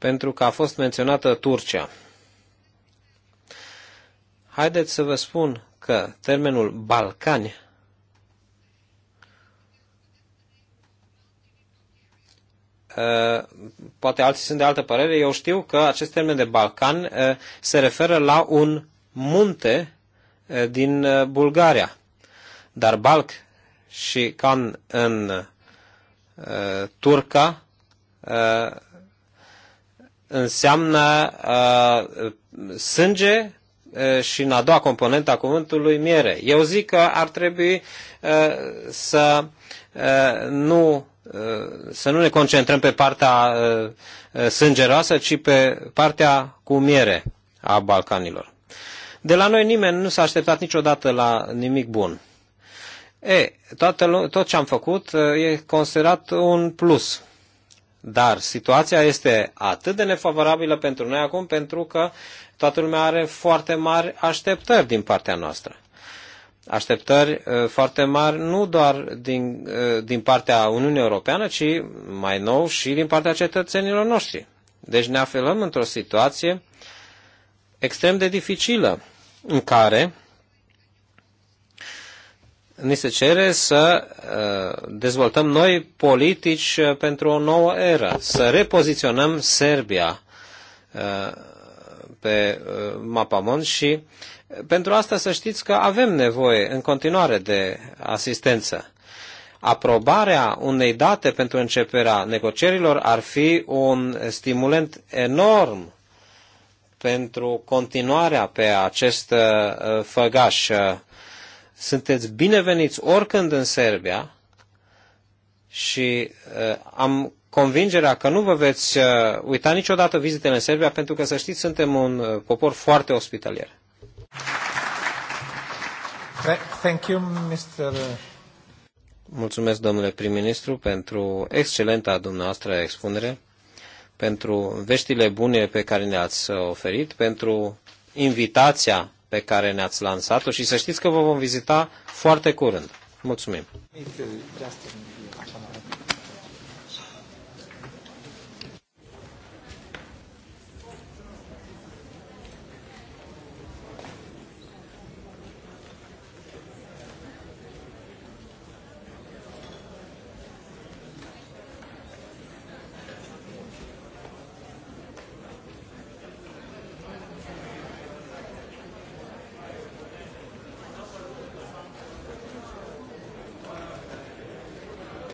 pentru că a fost menționată Turcia. Haideți să vă spun că termenul Balcani uh, poate alții sunt de altă părere, eu știu că acest termen de Balcan uh, se referă la un munte uh, din Bulgaria. Dar Balc și Can în turca înseamnă uh, sânge uh, și în a doua componentă a cuvântului miere. Eu zic că ar trebui uh, să uh, nu să nu ne concentrăm pe partea sângeroasă, ci pe partea cu miere a Balcanilor. De la noi nimeni nu s-a așteptat niciodată la nimic bun. E, toată, tot ce am făcut e considerat un plus. Dar situația este atât de nefavorabilă pentru noi acum pentru că toată lumea are foarte mari așteptări din partea noastră. Așteptări uh, foarte mari nu doar din, uh, din partea Uniunii Europeană, ci mai nou și din partea cetățenilor noștri. Deci ne aflăm într-o situație extrem de dificilă în care ni se cere să uh, dezvoltăm noi politici uh, pentru o nouă eră, să repoziționăm Serbia uh, pe Mapamon și pentru asta să știți că avem nevoie în continuare de asistență. Aprobarea unei date pentru începerea negocierilor ar fi un stimulent enorm pentru continuarea pe acest făgaș sunteți bineveniți oricând în Serbia și uh, am convingerea că nu vă veți uh, uita niciodată vizitele în Serbia, pentru că, să știți, suntem un uh, popor foarte ospitalier. Thank you, Mr. Mulțumesc, domnule prim-ministru, pentru excelenta dumneavoastră expunere, pentru veștile bune pe care ne-ați oferit, pentru invitația pe care ne-ați lansat-o și să știți că vă vom vizita foarte curând. Mulțumim!